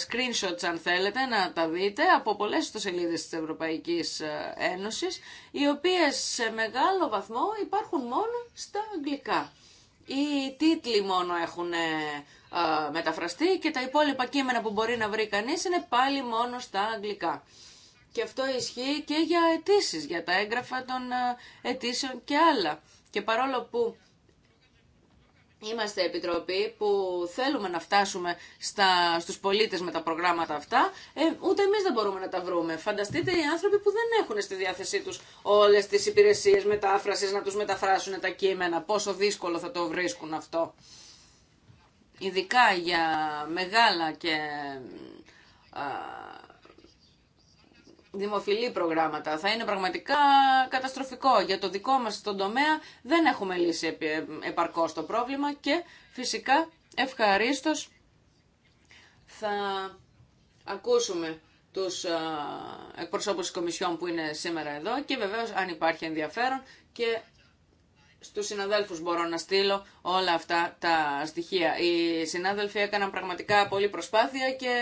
screenshots, αν θέλετε, να τα δείτε, από πολλές ιστοσελίδες της Ευρωπαϊκής Ένωσης, οι οποίες σε μεγάλο βαθμό υπάρχουν μόνο στα αγγλικά οι τίτλοι μόνο έχουν ε, ε, μεταφραστεί και τα υπόλοιπα κείμενα που μπορεί να βρει κανείς είναι πάλι μόνο στα αγγλικά. Και αυτό ισχύει και για αιτήσει, για τα έγγραφα των ε, αιτήσεων και άλλα. Και παρόλο που Είμαστε επιτροπή που θέλουμε να φτάσουμε στα, στους πολίτες με τα προγράμματα αυτά, ε, ούτε εμείς δεν μπορούμε να τα βρούμε. Φανταστείτε οι άνθρωποι που δεν έχουν στη διάθεσή τους όλες τις υπηρεσίες μετάφρασης, να τους μεταφράσουν τα κείμενα, πόσο δύσκολο θα το βρίσκουν αυτό. Ειδικά για μεγάλα και δημοφιλή προγράμματα. Θα είναι πραγματικά καταστροφικό. Για το δικό μας τον τομέα δεν έχουμε λύσει επαρκώς το πρόβλημα και φυσικά ευχαρίστως θα ακούσουμε τους εκπροσώπους της Κομισιόν που είναι σήμερα εδώ και βεβαίως αν υπάρχει ενδιαφέρον και στους συναδέλφους μπορώ να στείλω όλα αυτά τα στοιχεία. Οι συνάδελφοι έκαναν πραγματικά πολύ προσπάθεια και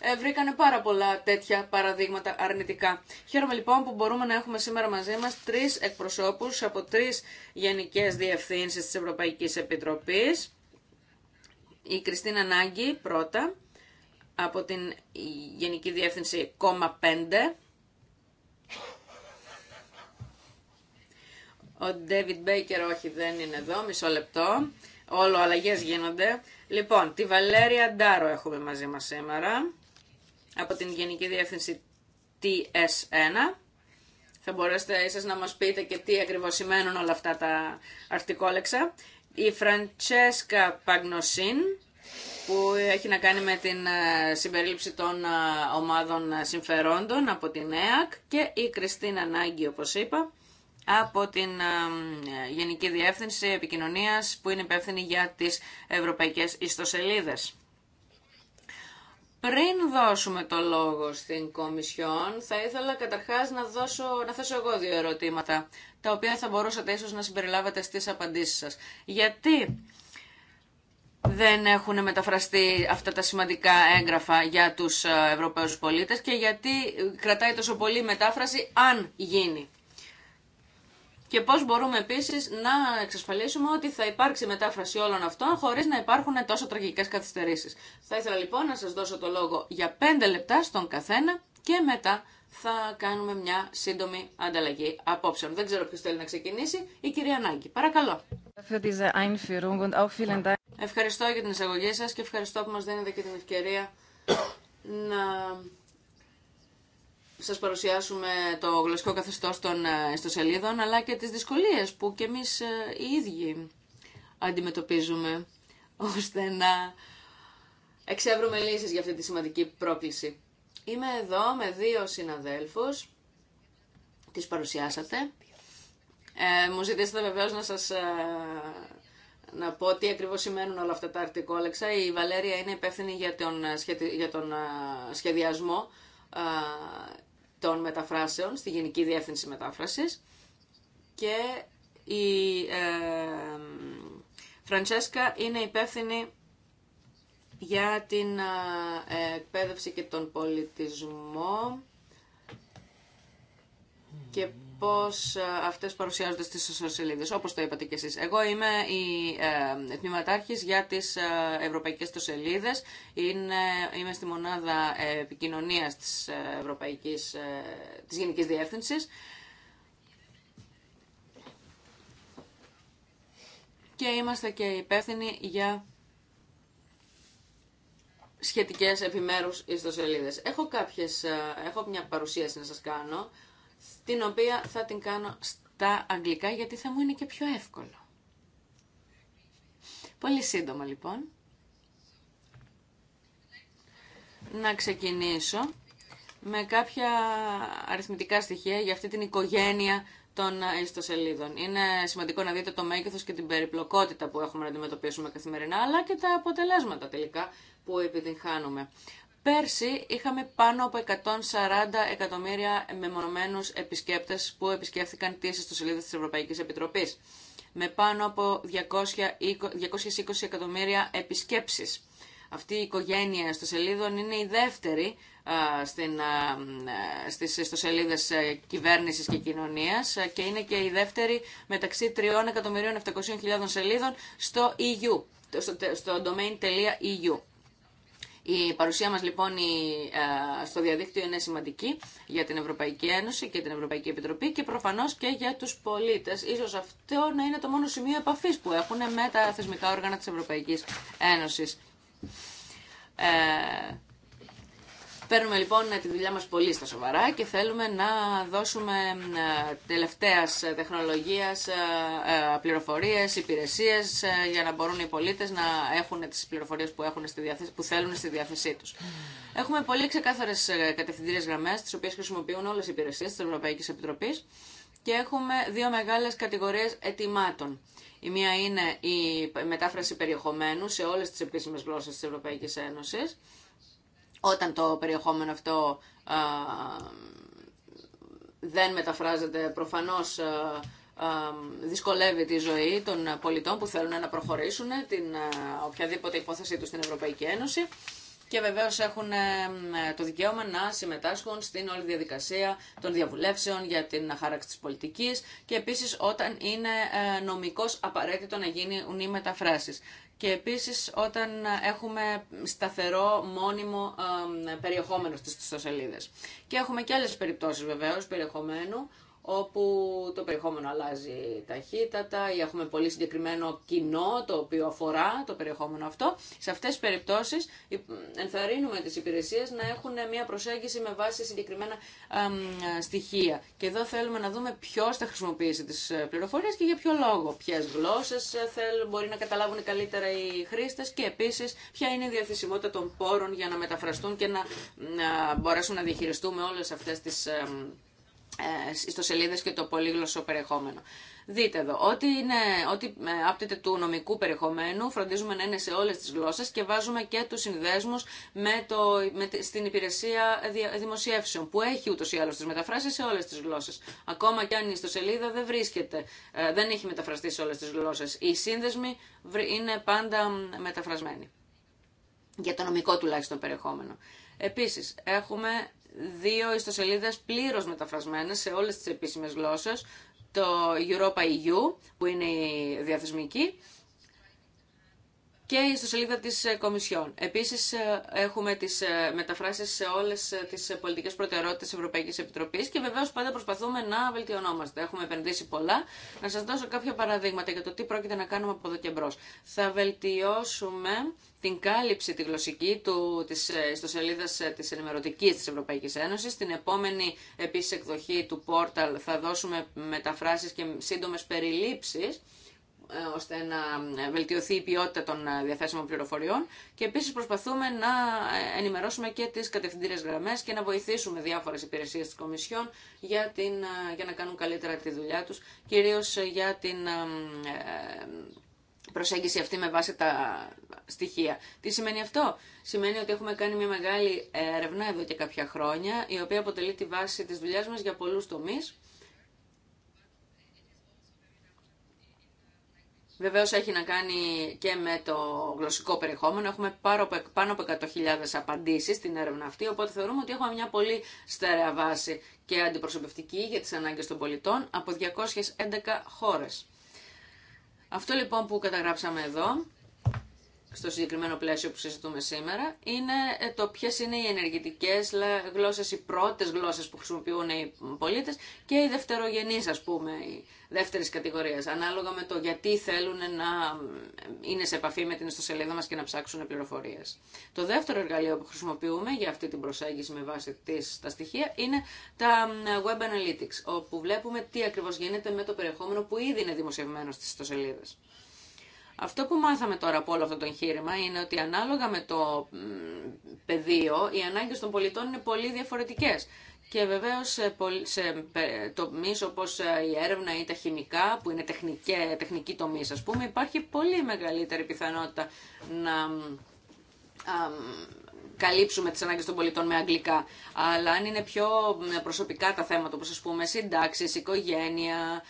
ε, βρήκανε πάρα πολλά τέτοια παραδείγματα αρνητικά. Χαίρομαι λοιπόν που μπορούμε να έχουμε σήμερα μαζί μας τρεις εκπροσώπους από τρεις γενικές διευθύνσεις της Ευρωπαϊκής Επιτροπής. Η Κριστίνα Νάγκη πρώτα από την Γενική Διεύθυνση 5 Ο David Baker όχι δεν είναι εδώ, μισό λεπτό. Όλο αλλαγέ γίνονται. Λοιπόν, τη Βαλέρια Ντάρο έχουμε μαζί μας σήμερα από την Γενική Διεύθυνση TS1. Θα μπορέσετε ίσως να μας πείτε και τι ακριβώς σημαίνουν όλα αυτά τα αρτικόλεξα. Η Φραντσέσκα Παγνοσίν που έχει να κάνει με την ε, συμπερίληψη των ε, ομάδων συμφερόντων από την ΕΑΚ και η Κριστίνα Νάγκη όπως είπα από την ε, Γενική Διεύθυνση Επικοινωνίας που είναι υπεύθυνη για τις ευρωπαϊκές ιστοσελίδες. Πριν δώσουμε το λόγο στην Κομισιόν, θα ήθελα καταρχάς να, δώσω, να θέσω εγώ δύο ερωτήματα, τα οποία θα μπορούσατε ίσως να συμπεριλάβετε στις απαντήσεις σας. Γιατί δεν έχουν μεταφραστεί αυτά τα σημαντικά έγγραφα για τους ε, Ευρωπαίους πολίτες και γιατί κρατάει τόσο πολύ μετάφραση αν γίνει και πώς μπορούμε επίσης να εξασφαλίσουμε ότι θα υπάρξει μετάφραση όλων αυτών χωρίς να υπάρχουν τόσο τραγικές καθυστερήσεις. Θα ήθελα λοιπόν να σας δώσω το λόγο για 5 λεπτά στον καθένα και μετά θα κάνουμε μια σύντομη ανταλλαγή απόψεων. Δεν ξέρω ποιος θέλει να ξεκινήσει. Η κυρία Νάγκη. Παρακαλώ. Ευχαριστώ για την εισαγωγή σας και ευχαριστώ που μας δίνετε και την ευκαιρία να Σα παρουσιάσουμε το γλωσσικό καθεστώ των ε, ιστοσελίδων, αλλά και τις δυσκολίε που κι εμεί ε, οι ίδιοι αντιμετωπίζουμε, ώστε να εξεύρουμε λύσεις για αυτή τη σημαντική πρόκληση. Είμαι εδώ με δύο συναδέλφους, τις παρουσιάσατε. Ε, μου ζητήσατε βεβαίως να σας ε, να πω τι ακριβώς σημαίνουν όλα αυτά τα αρτικόλεξα. Η Βαλέρια είναι υπεύθυνη για τον, σχεδιασμό των μεταφράσεων στη Γενική Διεύθυνση Μετάφρασης και η ε, Φραντσέσκα είναι υπεύθυνη για την ε, εκπαίδευση και τον πολιτισμό και Πώ ε, αυτές παρουσιάζονται στις ιστοσελίδε, όπως το είπατε και εσεί. Εγώ είμαι η ε, για τις ε, ευρωπαϊκές ιστοσελίδες. είμαι στη μονάδα επικοινωνίας της, ε, ευρωπαϊκής, ε, της Γενικής Διεύθυνσης. Και είμαστε και υπεύθυνοι για σχετικές επιμέρους ιστοσελίδες. Έχω, κάποιες, έχω μια παρουσίαση να σας κάνω την οποία θα την κάνω στα αγγλικά γιατί θα μου είναι και πιο εύκολο. Πολύ σύντομα λοιπόν. Να ξεκινήσω με κάποια αριθμητικά στοιχεία για αυτή την οικογένεια των ιστοσελίδων. Είναι σημαντικό να δείτε το μέγεθος και την περιπλοκότητα που έχουμε να αντιμετωπίσουμε καθημερινά, αλλά και τα αποτελέσματα τελικά που επιτυγχάνουμε. Πέρσι είχαμε πάνω από 140 εκατομμύρια μεμονωμένους επισκέπτες που επισκέφθηκαν τις ιστοσελίδες της Ευρωπαϊκής Επιτροπής με πάνω από 220 εκατομμύρια επισκέψεις. Αυτή η οικογένεια ιστοσελίδων είναι η δεύτερη στι στις ιστοσελίδες ε, κυβέρνησης και κοινωνίας ε, και είναι και η δεύτερη μεταξύ 3.700.000 σελίδων στο EU, στο domain.eu. Η παρουσία μας λοιπόν ε, στο διαδίκτυο είναι σημαντική για την Ευρωπαϊκή Ένωση και την Ευρωπαϊκή Επιτροπή και προφανώς και για τους πολίτες. Ίσως αυτό να είναι το μόνο σημείο επαφής που έχουν με τα θεσμικά όργανα της Ευρωπαϊκής Ένωσης. Ε, Παίρνουμε λοιπόν τη δουλειά μας πολύ στα σοβαρά και θέλουμε να δώσουμε ε, τελευταίας τεχνολογίας ε, ε, πληροφορίες, υπηρεσίες για να μπορούν οι πολίτες να έχουν τις πληροφορίες που, έχουν στη διάθεση, που θέλουν στη διάθεσή τους. Έχουμε πολύ ξεκάθαρες κατευθυντήριες γραμμές τις οποίες χρησιμοποιούν όλες οι υπηρεσίες της Ευρωπαϊκής Επιτροπής και έχουμε δύο μεγάλες κατηγορίες ετοιμάτων. Η μία είναι η μετάφραση περιεχομένου σε όλες τις επίσημες γλώσσες της Ευρωπαϊκής Ένωσης όταν το περιεχόμενο αυτό δεν μεταφράζεται προφανώς δυσκολεύει τη ζωή των πολιτών που θέλουν να προχωρήσουν την οποιαδήποτε υπόθεσή τους στην Ευρωπαϊκή Ένωση και βεβαίω έχουν ε, το δικαίωμα να συμμετάσχουν στην όλη διαδικασία των διαβουλεύσεων για την χάραξη τη πολιτική και επίση όταν είναι ε, νομικός απαραίτητο να γίνει οι μεταφράσεις. Και επίση όταν έχουμε σταθερό μόνιμο ε, περιεχόμενο στι ιστοσελίδε. Και έχουμε και άλλε περιπτώσει, βεβαίω, περιεχομένου όπου το περιεχόμενο αλλάζει ταχύτατα ή έχουμε πολύ συγκεκριμένο κοινό το οποίο αφορά το περιεχόμενο αυτό. Σε αυτές τις περιπτώσεις ενθαρρύνουμε τις υπηρεσίες να έχουν μια προσέγγιση με βάση συγκεκριμένα στοιχεία. Και εδώ θέλουμε να δούμε ποιο θα χρησιμοποιήσει τις ε, πληροφορίες και για ποιο λόγο. Ποιε γλώσσες ε, θέλουν, μπορεί να καταλάβουν καλύτερα οι χρήστες και επίσης ποια είναι η διαθεσιμότητα των πόρων για να μεταφραστούν και να, να μπορέσουν να διαχειριστούμε όλες αυτές τις ε, στο ιστοσελίδες και το πολύγλωσσο περιεχόμενο. Δείτε εδώ, ό,τι, είναι, ό,τι ε, άπτεται του νομικού περιεχομένου φροντίζουμε να είναι σε όλες τις γλώσσες και βάζουμε και τους συνδέσμους με το, με, στην υπηρεσία δημοσιεύσεων που έχει ούτως ή άλλως τις μεταφράσεις σε όλες τις γλώσσες. Ακόμα και αν η ιστοσελίδα δεν βρίσκεται, ε, δεν έχει μεταφραστεί σε όλες τις γλώσσες. Οι σύνδεσμοι είναι πάντα μεταφρασμένοι. Για το νομικό τουλάχιστον περιεχόμενο. Επίσης, έχουμε δύο ιστοσελίδες πλήρως μεταφρασμένες σε όλες τις επίσημες γλώσσες, το Europa EU που είναι η διαθεσμική και η ιστοσελίδα της ε, Κομισιόν. Επίσης ε, έχουμε τις ε, μεταφράσεις σε όλες τις πολιτικές προτεραιότητες της Ευρωπαϊκής Επιτροπής και βεβαίως πάντα προσπαθούμε να βελτιωνόμαστε. Έχουμε επενδύσει πολλά. Να σας δώσω κάποια παραδείγματα για το τι πρόκειται να κάνουμε από εδώ και μπρος. Θα βελτιώσουμε την κάλυψη τη γλωσσική του, της ιστοσελίδας της ενημερωτικής της Ευρωπαϊκής Ένωσης. Στην επόμενη επίσης εκδοχή του πόρταλ θα δώσουμε μεταφράσεις και σύντομες περιλήψεις ε, ώστε να ε, βελτιωθεί η ποιότητα των ε, διαθέσιμων πληροφοριών και επίσης προσπαθούμε να ενημερώσουμε και τις κατευθυντήρες γραμμές και να βοηθήσουμε διάφορες υπηρεσίες της Κομισιόν για, την, για να κάνουν καλύτερα τη δουλειά τους, κυρίως για την προσέγγιση αυτή με βάση τα στοιχεία. Τι σημαίνει αυτό? Σημαίνει ότι έχουμε κάνει μια μεγάλη έρευνα εδώ και κάποια χρόνια, η οποία αποτελεί τη βάση της δουλειάς μας για πολλούς τομείς Βεβαίως έχει να κάνει και με το γλωσσικό περιεχόμενο. Έχουμε πάνω από 100.000 απαντήσεις στην έρευνα αυτή, οπότε θεωρούμε ότι έχουμε μια πολύ στερεά βάση και αντιπροσωπευτική για τις ανάγκες των πολιτών από 211 χώρες. Αυτό λοιπόν που καταγράψαμε εδώ στο συγκεκριμένο πλαίσιο που συζητούμε σήμερα είναι ε, το ποιε είναι οι ενεργητικέ γλώσσε, οι πρώτε γλώσσε που χρησιμοποιούν οι πολίτε και οι δευτερογενεί, α πούμε, οι δεύτερη κατηγορία, ανάλογα με το γιατί θέλουν να ε, είναι σε επαφή με την ιστοσελίδα μα και να ψάξουν πληροφορίε. Το δεύτερο εργαλείο που χρησιμοποιούμε για αυτή την προσέγγιση με βάση της τα στοιχεία είναι τα ε, Web Analytics, όπου βλέπουμε τι ακριβώ γίνεται με το περιεχόμενο που ήδη είναι δημοσιευμένο στι ιστοσελίδε. Αυτό που μάθαμε τώρα από όλο αυτό το εγχείρημα είναι ότι ανάλογα με το πεδίο οι ανάγκε των πολιτών είναι πολύ διαφορετικές. Και βεβαίω σε τομεί όπω ε, η έρευνα ή τα χημικά, που είναι τεχνική, τεχνική τομή, α πούμε, υπάρχει πολύ μεγαλύτερη πιθανότητα να καλύψουμε τις ανάγκες των πολιτών με αγγλικά. Αλλά αν είναι πιο προσωπικά τα θέματα, όπως ας πούμε συντάξεις, οικογένεια,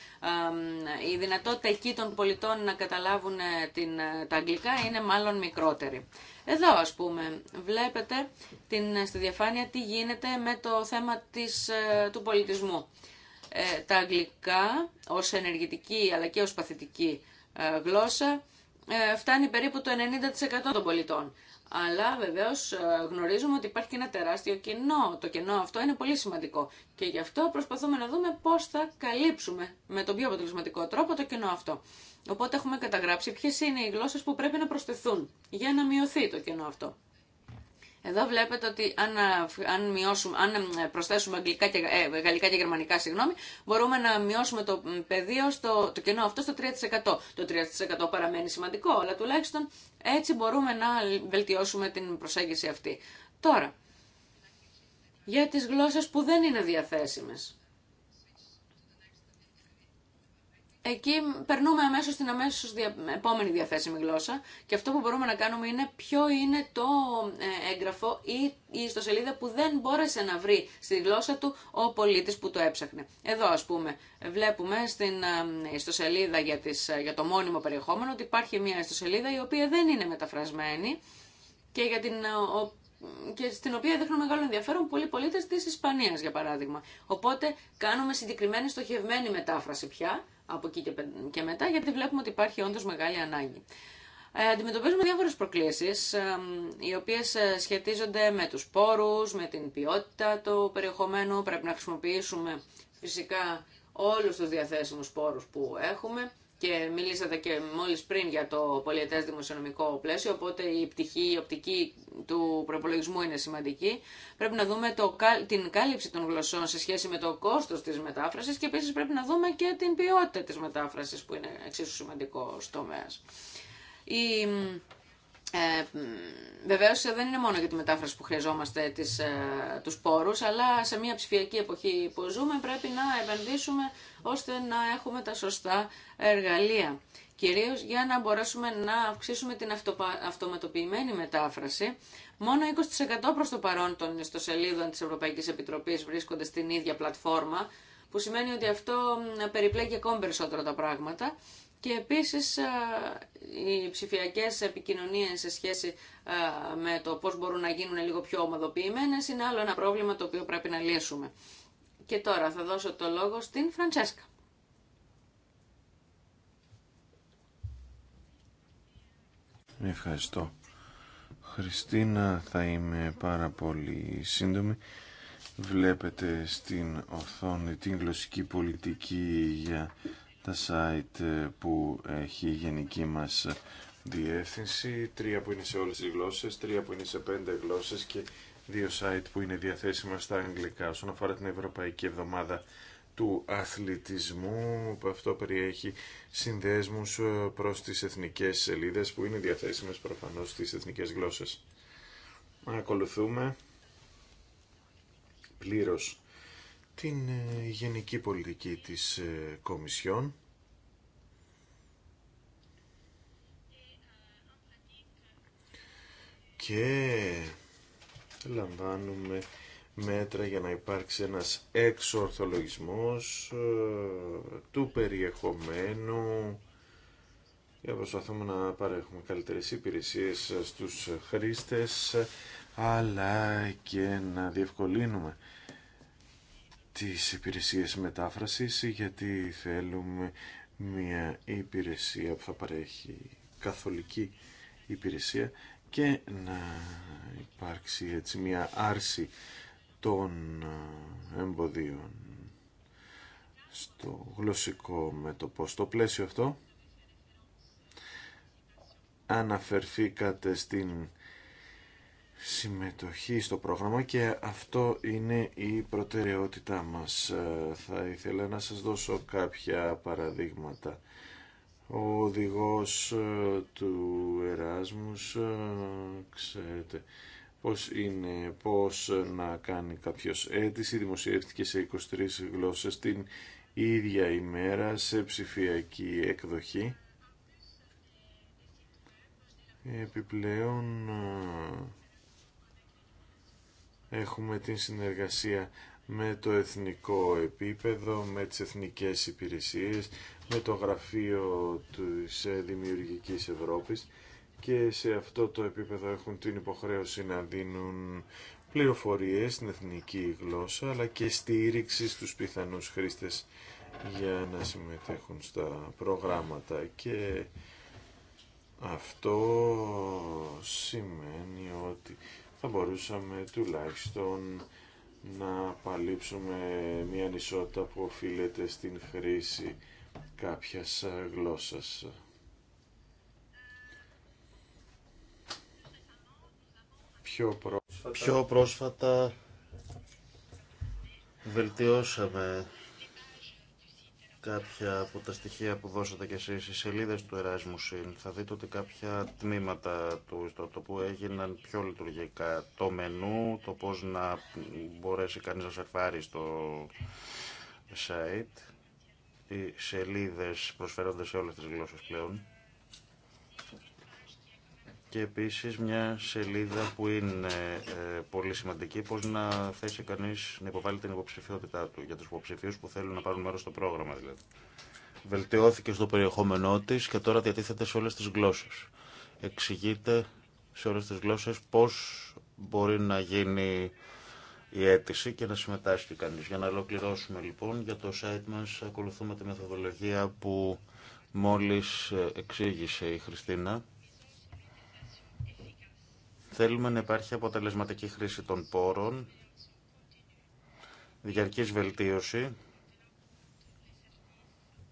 η δυνατότητα εκεί των πολιτών να καταλάβουν ε, την, ε, τα αγγλικά είναι μάλλον μικρότερη. Εδώ ας πούμε βλέπετε την, ε, στη διαφάνεια τι γίνεται με το θέμα της, του πολιτισμού. τα αγγλικά ως ενεργητική αλλά και ως παθητική γλώσσα φτάνει περίπου το 90% των πολιτών. Αλλά βεβαίω ε, γνωρίζουμε ότι υπάρχει και ένα τεράστιο κενό. Το κενό αυτό είναι πολύ σημαντικό. Και γι' αυτό προσπαθούμε να δούμε πώ θα καλύψουμε με τον πιο αποτελεσματικό τρόπο το κενό αυτό. Οπότε έχουμε καταγράψει ποιε είναι οι γλώσσε που πρέπει να προσθεθούν για να μειωθεί το κενό αυτό. Εδώ βλέπετε ότι αν, αν, μειώσουμε, αν προσθέσουμε αγγλικά και, ε, γαλλικά και γερμανικά, συγγνώμη, μπορούμε να μειώσουμε το πεδίο, στο, το κενό αυτό στο 3%. Το 3% παραμένει σημαντικό, αλλά τουλάχιστον έτσι μπορούμε να βελτιώσουμε την προσέγγιση αυτή. Τώρα, για τις γλώσσες που δεν είναι διαθέσιμες. εκεί περνούμε αμέσως στην αμέσως δια... επόμενη διαθέσιμη γλώσσα και αυτό που μπορούμε να κάνουμε είναι ποιο είναι το ε, έγγραφο ή η ιστοσελίδα που δεν μπόρεσε να βρει στη γλώσσα του ο πολίτης που το έψαχνε. Εδώ ας πούμε βλέπουμε στην ε, ιστοσελίδα για, ε, για το μόνιμο περιεχόμενο ότι υπάρχει μια ιστοσελίδα η οποία δεν είναι μεταφρασμένη και για την και στην οποία δείχνουν μεγάλο ενδιαφέρον πολλοί πολίτε τη Ισπανία, για παράδειγμα. Οπότε κάνουμε συγκεκριμένη στοχευμένη μετάφραση πια, από εκεί και μετά, γιατί βλέπουμε ότι υπάρχει όντω μεγάλη ανάγκη. Ε, αντιμετωπίζουμε διάφορε προκλήσει, οι οποίε ε, σχετίζονται με του πόρου, με την ποιότητα του περιεχομένου. Πρέπει να χρησιμοποιήσουμε φυσικά όλου του διαθέσιμου πόρου που έχουμε και μιλήσατε και μόλις πριν για το πολιετές δημοσιονομικό πλαίσιο, οπότε η πτυχή, η οπτική του προπολογισμού είναι σημαντική. Πρέπει να δούμε το, την κάλυψη των γλωσσών σε σχέση με το κόστος της μετάφρασης και επίσης πρέπει να δούμε και την ποιότητα της μετάφρασης που είναι εξίσου σημαντικό τομέα. Η ε, βεβαίως ε, δεν είναι μόνο για τη μετάφραση που χρειαζόμαστε ε, τους πόρους, αλλά σε μια ψηφιακή εποχή που ζούμε πρέπει να επενδύσουμε ώστε να έχουμε τα σωστά εργαλεία. Κυρίως για να μπορέσουμε να αυξήσουμε την αυτοματοποιημένη μετάφραση. Μόνο 20% προ το παρόν των ιστοσελίδων της Ευρωπαϊκής Επιτροπής βρίσκονται στην ίδια πλατφόρμα, που σημαίνει ότι αυτό περιπλέκει ακόμη περισσότερο τα πράγματα και επίσης οι ψηφιακές επικοινωνίες σε σχέση με το πώς μπορούν να γίνουν λίγο πιο ομαδοποιημένες είναι άλλο ένα πρόβλημα το οποίο πρέπει να λύσουμε. Και τώρα θα δώσω το λόγο στην Φραντσέσκα. Ευχαριστώ. Χριστίνα, θα είμαι πάρα πολύ σύντομη. Βλέπετε στην οθόνη την γλωσσική πολιτική για τα site ε, που έχει η γενική μας διεύθυνση, τρία που είναι σε όλες τις γλώσσες, τρία που είναι σε πέντε γλώσσες και δύο site που είναι διαθέσιμα στα αγγλικά. Όσον αφορά την Ευρωπαϊκή Εβδομάδα του Αθλητισμού, που αυτό περιέχει συνδέσμους ε, προς τις εθνικές σελίδες που είναι διαθέσιμες προφανώς στις εθνικές γλώσσες. Ακολουθούμε πλήρως την ε, γενική πολιτική της ε, Κομισιόν και λαμβάνουμε μέτρα για να υπάρξει ένας εξορθολογισμός ε, του περιεχομένου να προσπαθούμε να παρέχουμε καλύτερες υπηρεσίες στους χρήστες αλλά και να διευκολύνουμε τις υπηρεσίες μετάφρασης γιατί θέλουμε μια υπηρεσία που θα παρέχει καθολική υπηρεσία και να υπάρξει έτσι μια άρση των ε, εμποδίων στο γλωσσικό μέτωπο. Στο πλαίσιο αυτό αναφερθήκατε στην συμμετοχή στο πρόγραμμα και αυτό είναι η προτεραιότητά μας. Ε, θα ήθελα να σας δώσω κάποια παραδείγματα. Ο οδηγός ε, του Εράσμους, ε, ξέρετε, πώς είναι, πώς να κάνει κάποιος αίτηση, δημοσιεύτηκε σε 23 γλώσσες την ίδια ημέρα σε ψηφιακή εκδοχή. Επιπλέον Έχουμε την συνεργασία με το εθνικό επίπεδο, με τις εθνικές υπηρεσίες, με το γραφείο της ε, Δημιουργικής Ευρώπης και σε αυτό το επίπεδο έχουν την υποχρέωση να δίνουν πληροφορίες στην εθνική γλώσσα αλλά και στήριξη στους πιθανούς χρήστες για να συμμετέχουν στα προγράμματα και αυτό σημαίνει ότι θα μπορούσαμε τουλάχιστον να παλύψουμε μια ανισότητα που οφείλεται στην χρήση κάποιας γλώσσας. Πιο Πιο πρόσφατα βελτιώσαμε κάποια από τα στοιχεία που δώσατε και εσείς, στις σελίδες του Erasmus, θα δείτε ότι κάποια τμήματα του ιστοτοπού έγιναν πιο λειτουργικά. Το μενού, το πώς να μπορέσει κανείς να σερφάρει στο site, οι σελίδες προσφέρονται σε όλες τις γλώσσες πλέον και επίσης μια σελίδα που είναι ε, πολύ σημαντική, πώς να θέσει κανείς να υποβάλει την υποψηφιότητά του για τους υποψηφίους που θέλουν να πάρουν μέρος στο πρόγραμμα δηλαδή. Βελτιώθηκε στο περιεχόμενό της και τώρα διατίθεται σε όλες τις γλώσσες. Εξηγείται σε όλες τις γλώσσες πώς μπορεί να γίνει η αίτηση και να συμμετάσχει κανείς. Για να ολοκληρώσουμε λοιπόν, για το site μας ακολουθούμε τη μεθοδολογία που μόλις ε, εξήγησε η Χριστίνα. Θέλουμε να υπάρχει αποτελεσματική χρήση των πόρων, διαρκής βελτίωση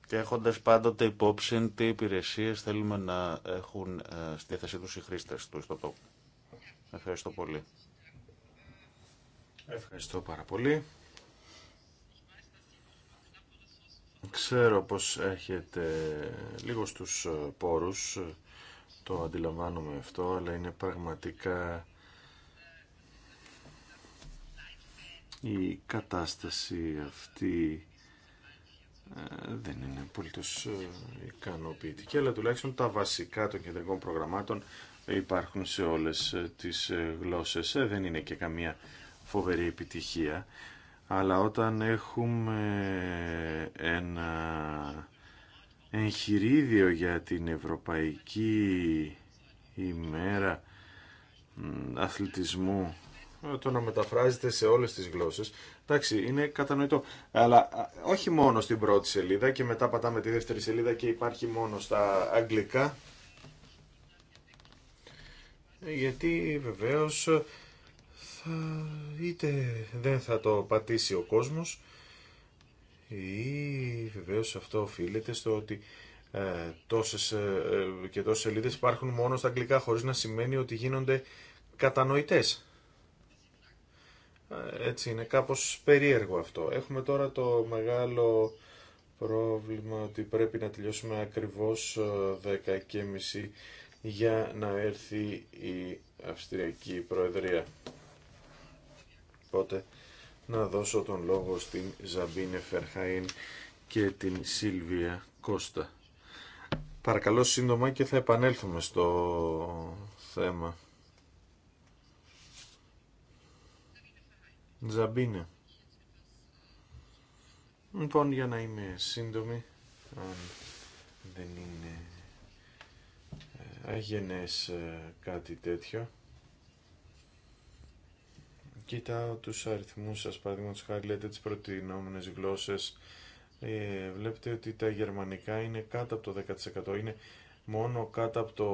και έχοντας πάντοτε υπόψη τι υπηρεσίες θέλουμε να έχουν ε, στη θέση τους οι χρήστες του στο Ευχαριστώ πολύ. Ευχαριστώ πάρα πολύ. Ξέρω πως έχετε λίγο στους ε, πόρους το αντιλαμβάνομαι αυτό, αλλά είναι πραγματικά η κατάσταση αυτή ε, δεν είναι απολύτως ε, ικανοποιητική, αλλά τουλάχιστον τα βασικά των κεντρικών προγραμμάτων υπάρχουν σε όλες ε, τις γλώσσες. Δεν είναι και καμία φοβερή επιτυχία, αλλά όταν έχουμε ένα εγχειρίδιο για την Ευρωπαϊκή ημέρα αθλητισμού το να μεταφράζεται σε όλες τις γλώσσες εντάξει είναι κατανοητό αλλά όχι μόνο στην πρώτη σελίδα και μετά πατάμε τη δεύτερη σελίδα και υπάρχει μόνο στα αγγλικά γιατί βεβαίως θα, είτε δεν θα το πατήσει ο κόσμος ή βεβαίως αυτό οφείλεται στο ότι ε, τόσες ε, ε, και τόσες σελίδε υπάρχουν μόνο στα αγγλικά χωρίς να σημαίνει ότι γίνονται κατανοητές. Ε, έτσι είναι κάπως περίεργο αυτό. Έχουμε τώρα το μεγάλο πρόβλημα ότι πρέπει να τελειώσουμε ακριβώς 10.30 για να έρθει η Αυστριακή Προεδρία. Οπότε να δώσω τον λόγο στην Ζαμπίνε Φερχαΐν και την Σίλβια Κώστα. Παρακαλώ σύντομα και θα επανέλθουμε στο θέμα. Ζαμπίνε. Λοιπόν, για να είμαι σύντομη, αν δεν είναι ε, αγενές ε, κάτι τέτοιο κοιτάω τους αριθμούς σας, παραδείγματος χάρη λέτε τις προτινόμενες γλώσσες, ε, βλέπετε ότι τα γερμανικά είναι κάτω από το 10%, είναι μόνο κάτω από το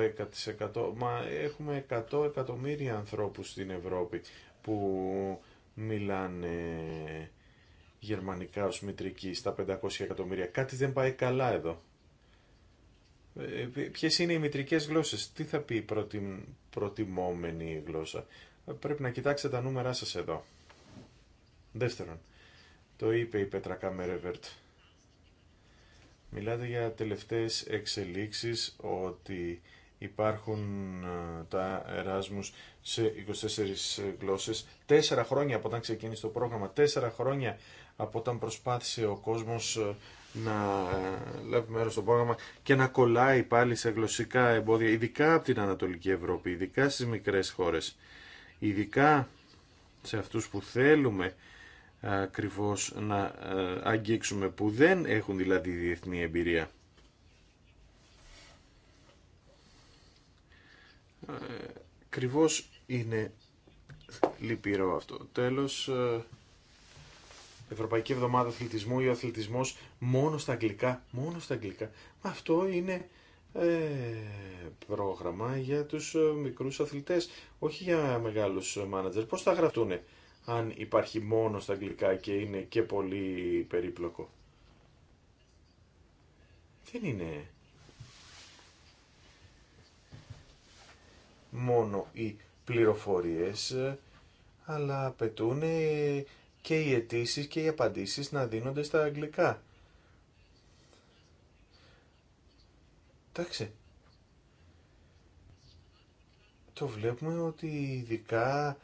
10%. Μα έχουμε 100 εκατομμύρια ανθρώπους στην Ευρώπη που μιλάνε γερμανικά ως μητρική στα 500 εκατομμύρια. Κάτι δεν πάει καλά εδώ. Ε, ποιες είναι οι μητρικές γλώσσες, τι θα πει η προτιμόμενη γλώσσα. Πρέπει να κοιτάξετε τα νούμερά σας εδώ. Δεύτερον, το είπε η Πέτρα Καμερεβερτ. Μιλάτε για τελευταίες εξελίξεις ότι υπάρχουν ε, τα Εράσμους σε 24 ε, γλώσσες. Τέσσερα χρόνια από όταν ξεκίνησε το πρόγραμμα, τέσσερα χρόνια από όταν προσπάθησε ο κόσμος ε, να λάβει μέρος στο πρόγραμμα και να κολλάει πάλι σε γλωσσικά εμπόδια, ειδικά από την Ανατολική Ευρώπη, ειδικά στις μικρές χώρες ειδικά σε αυτούς που θέλουμε ακριβώ να ε, αγγίξουμε, που δεν έχουν δηλαδή διεθνή εμπειρία. Ακριβώ είναι λυπηρό αυτό. Τέλος, ε, Ευρωπαϊκή Εβδομάδα Αθλητισμού ή ο αθλητισμός μόνο στα αγγλικά, μόνο στα αγγλικά. αυτό είναι ε, πρόγραμμα για τους ε, μικρούς αθλητές, όχι για μεγάλους ε, μάνατζερ. Πώς θα γραφτούν αν υπάρχει μόνο στα αγγλικά και είναι και πολύ περίπλοκο. Δεν είναι μόνο οι πληροφορίες, αλλά απαιτούν και οι αιτήσει και οι απαντήσεις να δίνονται στα αγγλικά. Εντάξει, το βλέπουμε ότι ειδικά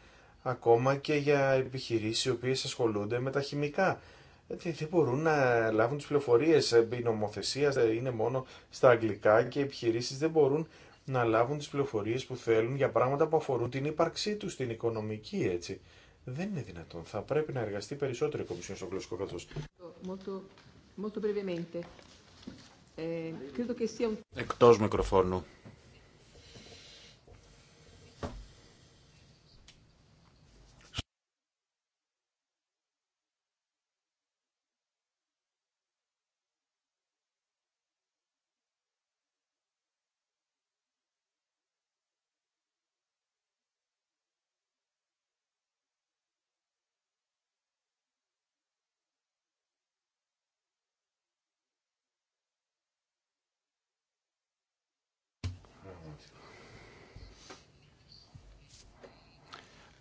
ακόμα και για επιχειρήσεις οι οποίες ασχολούνται με τα χημικά. Δεν μπορούν να λάβουν τις πληροφορίες. Η νομοθεσία ε, είναι μόνο στα αγγλικά και οι επιχειρήσεις δεν μπορούν να λάβουν τις πληροφορίες που θέλουν για πράγματα που αφορούν την ύπαρξή τους, την οικονομική έτσι. Δεν είναι δυνατόν. Θα πρέπει να εργαστεί περισσότερο η Κομισιόν στο γλωσσικό καθώς. Ε, Εκτός μικροφώνου.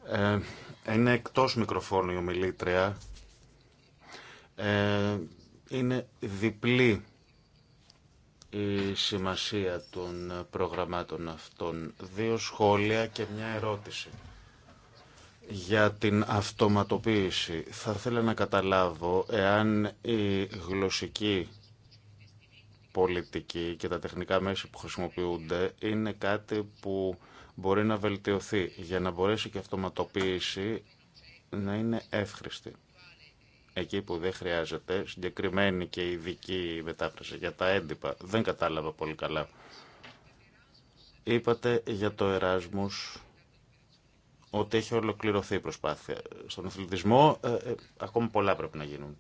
Ε, είναι εκτός μικροφώνου η ομιλήτρια. Ε, είναι διπλή η σημασία των προγραμμάτων αυτών. Δύο σχόλια και μια ερώτηση για την αυτοματοποίηση. Θα ήθελα να καταλάβω εάν η γλωσσική πολιτική και τα τεχνικά μέσα που χρησιμοποιούνται είναι κάτι που μπορεί να βελτιωθεί για να μπορέσει και η αυτοματοποίηση να είναι εύχρηστη. Εκεί που δεν χρειάζεται, συγκεκριμένη και ειδική μετάφραση για τα έντυπα, δεν κατάλαβα πολύ καλά. Είπατε για το Εράσμους ότι έχει ολοκληρωθεί η προσπάθεια. Στον αθλητισμό ε, ε ακόμα πολλά πρέπει να γίνουν.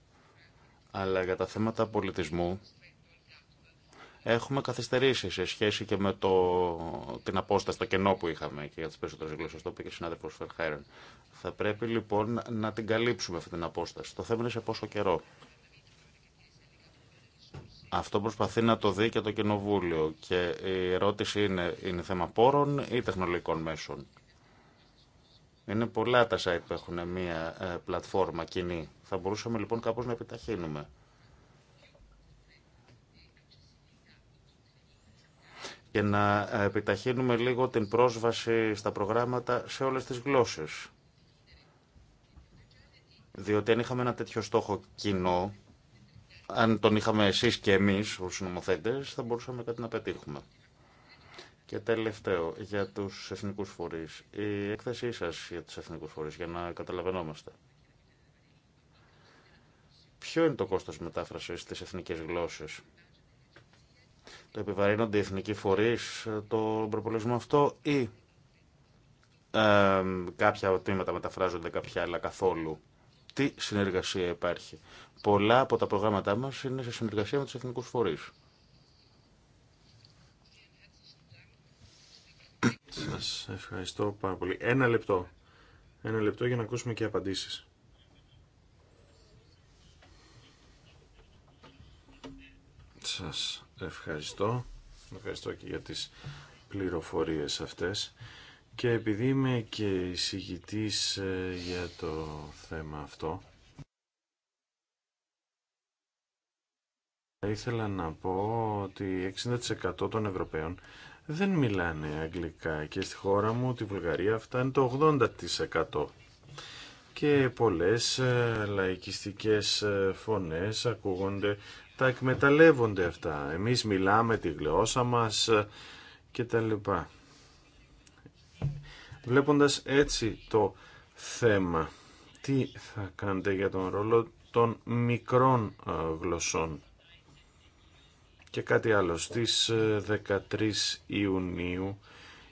Αλλά για τα θέματα πολιτισμού έχουμε καθυστερήσει σε σχέση και με το, την απόσταση, το κενό που είχαμε και για τι περισσότερε γλώσσε, το είπε και ο συνάδελφο Θα πρέπει λοιπόν να την καλύψουμε αυτή την απόσταση. Το θέμα είναι σε πόσο καιρό. Αυτό προσπαθεί να το δει και το Κοινοβούλιο. Και η ερώτηση είναι, είναι θέμα πόρων ή τεχνολογικών μέσων. Είναι πολλά τα site που έχουν μία ε, πλατφόρμα κοινή. Θα μπορούσαμε λοιπόν κάπως να επιταχύνουμε. και να ε, επιταχύνουμε λίγο την πρόσβαση στα προγράμματα σε όλες τις γλώσσες. Διότι αν είχαμε ένα τέτοιο στόχο κοινό, αν τον είχαμε εσείς και εμείς ως νομοθέτες, θα μπορούσαμε κάτι να πετύχουμε. Και τελευταίο, για τους εθνικούς φορείς. Η έκθεσή σας για τους εθνικούς φορείς, για να καταλαβαίνόμαστε. Ποιο είναι το κόστος μετάφρασης στις εθνικές γλώσσες επιβαρύνονται οι εθνικοί φορείς ε, το προπολογισμό αυτό ή ε, κάποια τμήματα μεταφράζονται, κάποια άλλα καθόλου. Τι συνεργασία υπάρχει. Πολλά από τα προγράμματά μας είναι σε συνεργασία με τους εθνικούς φορείς. Σας ευχαριστώ πάρα πολύ. Ένα λεπτό. Ένα λεπτό για να ακούσουμε και απαντήσεις. Σας Ευχαριστώ. Ευχαριστώ και για τις πληροφορίες αυτές. Και επειδή είμαι και εισηγητής ε, για το θέμα αυτό, θα ήθελα να πω ότι 60% των Ευρωπαίων δεν μιλάνε αγγλικά και στη χώρα μου, τη Βουλγαρία, φτάνει το 80% και πολλές ε, λαϊκιστικές ε, φωνές ακούγονται τα εκμεταλλεύονται αυτά. Εμείς μιλάμε τη γλώσσα μας ε, και τα λοιπά. Βλέποντας έτσι το θέμα, τι θα κάνετε για τον ρόλο των μικρών ε, γλωσσών. Και κάτι άλλο, στις 13 ε, Ιουνίου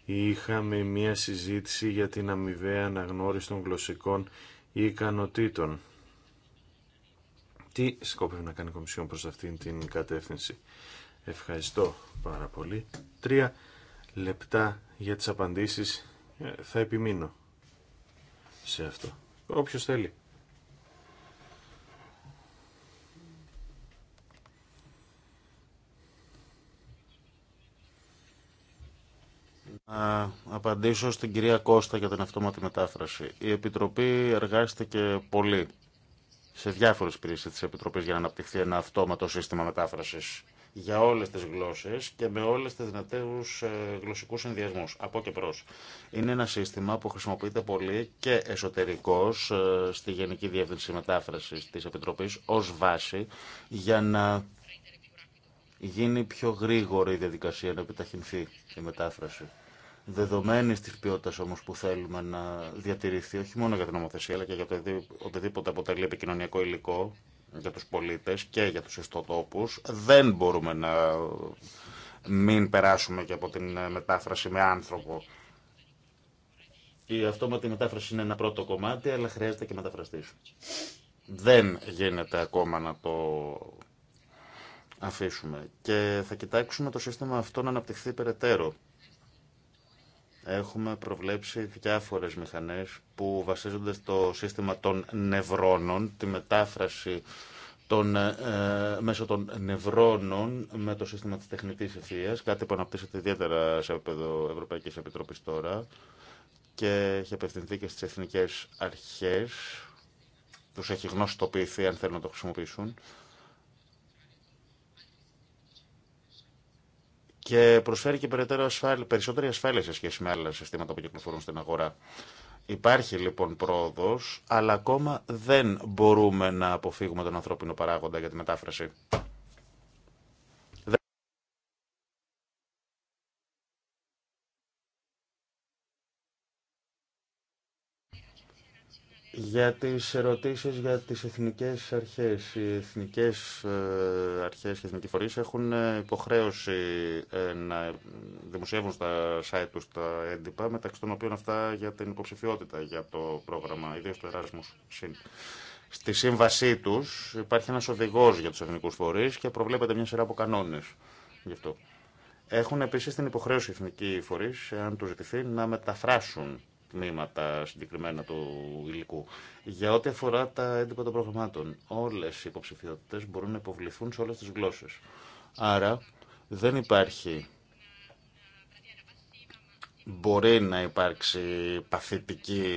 είχαμε μία συζήτηση για την αμοιβαία αναγνώριση των γλωσσικών ικανοτήτων τι σκόπευε να κάνει η Κομισιόν προς αυτήν την κατεύθυνση. Ευχαριστώ πάρα πολύ. Τρία λεπτά για τις απαντήσεις. Ε, θα επιμείνω σε αυτό. Όποιος θέλει. Να απαντήσω στην κυρία Κώστα για την αυτόματη μετάφραση. Η Επιτροπή εργάστηκε πολύ σε διάφορε υπηρεσίε τη Επιτροπή για να αναπτυχθεί ένα αυτόματο σύστημα μετάφρασης για όλες τις γλώσσες και με όλες τις δυνατέου ε, γλωσσικούς συνδυασμού, από και προς. Είναι ένα σύστημα που χρησιμοποιείται πολύ και εσωτερικώ ε, στη Γενική Διεύθυνση Μετάφρασης τη Επιτροπή ως βάση για να γίνει πιο γρήγορη η διαδικασία, να επιταχυνθεί η μετάφραση. Δεδομένη της ποιότητα όμω που θέλουμε να διατηρηθεί, όχι μόνο για την νομοθεσία, αλλά και για οτιδήποτε αποτελεί επικοινωνιακό υλικό για τους πολίτες και για τους ιστοτόπους, δεν μπορούμε να μην περάσουμε και από την μετάφραση με άνθρωπο. Η αυτόματη μετάφραση είναι ένα πρώτο κομμάτι, αλλά χρειάζεται και μεταφραστή. Δεν γίνεται ακόμα να το αφήσουμε. Και θα κοιτάξουμε το σύστημα αυτό να αναπτυχθεί περαιτέρω έχουμε προβλέψει διάφορες μηχανές που βασίζονται στο σύστημα των νευρώνων, τη μετάφραση των, ε, μέσω των νευρώνων με το σύστημα της τεχνητής ευθείας, κάτι που αναπτύσσεται ιδιαίτερα σε επίπεδο Ευρωπαϊκής Επιτροπής τώρα και έχει απευθυνθεί και στις εθνικές αρχές, τους έχει γνωστοποιηθεί αν θέλουν να το χρησιμοποιήσουν. και προσφέρει και περαιτέρω ασφάλεια, περισσότερη ασφάλεια σε σχέση με άλλα συστήματα που κυκλοφορούν στην αγορά. Υπάρχει λοιπόν πρόοδο, αλλά ακόμα δεν μπορούμε να αποφύγουμε τον ανθρώπινο παράγοντα για τη μετάφραση. Για τις ερωτήσεις για τις εθνικές αρχές. Οι εθνικές ε, αρχές και εθνικοί φορείς έχουν ε, υποχρέωση ε, να δημοσιεύουν στα site τους τα έντυπα, μεταξύ των οποίων αυτά για την υποψηφιότητα για το πρόγραμμα, ιδίως του Erasmus Στη σύμβασή τους υπάρχει ένας οδηγός για τους εθνικούς φορείς και προβλέπεται μια σειρά από κανόνες γι' αυτό. Έχουν επίσης την υποχρέωση οι εθνικοί φορείς, αν του ζητηθεί, να μεταφράσουν τμήματα συγκεκριμένα του υλικού. Για ό,τι αφορά τα έντυπα των προγραμμάτων, όλες οι υποψηφιότητε μπορούν να υποβληθούν σε όλες τις γλώσσες. Άρα δεν υπάρχει μπορεί να υπάρξει παθητική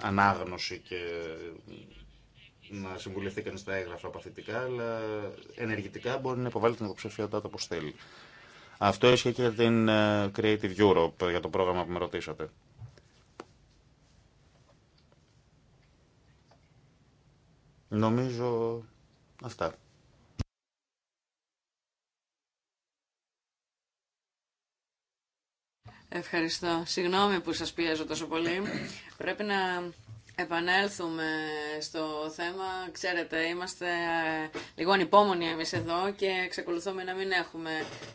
ανάγνωση και να συμβουλευτεί κανεί τα έγγραφα παθητικά, αλλά ενεργητικά μπορεί να υποβάλει την υποψηφιότητά όπω θέλει. Αυτό ίσχυε και για την ε, Creative Europe, για το πρόγραμμα που με ρωτήσατε. Νομίζω αυτά. Ευχαριστώ. Συγγνώμη που σας πιέζω τόσο πολύ. Πρέπει να επανέλθουμε στο θέμα. Ξέρετε, είμαστε ε, λίγο ανυπόμονοι εμείς εδώ και εξακολουθούμε να μην έχουμε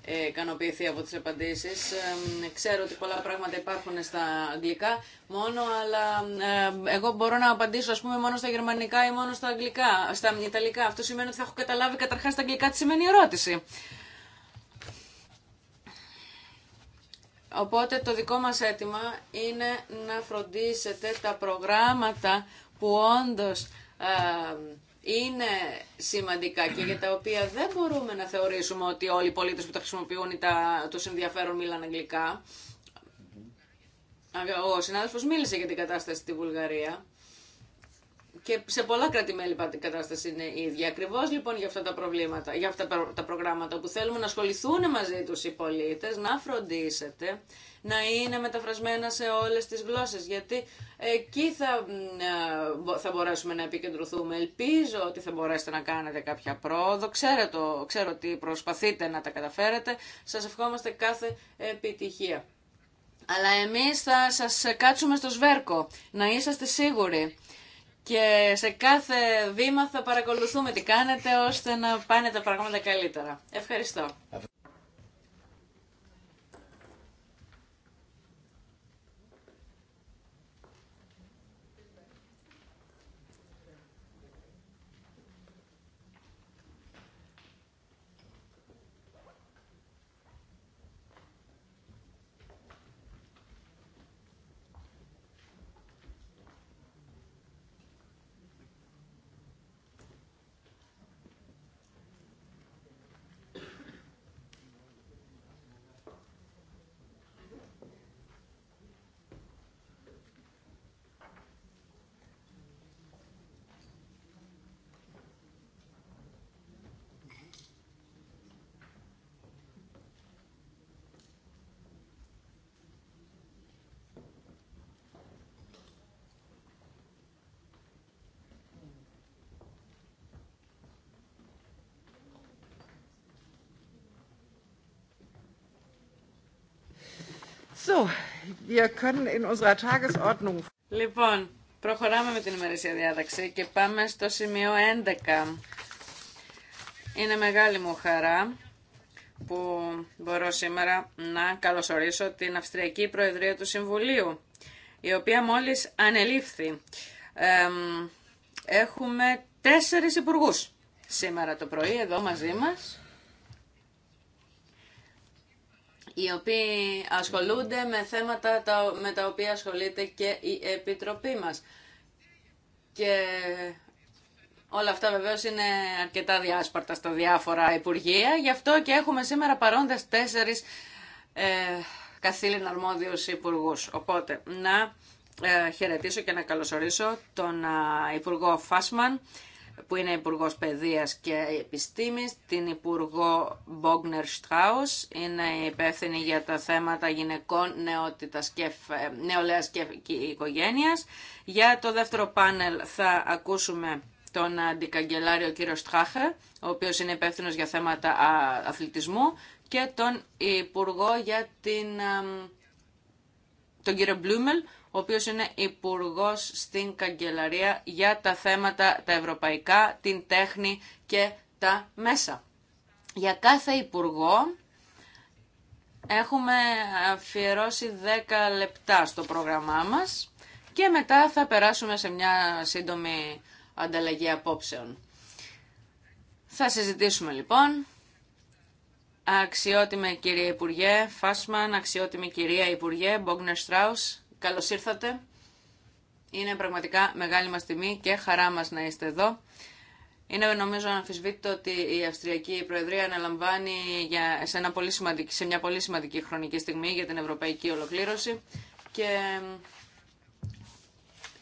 ε, ικανοποιηθεί από τις απαντήσεις. Ξέρω ότι πολλά πράγματα υπάρχουν στα αγγλικά μόνο, αλλά ε, εγώ μπορώ να απαντήσω ας πούμε μόνο στα γερμανικά ή μόνο στα αγγλικά, στα ιταλικά. Αυτό σημαίνει ότι θα έχω καταλάβει καταρχάς στα αγγλικά τι σημαίνει η ερώτηση. Οπότε το δικό μας αίτημα είναι να φροντίσετε τα προγράμματα που όντως ε, είναι σημαντικά και για τα οποία δεν μπορούμε να θεωρήσουμε ότι όλοι οι πολίτες που τα χρησιμοποιούν τα, τους ενδιαφέρον μίλαν αγγλικά. Ο συνάδελφος μίλησε για την κατάσταση στη Βουλγαρία. Και σε πολλα κρατημέλη κράτη-μέλη η κατάσταση είναι η ίδια. Ακριβώ λοιπόν για αυτά τα προβλήματα, για αυτά τα προγράμματα που θέλουμε να ασχοληθούν μαζί του οι πολίτε, να φροντίσετε να είναι μεταφρασμένα σε όλε τι γλώσσε. Γιατί εκεί θα, θα μπορέσουμε να επικεντρωθούμε. Ελπίζω ότι θα μπορέσετε να κάνετε κάποια πρόοδο. Ξέρω, ξέρω ότι προσπαθείτε να τα καταφέρετε. Σα ευχόμαστε κάθε επιτυχία. Αλλά εμείς θα σας κάτσουμε στο σβέρκο, να είσαστε σίγουροι και σε κάθε βήμα θα παρακολουθούμε τι κάνετε ώστε να πάνε τα πράγματα καλύτερα. Ευχαριστώ. So, wir können in unserer Λοιπόν, προχωράμε με την ημερήσια διάταξη και πάμε στο σημείο 11. Είναι μεγάλη μου χαρά που μπορώ σήμερα να καλωσορίσω την Αυστριακή Προεδρία του Συμβουλίου, η οποία μόλις ανελήφθη. έχουμε τέσσερις υπουργούς σήμερα το πρωί εδώ μαζί μας. οι οποίοι ασχολούνται με θέματα με τα οποία ασχολείται και η Επιτροπή μας. Και όλα αυτά βεβαίως είναι αρκετά διάσπαρτα στα διάφορα Υπουργεία, γι' αυτό και έχουμε σήμερα παρόντες τέσσερις ε, καθήλυν αρμόδιους υπουργούς. Οπότε, να ε, χαιρετήσω και να καλωσορίσω τον ε, Υπουργό Φάσμαν, που είναι Υπουργός Παιδείας και Επιστήμης, την Υπουργό Μπόγνερ Στράους, είναι υπεύθυνη για τα θέματα γυναικών νεότητας και νεολαίας και οικογένειας. Για το δεύτερο πάνελ θα ακούσουμε τον αντικαγκελάριο κύριο Στράχε, ο οποίος είναι υπεύθυνο για θέματα αθλητισμού και τον Υπουργό για την, τον κύριο Μπλούμελ, ο οποίος είναι Υπουργός στην Καγκελαρία για τα θέματα τα ευρωπαϊκά, την τέχνη και τα μέσα. Για κάθε υπουργό έχουμε αφιερώσει 10 λεπτά στο πρόγραμμά μας και μετά θα περάσουμε σε μια σύντομη ανταλλαγή απόψεων. Θα συζητήσουμε λοιπόν. Αξιότιμε κυρία Υπουργέ Φάσμαν, αξιότιμη κυρία Υπουργέ Μπόγνερ Στράους, Καλώς ήρθατε. Είναι πραγματικά μεγάλη μας τιμή και χαρά μας να είστε εδώ. Είναι νομίζω το ότι η Αυστριακή Προεδρία αναλαμβάνει για, σε, σε μια πολύ σημαντική χρονική στιγμή για την ευρωπαϊκή ολοκλήρωση και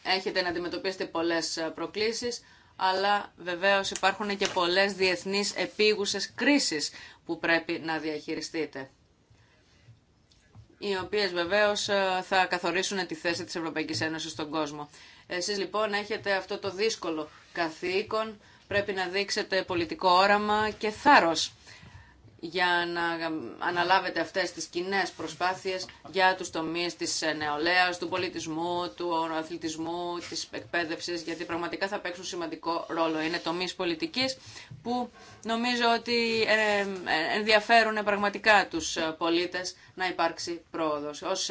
έχετε να αντιμετωπίσετε πολλές ε, προκλήσεις αλλά βεβαίως υπάρχουν και πολλές διεθνείς επίγουσες κρίσεις που πρέπει να διαχειριστείτε οι οποίες βεβαίως ε, θα καθορίσουν τη θέση της Ευρωπαϊκής Ένωσης στον κόσμο. Εσείς λοιπόν έχετε αυτό το δύσκολο καθήκον, πρέπει να δείξετε πολιτικό όραμα και θάρρος για να αναλάβετε αυτές τις κοινέ προσπάθειες για τους τομείς της νεολαίας, του πολιτισμού, του αθλητισμού, της εκπαίδευσης, γιατί πραγματικά θα παίξουν σημαντικό ρόλο. Είναι τομείς πολιτικής που νομίζω ότι ε, ε, ενδιαφέρουν πραγματικά τους πολίτες να υπάρξει πρόοδος. Ως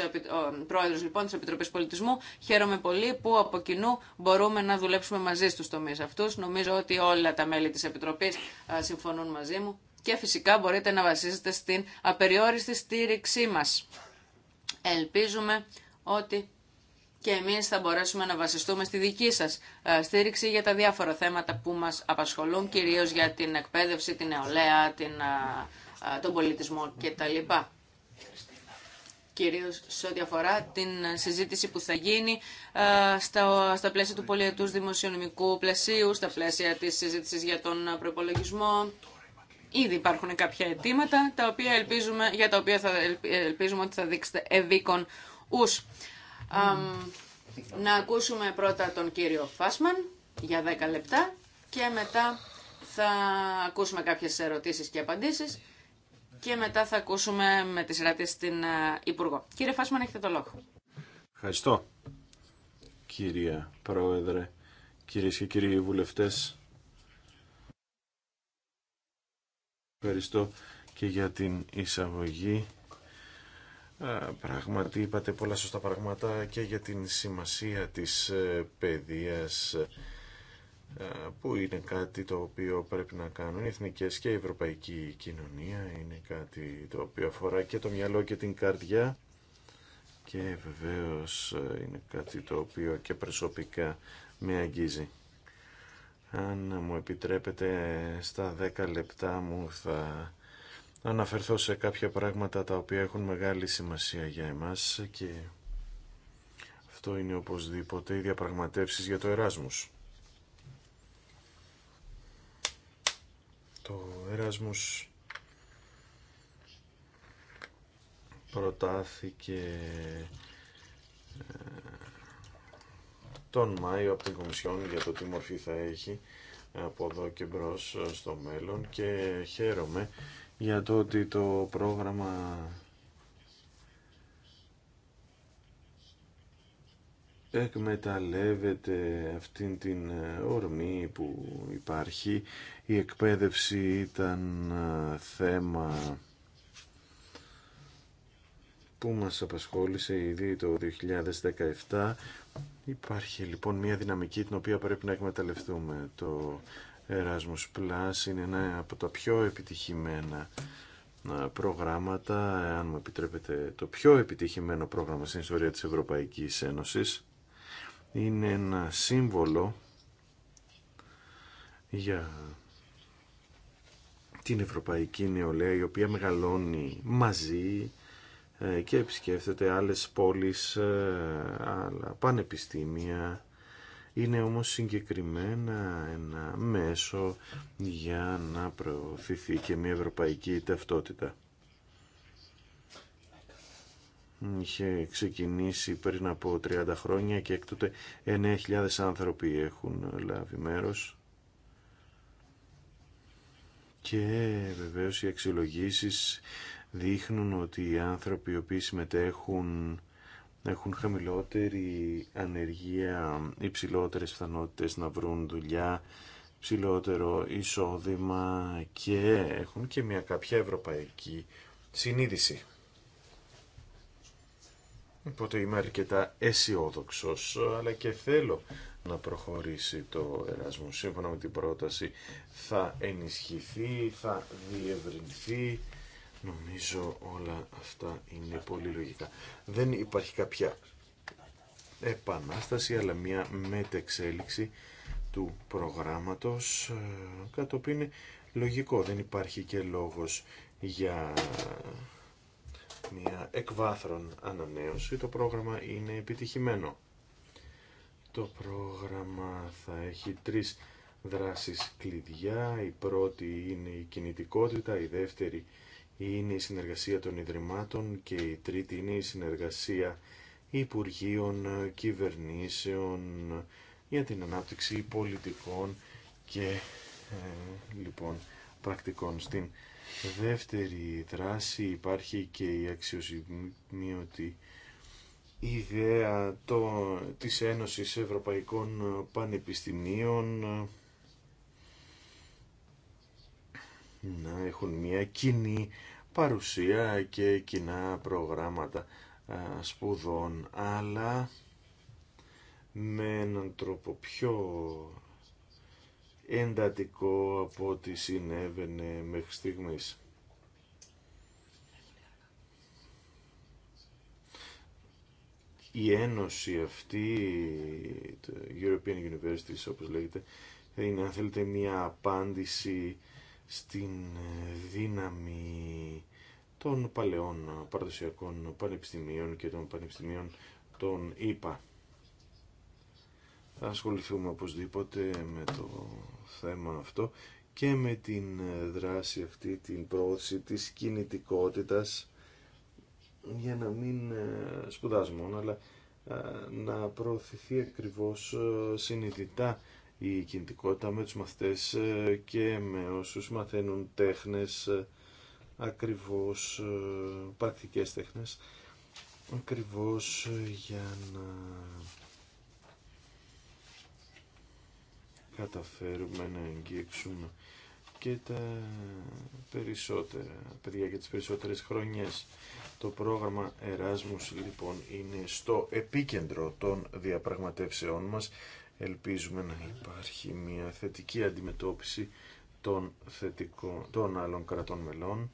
πρόεδρος λοιπόν της Επιτροπής Πολιτισμού χαίρομαι πολύ που από κοινού μπορούμε να δουλέψουμε μαζί στους τομείς αυτούς. Νομίζω ότι όλα τα μέλη της Επιτροπής ε, συμφωνούν μαζί μου και φυσικά μπορείτε να βασίζετε στην απεριόριστη στήριξή μας. Ελπίζουμε ότι και εμείς θα μπορέσουμε να βασιστούμε στη δική σας ε, στήριξη για τα διάφορα θέματα που μας απασχολούν, κυρίως για την εκπαίδευση, την νεολαία, την, ε, ε, τον πολιτισμό κτλ. Κυρίως σε ό,τι αφορά την συζήτηση που θα γίνει στα, πλαίσια του πολιετούς δημοσιονομικού πλαισίου, στα πλαίσια της συζήτησης για τον προπολογισμό. Ήδη υπάρχουν κάποια αιτήματα τα οποία ελπίζουμε, για τα οποία θα ελπίζουμε ότι θα δείξετε ευήκον ους. να ακούσουμε πρώτα τον κύριο Φάσμαν για 10 λεπτά και μετά θα ακούσουμε κάποιες ερωτήσεις και απαντήσεις και μετά θα ακούσουμε με τη σειρά την Υπουργό. Κύριε Φάσμαν, έχετε το λόγο. Ευχαριστώ, κύριε Πρόεδρε, κυρίες και κύριοι βουλευτές Ευχαριστώ και για την εισαγωγή. Πράγματι είπατε πολλά σωστά πράγματα και για την σημασία της ε, παιδείας ε, που είναι κάτι το οποίο πρέπει να κάνουν οι εθνικές και η ευρωπαϊκή κοινωνία. Είναι κάτι το οποίο αφορά και το μυαλό και την καρδιά και βεβαίως ε, είναι κάτι το οποίο και προσωπικά με αγγίζει. Αν μου επιτρέπετε, στα 10 λεπτά μου θα αναφερθώ σε κάποια πράγματα τα οποία έχουν μεγάλη σημασία για εμάς και αυτό είναι οπωσδήποτε οι διαπραγματεύσεις για το Εράσμους. Το Εράσμους προτάθηκε ε, τον Μάιο από την Κομισιόν για το τι μορφή θα έχει από εδώ και μπρο ε, στο μέλλον και χαίρομαι για το ότι το πρόγραμμα εκμεταλλεύεται αυτήν την ε, ορμή που υπάρχει. Η εκπαίδευση ήταν ε, θέμα που μας απασχόλησε ήδη το 2017. Υπάρχει λοιπόν μια δυναμική την οποία πρέπει να εκμεταλλευτούμε. Το Erasmus Plus είναι ένα από τα πιο επιτυχημένα ε, προγράμματα, αν μου επιτρέπετε, το πιο επιτυχημένο πρόγραμμα στην ιστορία της Ευρωπαϊκής Ένωσης. Είναι ένα σύμβολο για την Ευρωπαϊκή Νεολαία η οποία μεγαλώνει μαζί ε, και επισκέφτεται άλλες πόλεις, ε, άλλα πανεπιστήμια. Είναι όμως συγκεκριμένα ένα μέσο για να προωθηθεί και μια ευρωπαϊκή ταυτότητα. Είχε ξεκινήσει πριν από 30 χρόνια και εκ 9.000 άνθρωποι έχουν λάβει μέρος. Και βεβαίως οι αξιολογήσεις δείχνουν ότι οι άνθρωποι οι οποίοι συμμετέχουν έχουν χαμηλότερη ανεργία, υψηλότερες πιθανότητες να βρουν δουλειά, ψηλότερο εισόδημα και έχουν και μια κάποια ευρωπαϊκή συνείδηση. Οπότε είμαι αρκετά αισιόδοξο, αλλά και θέλω να προχωρήσει το Εράσμο. Σύμφωνα με την πρόταση θα ενισχυθεί, θα διευρυνθεί Νομίζω όλα αυτά είναι πολύ λογικά. Δεν υπάρχει κάποια επανάσταση αλλά μια μετεξέλιξη του προγράμματος ε, κάτι που είναι λογικό. Δεν υπάρχει και λόγος για μια εκβάθρον ανανέωση. Το πρόγραμμα είναι επιτυχημένο. Το πρόγραμμα θα έχει τρεις δράσεις κλειδιά. Η πρώτη είναι η κινητικότητα, η δεύτερη είναι η συνεργασία των Ιδρυμάτων και η τρίτη είναι η συνεργασία Υπουργείων, Κυβερνήσεων για την ανάπτυξη πολιτικών και ε, λοιπόν πρακτικών. Στην δεύτερη δράση υπάρχει και η αξιοσημείωτη ιδέα το, της Ένωσης Ευρωπαϊκών Πανεπιστημίων να έχουν μια κοινή παρουσία και κοινά προγράμματα σπουδών, αλλά με έναν τρόπο πιο εντατικό από ό,τι συνέβαινε μέχρι στιγμής. Η ένωση αυτή, το European Universities όπως λέγεται, είναι αν θέλετε μια απάντηση στην δύναμη των παλαιών παραδοσιακών πανεπιστημίων και των πανεπιστημίων των ΙΠΑ. Θα ασχοληθούμε οπωσδήποτε με το θέμα αυτό και με την δράση αυτή, την πρόθεση της κινητικότητας για να μην ε, σπουδάζουμε μόνο, αλλά ε, να προωθηθεί ακριβώς ε, συνειδητά η κινητικότητα με τους μαθητές ε, και με όσους μαθαίνουν τέχνες, ε, ακριβώς ε, πρακτικές τέχνες, ακριβώς για να καταφέρουμε να εγγύξουμε και τα περισσότερα παιδιά για τις περισσότερες χρόνιες. Το πρόγραμμα Εράσμους λοιπόν είναι στο επίκεντρο των διαπραγματεύσεών μας ελπίζουμε να υπάρχει μια θετική αντιμετώπιση των, θετικό των άλλων κρατών μελών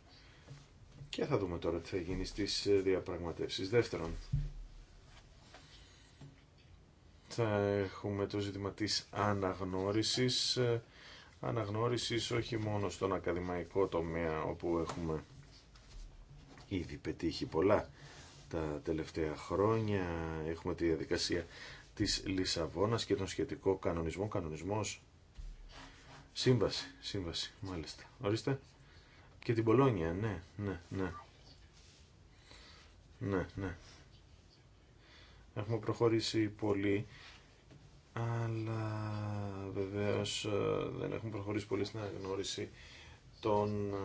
και θα δούμε τώρα τι θα γίνει στις διαπραγματεύσεις. Δεύτερον, θα έχουμε το ζήτημα της αναγνώρισης, αναγνώρισης όχι μόνο στον ακαδημαϊκό τομέα όπου έχουμε ήδη πετύχει πολλά τα τελευταία χρόνια, έχουμε τη διαδικασία της Λισαβόνας και τον σχετικό κανονισμό. Κανονισμός, σύμβαση, σύμβαση, μάλιστα. Ορίστε. Και την Πολόνια, ναι, ναι, ναι. Ναι, ναι. Έχουμε προχωρήσει πολύ, αλλά βεβαίως ε, δεν έχουμε προχωρήσει πολύ στην αναγνώριση των ε,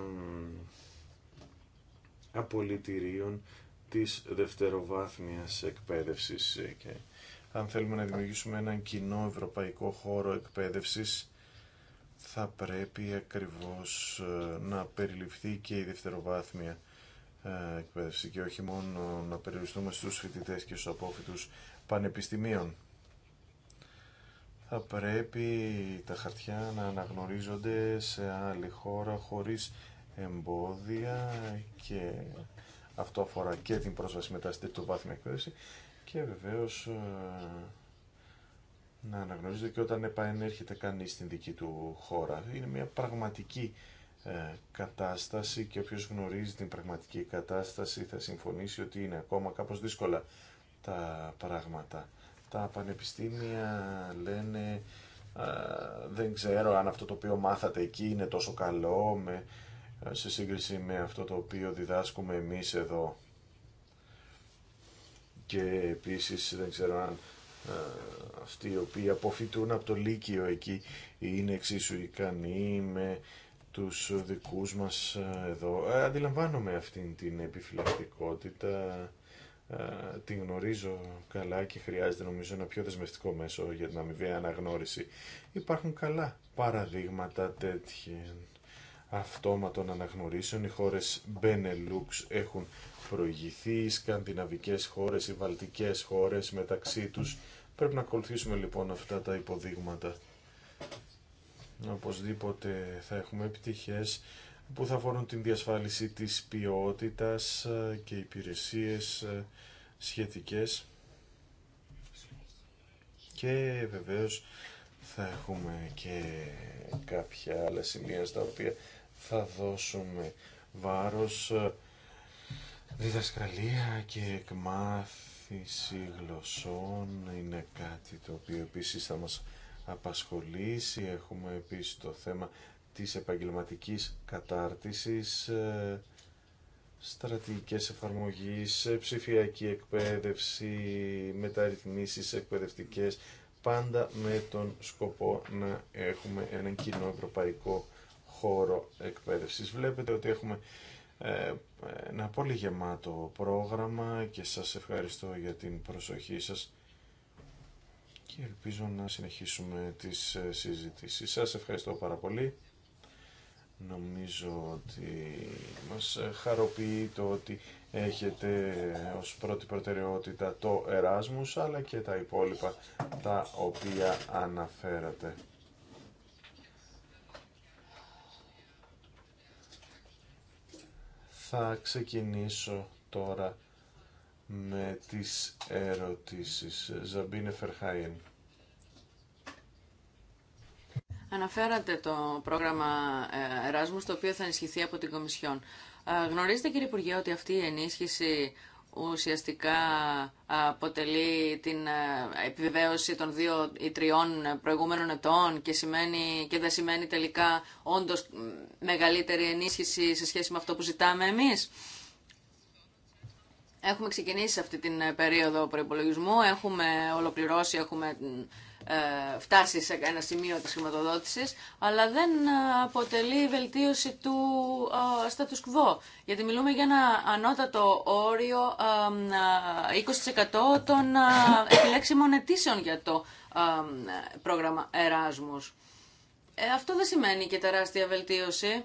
απολυτηρίων της δευτεροβάθμιας εκπαίδευσης ε, και αν θέλουμε να δημιουργήσουμε έναν κοινό ευρωπαϊκό χώρο εκπαίδευσης, θα πρέπει ακριβώς ε, να περιληφθεί και η δευτεροβάθμια ε, εκπαίδευση και όχι μόνο να περιοριστούμε στους φοιτητές και στους απόφοιτους πανεπιστημίων. Θα πρέπει τα χαρτιά να αναγνωρίζονται σε άλλη χώρα χωρίς εμπόδια και αυτό αφορά και την πρόσβαση μετά στη δεύτεροβάθμια εκπαίδευση και βεβαίως ε, να αναγνωρίζεται και όταν επανέρχεται κανείς στην δική του χώρα. Είναι μια πραγματική ε, κατάσταση και όποιος γνωρίζει την πραγματική κατάσταση θα συμφωνήσει ότι είναι ακόμα κάπως δύσκολα τα πράγματα. Τα πανεπιστήμια λένε ε, δεν ξέρω αν αυτό το οποίο μάθατε εκεί είναι τόσο καλό με, σε σύγκριση με αυτό το οποίο διδάσκουμε εμείς εδώ και επίσης δεν ξέρω αν ε, αυτοί οι οποίοι αποφυτούν από το Λύκειο εκεί είναι εξίσου ικανοί με τους δικούς μας ε, εδώ. Ε, αντιλαμβάνομαι αυτήν την επιφυλακτικότητα, την γνωρίζω καλά και χρειάζεται νομίζω ένα πιο δεσμευτικό μέσο για την αμοιβαία αναγνώριση. Υπάρχουν καλά παραδείγματα τέτοιων αυτόματων αναγνωρίσεων. Οι χώρες Benelux έχουν προηγηθεί, οι σκανδιναβικές χώρες, οι βαλτικές χώρες μεταξύ τους. Πρέπει να ακολουθήσουμε λοιπόν αυτά τα υποδείγματα. Οπωσδήποτε θα έχουμε επιτυχίες που θα αφορούν την διασφάλιση της ποιότητας ε, και υπηρεσίες ε, σχετικές και βεβαίως θα έχουμε και κάποια άλλα σημεία στα οποία θα δώσουμε βάρος ε, διδασκαλία και εκμάθηση γλωσσών είναι κάτι το οποίο επίσης θα μας απασχολήσει. Έχουμε επίσης το θέμα της επαγγελματικής κατάρτισης, ε, στρατηγικές εφαρμογής, ε, ψηφιακή εκπαίδευση, μεταρρυθμίσεις εκπαιδευτικές, πάντα με τον σκοπό να έχουμε έναν κοινό ευρωπαϊκό χώρο εκπαίδευσης. Βλέπετε ότι έχουμε ε, ένα πολύ γεμάτο πρόγραμμα και σας ευχαριστώ για την προσοχή σας και ελπίζω να συνεχίσουμε τις ε, συζητήσεις. Σας ευχαριστώ πάρα πολύ. Νομίζω ότι μας ε, χαροποιεί το ότι έχετε ως πρώτη προτεραιότητα το Εράσμους αλλά και τα υπόλοιπα τα οποία αναφέρατε. Θα ξεκινήσω τώρα με τις ερωτήσεις. Ζαμπίνε Φερχάιεν. Αναφέρατε το πρόγραμμα Εράσμου, το οποίο θα ενισχυθεί από την Κομισιόν. Ε, γνωρίζετε κύριε Υπουργέ ότι αυτή η ενίσχυση ουσιαστικά αποτελεί την ε, επιβεβαίωση των δύο ή τριών προηγούμενων ετών και, σημαίνει, και δεν σημαίνει τελικά όντως μεγαλύτερη ενίσχυση σε σχέση με αυτό που ζητάμε εμείς. Έχουμε ξεκινήσει αυτή την περίοδο προπολογισμού, έχουμε ολοκληρώσει, έχουμε ε, φτάσει σε ένα σημείο της χρηματοδότησης, αλλά δεν ε, αποτελεί βελτίωση του ε, status quo. Γιατί μιλούμε για ένα ανώτατο όριο 20% των επιλέξιμων αιτήσεων για το πρόγραμμα Εράσμους. Αυτό δεν σημαίνει και τεράστια βελτίωση.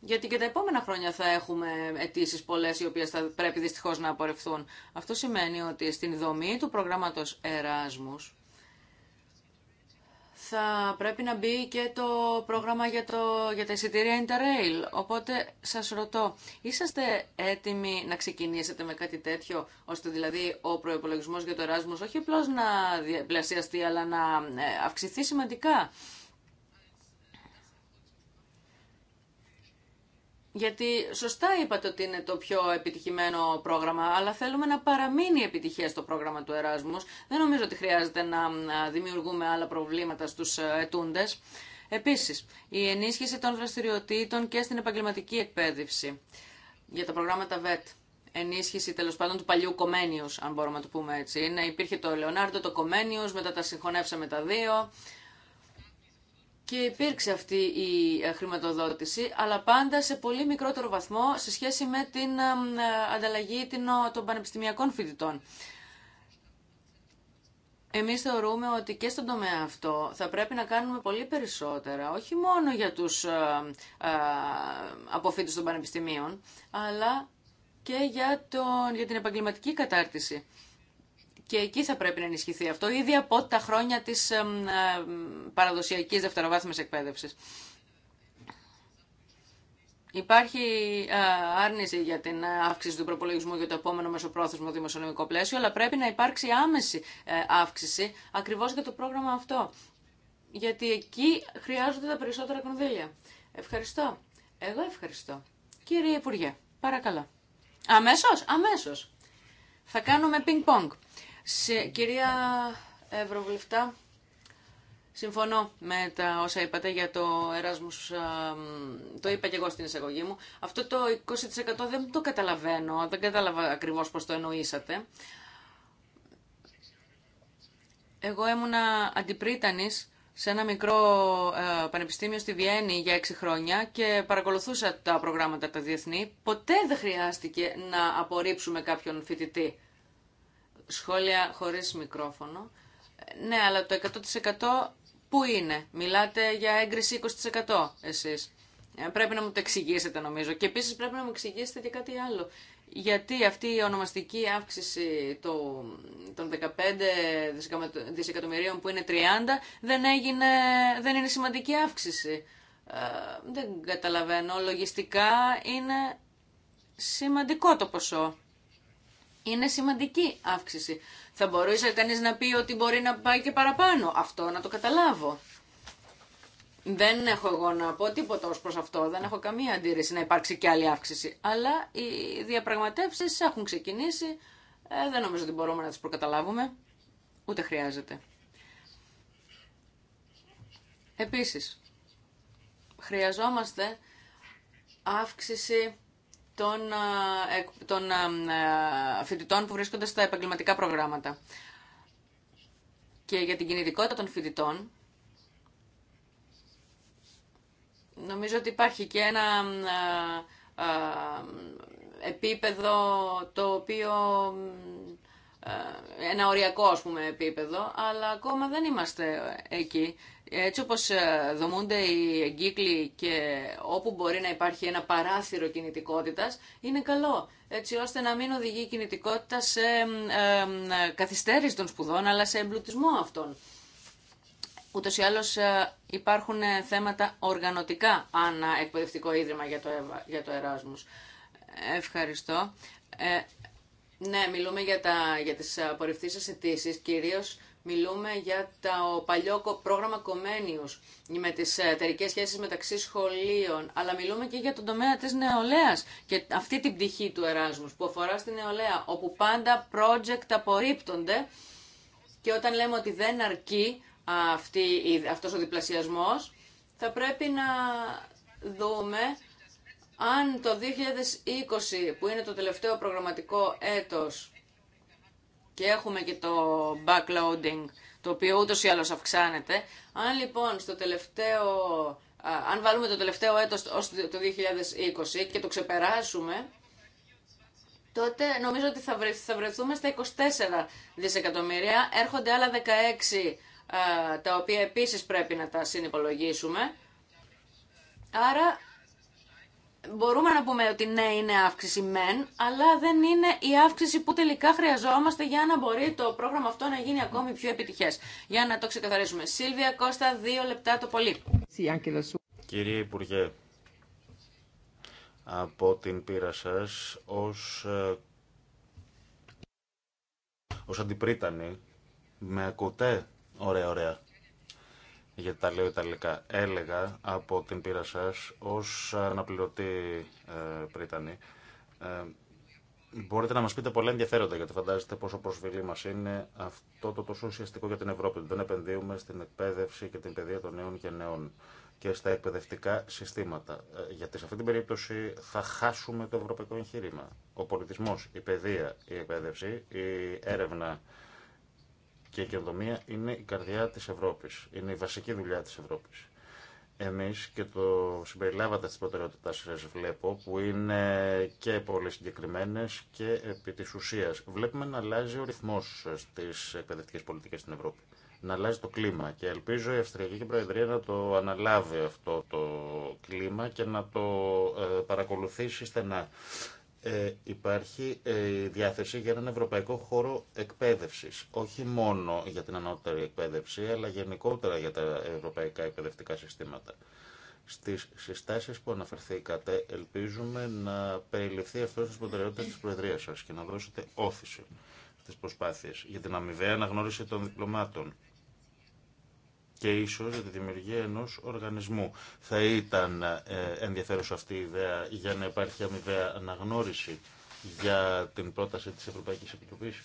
Γιατί και τα επόμενα χρόνια θα έχουμε αιτήσει πολλέ οι οποίε θα πρέπει δυστυχώ να απορρευθούν. Αυτό σημαίνει ότι στην δομή του προγράμματο Εράσμου θα πρέπει να μπει και το πρόγραμμα για, το, για τα εισιτήρια Interrail. Οπότε σας ρωτώ, είσαστε έτοιμοι να ξεκινήσετε με κάτι τέτοιο, ώστε δηλαδή ο προπολογισμό για το Εράσμος όχι απλώ να διπλασιαστεί αλλά να ε, αυξηθεί σημαντικά. Γιατί σωστά είπατε ότι είναι το πιο επιτυχημένο πρόγραμμα, αλλά θέλουμε να παραμείνει επιτυχία στο πρόγραμμα του Εράσμού. Δεν νομίζω ότι χρειάζεται να δημιουργούμε άλλα προβλήματα στους ε, ετούντες. Επίσης, η ενίσχυση των δραστηριοτήτων και στην επαγγελματική εκπαίδευση για τα προγράμματα ΒΕΤ. Ενίσχυση τέλο πάντων του παλιού Κομένιου, αν μπορούμε να το πούμε έτσι. Είναι, υπήρχε το Λεωνάρντο, το Κομένιου, μετά τα συγχωνεύσαμε τα δύο και υπήρξε αυτή η ε, χρηματοδότηση, αλλά πάντα σε πολύ μικρότερο βαθμό σε σχέση με την ε, ε, ανταλλαγή των πανεπιστημιακών φοιτητών. Εμείς θεωρούμε ότι και στον τομέα αυτό θα πρέπει να κάνουμε πολύ περισσότερα, όχι μόνο για τους αποφύτους των πανεπιστημίων, αλλά και για, τον, για την επαγγελματική κατάρτιση και εκεί θα πρέπει να ενισχυθεί αυτό ήδη από τα χρόνια της παραδοσιακής δευτεροβάθμιας εκπαίδευσης. Υπάρχει ε, άρνηση για την ε, αύξηση του προπολογισμού για το επόμενο μεσοπρόθεσμο δημοσιονομικό πλαίσιο, αλλά πρέπει να υπάρξει άμεση ε, αύξηση ακριβώς για το πρόγραμμα αυτό. Γιατί εκεί χρειάζονται τα περισσότερα κονδύλια. Ευχαριστώ. Εγώ ευχαριστώ. Κύριε Υπουργέ, παρακαλώ. Αμέσως, αμέσως. Θα κάνουμε πινκ-πονγκ. Σε, κυρία Ευρωβουλευτά, συμφωνώ με τα όσα είπατε για το Erasmus, το είπα και εγώ στην εισαγωγή μου. Αυτό το 20% δεν το καταλαβαίνω, δεν κατάλαβα ακριβώς πώς το εννοήσατε. Εγώ ήμουνα αντιπρίτανης σε ένα μικρό πανεπιστήμιο στη Βιέννη για έξι χρόνια και παρακολουθούσα τα προγράμματα τα διεθνή. Ποτέ δεν χρειάστηκε να απορρίψουμε κάποιον φοιτητή. Σχόλια χωρίς μικρόφωνο. Ναι, αλλά το 100% πού είναι. Μιλάτε για έγκριση 20% εσείς. Ε, πρέπει να μου το εξηγήσετε νομίζω. Και επίσης πρέπει να μου εξηγήσετε και κάτι άλλο. Γιατί αυτή η ονομαστική αύξηση των 15 δισεκατομμυρίων που είναι 30 δεν, έγινε, δεν είναι σημαντική αύξηση. Ε, δεν καταλαβαίνω. Λογιστικά είναι σημαντικό το ποσό είναι σημαντική αύξηση. Θα μπορούσε κανεί να πει ότι μπορεί να πάει και παραπάνω. Αυτό να το καταλάβω. Δεν έχω εγώ να πω τίποτα ως προς αυτό, δεν έχω καμία αντίρρηση να υπάρξει και άλλη αύξηση. Αλλά οι διαπραγματεύσεις έχουν ξεκινήσει, ε, δεν νομίζω ότι μπορούμε να τις προκαταλάβουμε, ούτε χρειάζεται. Επίσης, χρειαζόμαστε αύξηση των, ε, ε, ε, φοιτητών που βρίσκονται στα επαγγελματικά προγράμματα. Και για την κινητικότητα των φοιτητών, νομίζω ότι υπάρχει και ένα επίπεδο το οποίο ένα οριακό ας πούμε επίπεδο αλλά ακόμα δεν είμαστε εκεί έτσι όπως ε, δομούνται οι εγκύκλοι και όπου μπορεί να υπάρχει ένα παράθυρο κινητικότητας, είναι καλό, έτσι ώστε να μην οδηγεί η κινητικότητα σε καθυστέρηση των σπουδών, αλλά σε εμπλουτισμό αυτών. Ούτως ή άλλως ε, υπάρχουν ε, θέματα οργανωτικά ανά εκπαιδευτικό ίδρυμα για το, για το Εράσμους. Ευχαριστώ. Ε, ναι, μιλούμε για, τα, για τις αιτήσει, κυρίως Μιλούμε για το παλιό πρόγραμμα κομμένιους με τις ε, εταιρικέ σχέσεις μεταξύ σχολείων, αλλά μιλούμε και για τον τομέα της νεολαίας και αυτή την πτυχή του Εράσμους που αφορά στη νεολαία, όπου πάντα project απορρίπτονται και όταν λέμε ότι δεν αρκεί αυτή, αυτός ο διπλασιασμός, θα πρέπει να δούμε αν το 2020, που είναι το τελευταίο προγραμματικό έτος, και έχουμε και το backloading το οποίο ούτως ή άλλως αυξάνεται. Αν λοιπόν στο τελευταίο, αν βάλουμε το τελευταίο έτος ως το 2020 και το ξεπεράσουμε, τότε νομίζω ότι θα βρεθούμε στα 24 δισεκατομμύρια. Έρχονται άλλα 16 τα οποία επίσης πρέπει να τα συνυπολογίσουμε. Άρα μπορούμε να πούμε ότι ναι είναι αύξηση μεν, αλλά δεν είναι η αύξηση που τελικά χρειαζόμαστε για να μπορεί το πρόγραμμα αυτό να γίνει ακόμη πιο επιτυχές. Για να το ξεκαθαρίσουμε. Σίλβια Κώστα, δύο λεπτά το πολύ. Κύριε Υπουργέ, από την πείρα σας ως, ε, ως αντιπρίτανη, με ακούτε, ωραία, ωραία γιατί τα λέω Ιταλικά, έλεγα από την πείρα σα ω αναπληρωτή ε, πρίτανη, ε, Μπορείτε να μα πείτε πολλά ενδιαφέροντα, γιατί φαντάζεστε πόσο προσφυλή μα είναι αυτό το τόσο ουσιαστικό για την Ευρώπη. Δεν επενδύουμε στην εκπαίδευση και την παιδεία των νέων και νέων και στα εκπαιδευτικά συστήματα. Ε, γιατί σε αυτή την περίπτωση θα χάσουμε το ευρωπαϊκό εγχείρημα. Ο πολιτισμό, η παιδεία, η εκπαίδευση, η έρευνα και η οικοδομία είναι η καρδιά της Ευρώπης, είναι η βασική δουλειά της Ευρώπης. Εμείς και το συμπεριλάβατε στις προτεραιότητά σας βλέπω, που είναι και πολύ συγκεκριμένε και επί της ουσίας. Βλέπουμε να αλλάζει ο ρυθμός στις εκπαιδευτικές πολιτικές στην Ευρώπη να αλλάζει το κλίμα. Και ελπίζω η Αυστριακή Προεδρία να το αναλάβει αυτό το κλίμα και να το ε, παρακολουθήσει στενά ε, υπάρχει ε, διάθεση για έναν ευρωπαϊκό χώρο εκπαίδευση. Όχι μόνο για την ανώτερη εκπαίδευση, αλλά γενικότερα για τα ευρωπαϊκά εκπαιδευτικά συστήματα. Στις συστάσεις που αναφερθήκατε, ελπίζουμε να περιληφθεί αυτό στι προτεραιότητε τη Προεδρία σα και να δώσετε όθηση στι προσπάθειε για την αμοιβαία αναγνώριση των διπλωμάτων και ίσως για τη δημιουργία ενός οργανισμού. Θα ήταν ε, ενδιαφέρουσα αυτή η ιδέα για να υπάρχει αμοιβαία αναγνώριση για την πρόταση της Ευρωπαϊκής Επιτροπής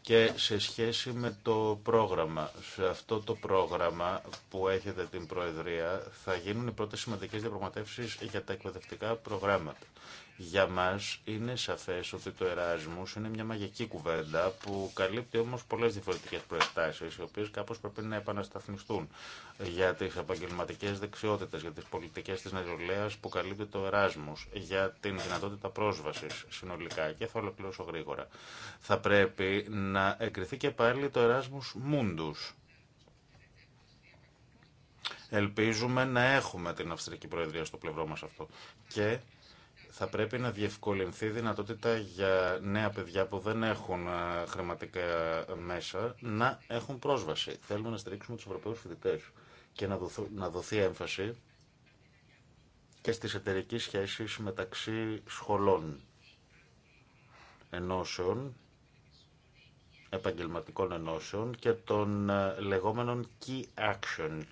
και σε σχέση με το πρόγραμμα. Σε αυτό το πρόγραμμα που έχετε την Προεδρία θα γίνουν οι πρώτες σημαντικές διαπραγματεύσεις για τα εκπαιδευτικά προγράμματα. Για μας είναι σαφές ότι το Εράσμους είναι μια μαγική κουβέντα που καλύπτει όμως πολλές διαφορετικές προεκτάσεις, οι οποίες κάπως πρέπει να επανασταθμιστούν για τις επαγγελματικέ δεξιότητες, για τις πολιτικές της νεολαίας που καλύπτει το Εράσμους, για την δυνατότητα πρόσβασης συνολικά και θα ολοκληρώσω γρήγορα. Θα πρέπει να εκριθεί και πάλι το Εράσμους Μούντους. Ελπίζουμε να έχουμε την Αυστρική Προεδρία στο πλευρό μας αυτό. Και θα πρέπει να διευκολυνθεί η δυνατότητα για νέα παιδιά που δεν έχουν ε, χρηματικά μέσα να έχουν πρόσβαση. Θέλουμε να στηρίξουμε τους Ευρωπαίους φοιτητές και να δοθεί έμφαση και στις εταιρικές σχέσεις μεταξύ σχολών, ενώσεων, επαγγελματικών ενώσεων και των ε, λεγόμενων key action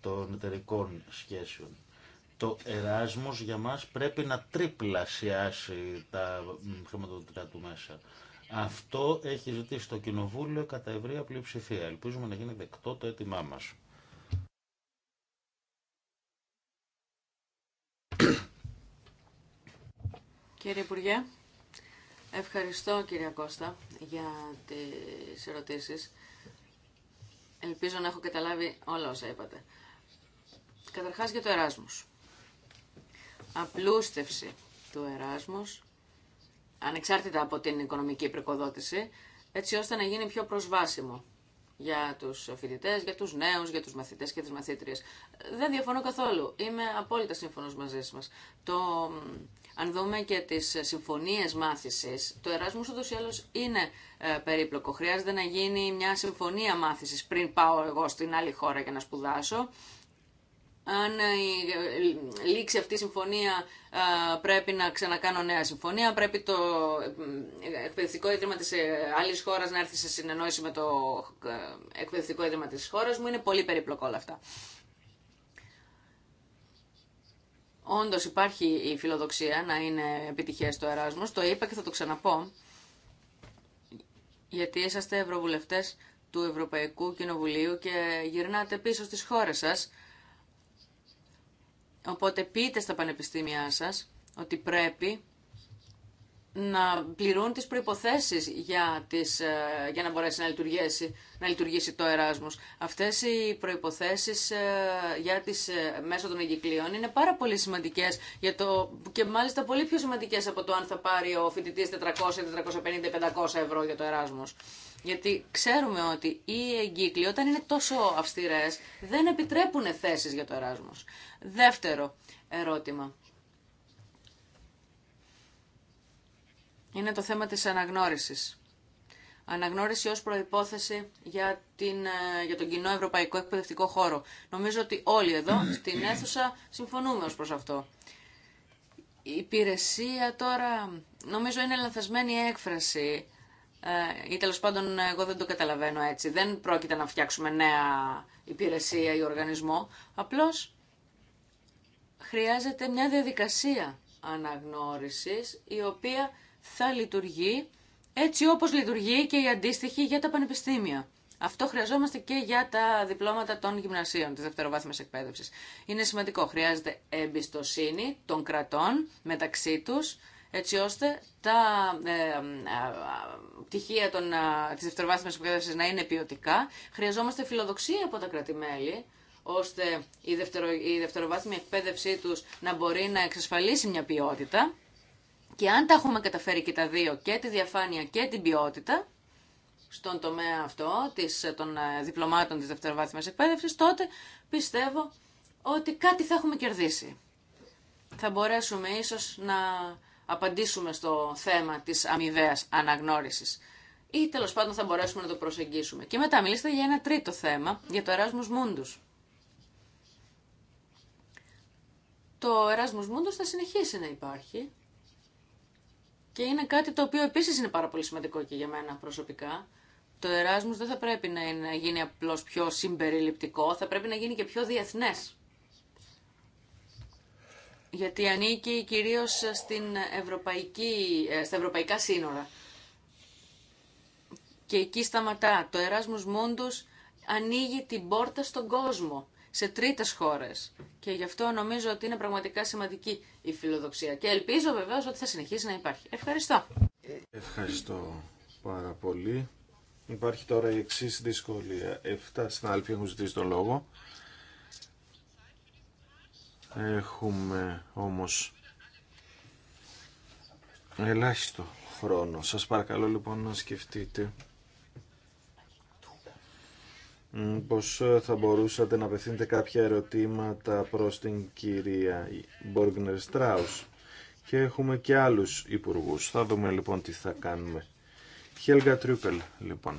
των εταιρικών σχέσεων το Εράσμος για μας πρέπει να τριπλασιάσει τα χρηματοδοτικά του μέσα. Αυτό έχει ζητήσει το Κοινοβούλιο κατά ευρεία πλειοψηφία. Ελπίζουμε να γίνει δεκτό το έτοιμά μας. Κύριε Υπουργέ, ευχαριστώ κύριε Κώστα για τις ερωτήσεις. Ελπίζω να έχω καταλάβει όλα όσα είπατε. Καταρχάς για το Εράσμους απλούστευση του Εράσμους, ανεξάρτητα από την οικονομική προκοδότηση, έτσι ώστε να γίνει πιο προσβάσιμο για τους φοιτητέ, για τους νέους, για τους μαθητές και τις μαθήτριες. Δεν διαφωνώ καθόλου. Είμαι απόλυτα σύμφωνος μαζί μας. Το, αν δούμε και τις συμφωνίες μάθησης, το Εράσμος ούτως ή είναι ε, περίπλοκο. Χρειάζεται να γίνει μια συμφωνία μάθησης πριν πάω εγώ στην άλλη χώρα για να σπουδάσω αν ε, λήξει αυτή η συμφωνία ε, πρέπει να ξανακάνω νέα συμφωνία, πρέπει το ε, εκπαιδευτικό ίδρυμα της άλλης χώρας να έρθει σε συνεννόηση με το εκπαιδευτικό ίδρυμα της χώρας μου, είναι πολύ περίπλοκο όλα αυτά. Όντω υπάρχει η φιλοδοξία να είναι επιτυχία το Εράσμος, το είπα και θα το ξαναπώ, γιατί είσαστε ευρωβουλευτές του Ευρωπαϊκού Κοινοβουλίου και γυρνάτε πίσω στις χώρες σας Οπότε πείτε στα πανεπιστήμια σας ότι πρέπει να πληρούν τις προϋποθέσεις για, τις, ε, για να μπορέσει να λειτουργήσει, να λειτουργήσει το Εράσμος. Αυτές οι προϋποθέσεις ε, για τις, ε, μέσω των εγκυκλίων είναι πάρα πολύ σημαντικές για το, και μάλιστα πολύ πιο σημαντικές από το αν θα πάρει ο φοιτητή 400, 450, 500 ευρώ για το Εράσμος. Γιατί ξέρουμε ότι οι εγκύκλοι όταν είναι τόσο αυστηρές δεν επιτρέπουν θέσεις για το Εράσμος. Δεύτερο ερώτημα. Είναι το θέμα της αναγνώρισης. Αναγνώριση ως προϋπόθεση για, την, ε, για τον κοινό ευρωπαϊκό εκπαιδευτικό χώρο. Νομίζω ότι όλοι εδώ στην αίθουσα συμφωνούμε ως προς αυτό. Η υπηρεσία τώρα νομίζω είναι λανθασμένη έκφραση ε, ή τέλο πάντων εγώ δεν το καταλαβαίνω έτσι. Δεν πρόκειται να φτιάξουμε νέα υπηρεσία ή οργανισμό. Απλώς χρειάζεται μια διαδικασία αναγνώρισης η οποία θα λειτουργεί έτσι όπως λειτουργεί και η αντίστοιχη για τα πανεπιστήμια. Αυτό χρειαζόμαστε και για τα διπλώματα των γυμνασίων τη δευτεροβάθμιας εκπαίδευσης. Είναι σημαντικό. Χρειάζεται εμπιστοσύνη των κρατών μεταξύ τους έτσι ώστε τα ε, ε, ε πτυχία των, ε, της δευτεροβάθμιας εκπαίδευσης να είναι ποιοτικά. Χρειαζόμαστε φιλοδοξία από τα κρατημέλη, ώστε η, δευτερο, η δευτεροβάθμια εκπαίδευσή τους να μπορεί να εξασφαλίσει μια ποιότητα και αν τα έχουμε καταφέρει και τα δύο, και τη διαφάνεια και την ποιότητα, στον τομέα αυτό της, των ε, διπλωμάτων της δευτεροβάθμιας εκπαίδευσης, τότε πιστεύω ότι κάτι θα έχουμε κερδίσει. Θα μπορέσουμε ίσως να απαντήσουμε στο θέμα της αμοιβαίας αναγνώρισης ή τέλος πάντων θα μπορέσουμε να το προσεγγίσουμε. Και μετά μιλήστε για ένα τρίτο θέμα, για το Erasmus Mundus. το Erasmus Mundus θα συνεχίσει να υπάρχει και είναι κάτι το οποίο επίσης είναι πάρα πολύ σημαντικό και για μένα προσωπικά. Το Erasmus δεν θα πρέπει να γίνει απλώς πιο συμπεριληπτικό, θα πρέπει να γίνει και πιο διεθνές. Γιατί ανήκει κυρίως στην ευρωπαϊκή, ε, στα ευρωπαϊκά σύνορα. Και εκεί σταματά. Το Erasmus Mundus ανοίγει την πόρτα στον κόσμο σε τρίτες χώρες. Και γι' αυτό νομίζω ότι είναι πραγματικά σημαντική η φιλοδοξία. Και ελπίζω βεβαίως ότι θα συνεχίσει να υπάρχει. Ευχαριστώ. Ευχαριστώ πάρα πολύ. Υπάρχει τώρα η εξή δυσκολία. Εφτά συνάδελφοι έχουν ζητήσει τον λόγο. Έχουμε όμως ελάχιστο χρόνο. Σας παρακαλώ λοιπόν να σκεφτείτε πως ε, θα μπορούσατε να απευθύνετε κάποια ερωτήματα προς την κυρία Μπόργνερ Στράους και έχουμε και άλλους υπουργούς. Θα δούμε λοιπόν τι θα κάνουμε. Χέλγα Τρίπελ λοιπόν.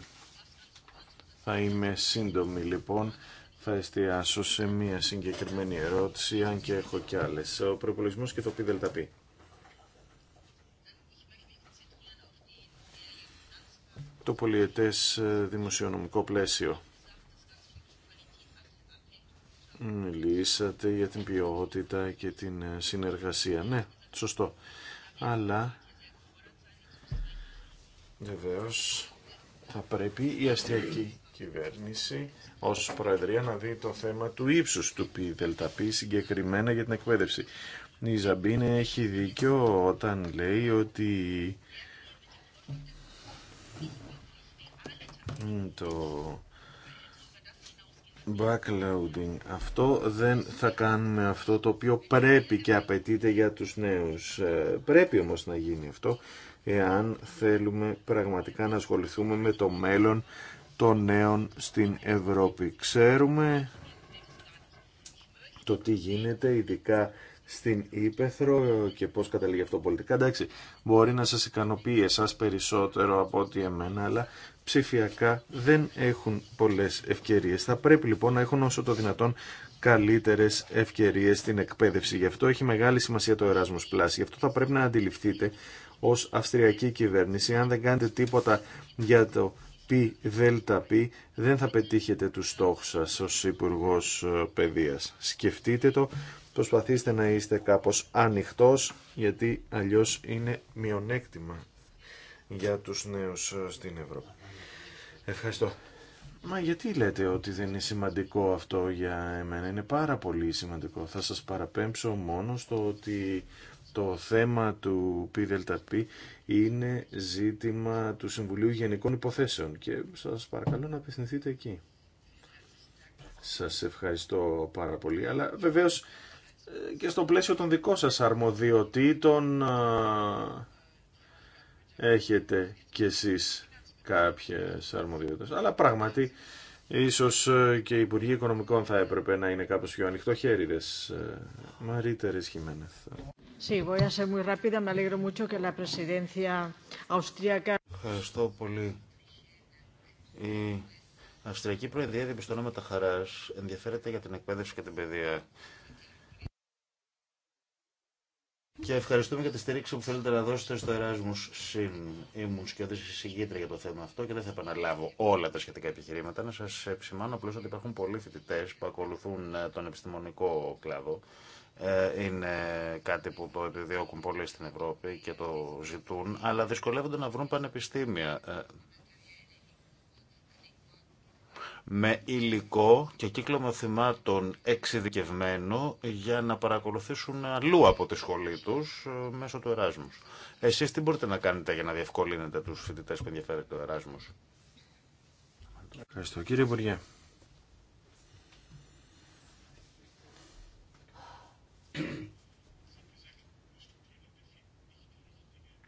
Θα είμαι σύντομη λοιπόν. Θα εστιάσω σε μία συγκεκριμένη ερώτηση, αν και έχω κι άλλες. Ο προπολογισμός και το πει. Το πολιετές ε, δημοσιονομικό πλαίσιο Μιλήσατε για την ποιότητα και την ε, συνεργασία. Ναι, σωστό. Αλλά βεβαίω θα πρέπει η αστιακή κυβέρνηση ως Προεδρία να δει το θέμα του ύψους του ΠΔΠ συγκεκριμένα για την εκπαίδευση. Η Ζαμπίνε έχει δίκιο όταν λέει ότι το backloading. Αυτό δεν θα κάνουμε αυτό το οποίο πρέπει και απαιτείται για τους νέους. Ε, πρέπει όμως να γίνει αυτό εάν θέλουμε πραγματικά να ασχοληθούμε με το μέλλον των νέων στην Ευρώπη. Ξέρουμε το τι γίνεται ειδικά στην Ήπεθρο και πώς καταλήγει αυτό πολιτικά. Εντάξει, μπορεί να σας ικανοποιεί εσάς περισσότερο από ότι εμένα, αλλά ψηφιακά δεν έχουν πολλές ευκαιρίες. Θα πρέπει λοιπόν να έχουν όσο το δυνατόν καλύτερες ευκαιρίες στην εκπαίδευση. Γι' αυτό έχει μεγάλη σημασία το Erasmus Plus. Γι' αυτό θα πρέπει να αντιληφθείτε ως αυστριακή κυβέρνηση, αν δεν κάνετε τίποτα για το πι δέλτα πι, δεν θα πετύχετε τους στόχους σας ως υπουργό ε, Παιδείας. Σκεφτείτε το, προσπαθήστε να είστε κάπως ανοιχτός, γιατί αλλιώς είναι μειονέκτημα για τους νέους ε, στην Ευρώπη. Ευχαριστώ. Μα γιατί λέτε ότι δεν είναι σημαντικό αυτό για εμένα. Είναι πάρα πολύ σημαντικό. Θα σας παραπέμψω μόνο στο ότι το θέμα του ΠΔΠ είναι ζήτημα του Συμβουλίου Γενικών Υποθέσεων και σας παρακαλώ να απευθυνθείτε εκεί. Σας ευχαριστώ πάρα πολύ. Αλλά βεβαίως ε, και στο πλαίσιο των δικών σας αρμοδιοτήτων ε, έχετε κι εσείς κάποιες αρμοδιότητες. Αλλά πράγματι, ίσως ε, και οι Υπουργοί Οικονομικών θα έπρεπε να είναι κάπως πιο ανοιχτοχέριδες. Ε, Μαρίτερες Χιμένεθ. Sí, Ευχαριστώ πολύ. Η Αυστριακή Προεδρία, διαπιστώνω με τα χαράς, ενδιαφέρεται για την εκπαίδευση και την παιδεία. Και ευχαριστούμε για τη στήριξη που θέλετε να δώσετε στο Erasmus Συν. Ήμουν σκιώδη συγκίτρια για το θέμα αυτό και δεν θα επαναλάβω όλα τα σχετικά επιχειρήματα. Να σα επισημάνω απλώ ότι υπάρχουν πολλοί φοιτητέ που ακολουθούν ε, τον επιστημονικό κλάδο. Ε, είναι κάτι που το επιδιώκουν πολλοί στην Ευρώπη και το ζητούν, αλλά δυσκολεύονται να βρουν πανεπιστήμια ε, με υλικό και κύκλωμα θυμάτων εξειδικευμένο για να παρακολουθήσουν αλλού από τη σχολή τους ε, μέσω του Εράσμους. Εσείς τι μπορείτε να κάνετε για να διευκολύνετε τους φοιτητές που ενδιαφέρεται το Εράσμος. Ευχαριστώ. Κύριε Υπουργέ.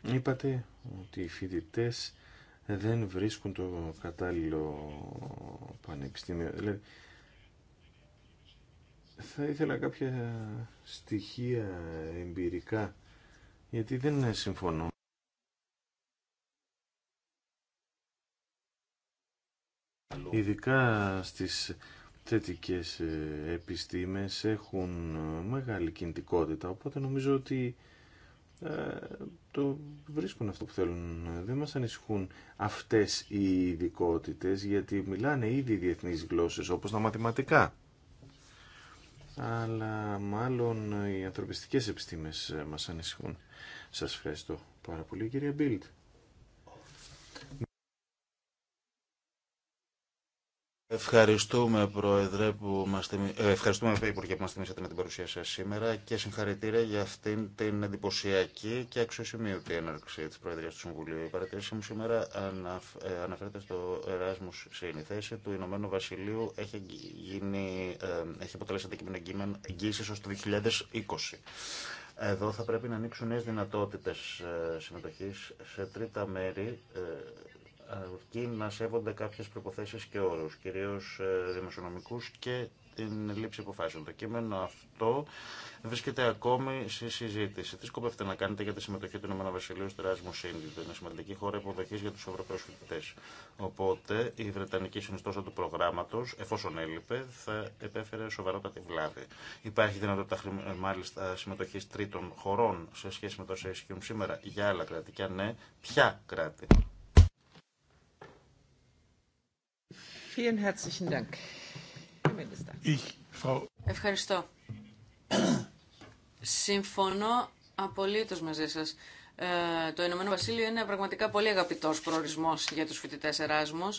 Είπατε ότι οι φοιτητές δεν βρίσκουν το κατάλληλο πανεπιστήμιο. θα ήθελα κάποια στοιχεία εμπειρικά, γιατί δεν συμφωνώ. Ειδικά στις θετικές ε, επιστήμες έχουν μεγάλη κινητικότητα, οπότε νομίζω ότι ε, το βρίσκουν αυτό που θέλουν. Δεν μας ανησυχούν αυτές οι ειδικότητε γιατί μιλάνε ήδη διεθνείς γλώσσες όπως τα μαθηματικά. Αλλά μάλλον οι ανθρωπιστικές επιστήμες ε, μας ανησυχούν. Σας ευχαριστώ πάρα πολύ κυρία Μπίλτ. Ευχαριστούμε, Πρόεδρε, που μας ε, Ευχαριστούμε, Υπουργέ, που μας θυμίσατε με την παρουσία σας σήμερα και συγχαρητήρια για αυτήν την εντυπωσιακή και αξιοσημείωτη έναρξη της Προεδρίας του Συμβουλίου. Η παρατηρήση μου σήμερα ε, αναφέρεται στο Εράσμους σε Η θέση του Ηνωμένου Βασιλείου έχει, γίνει, ε, έχει αποτελέσει αντικείμενο εγγύησης ως το 2020. Εδώ θα πρέπει να ανοίξουν νέε δυνατότητε συμμετοχή σε τρίτα μέρη αρκεί να σέβονται κάποιε προποθέσει και όρου, κυρίω ε, δημοσιονομικού και την λήψη αποφάσεων. Το κείμενο αυτό βρίσκεται ακόμη σε συζήτηση. Τι σκοπεύετε να κάνετε για τη συμμετοχή του Ηνωμένου Βασιλείου στο Εράσμου Σύνδητο, είναι σημαντική χώρα υποδοχή για του Ευρωπαίου φοιτητέ. Οπότε η Βρετανική συνιστόσα του προγράμματο, εφόσον έλειπε, θα επέφερε σοβαρότατη βλάβη. Υπάρχει δυνατότητα ε, μάλιστα συμμετοχή τρίτων χωρών σε σχέση με το ισχύουν σήμερα για άλλα κράτη. Και αν ναι, ποια κράτη. Ευχαριστώ. Συμφωνώ απολύτως μαζί σα. Ε, το Ηνωμένο Βασίλειο είναι πραγματικά πολύ αγαπητός προορισμός για τους φοιτητέ εράσμου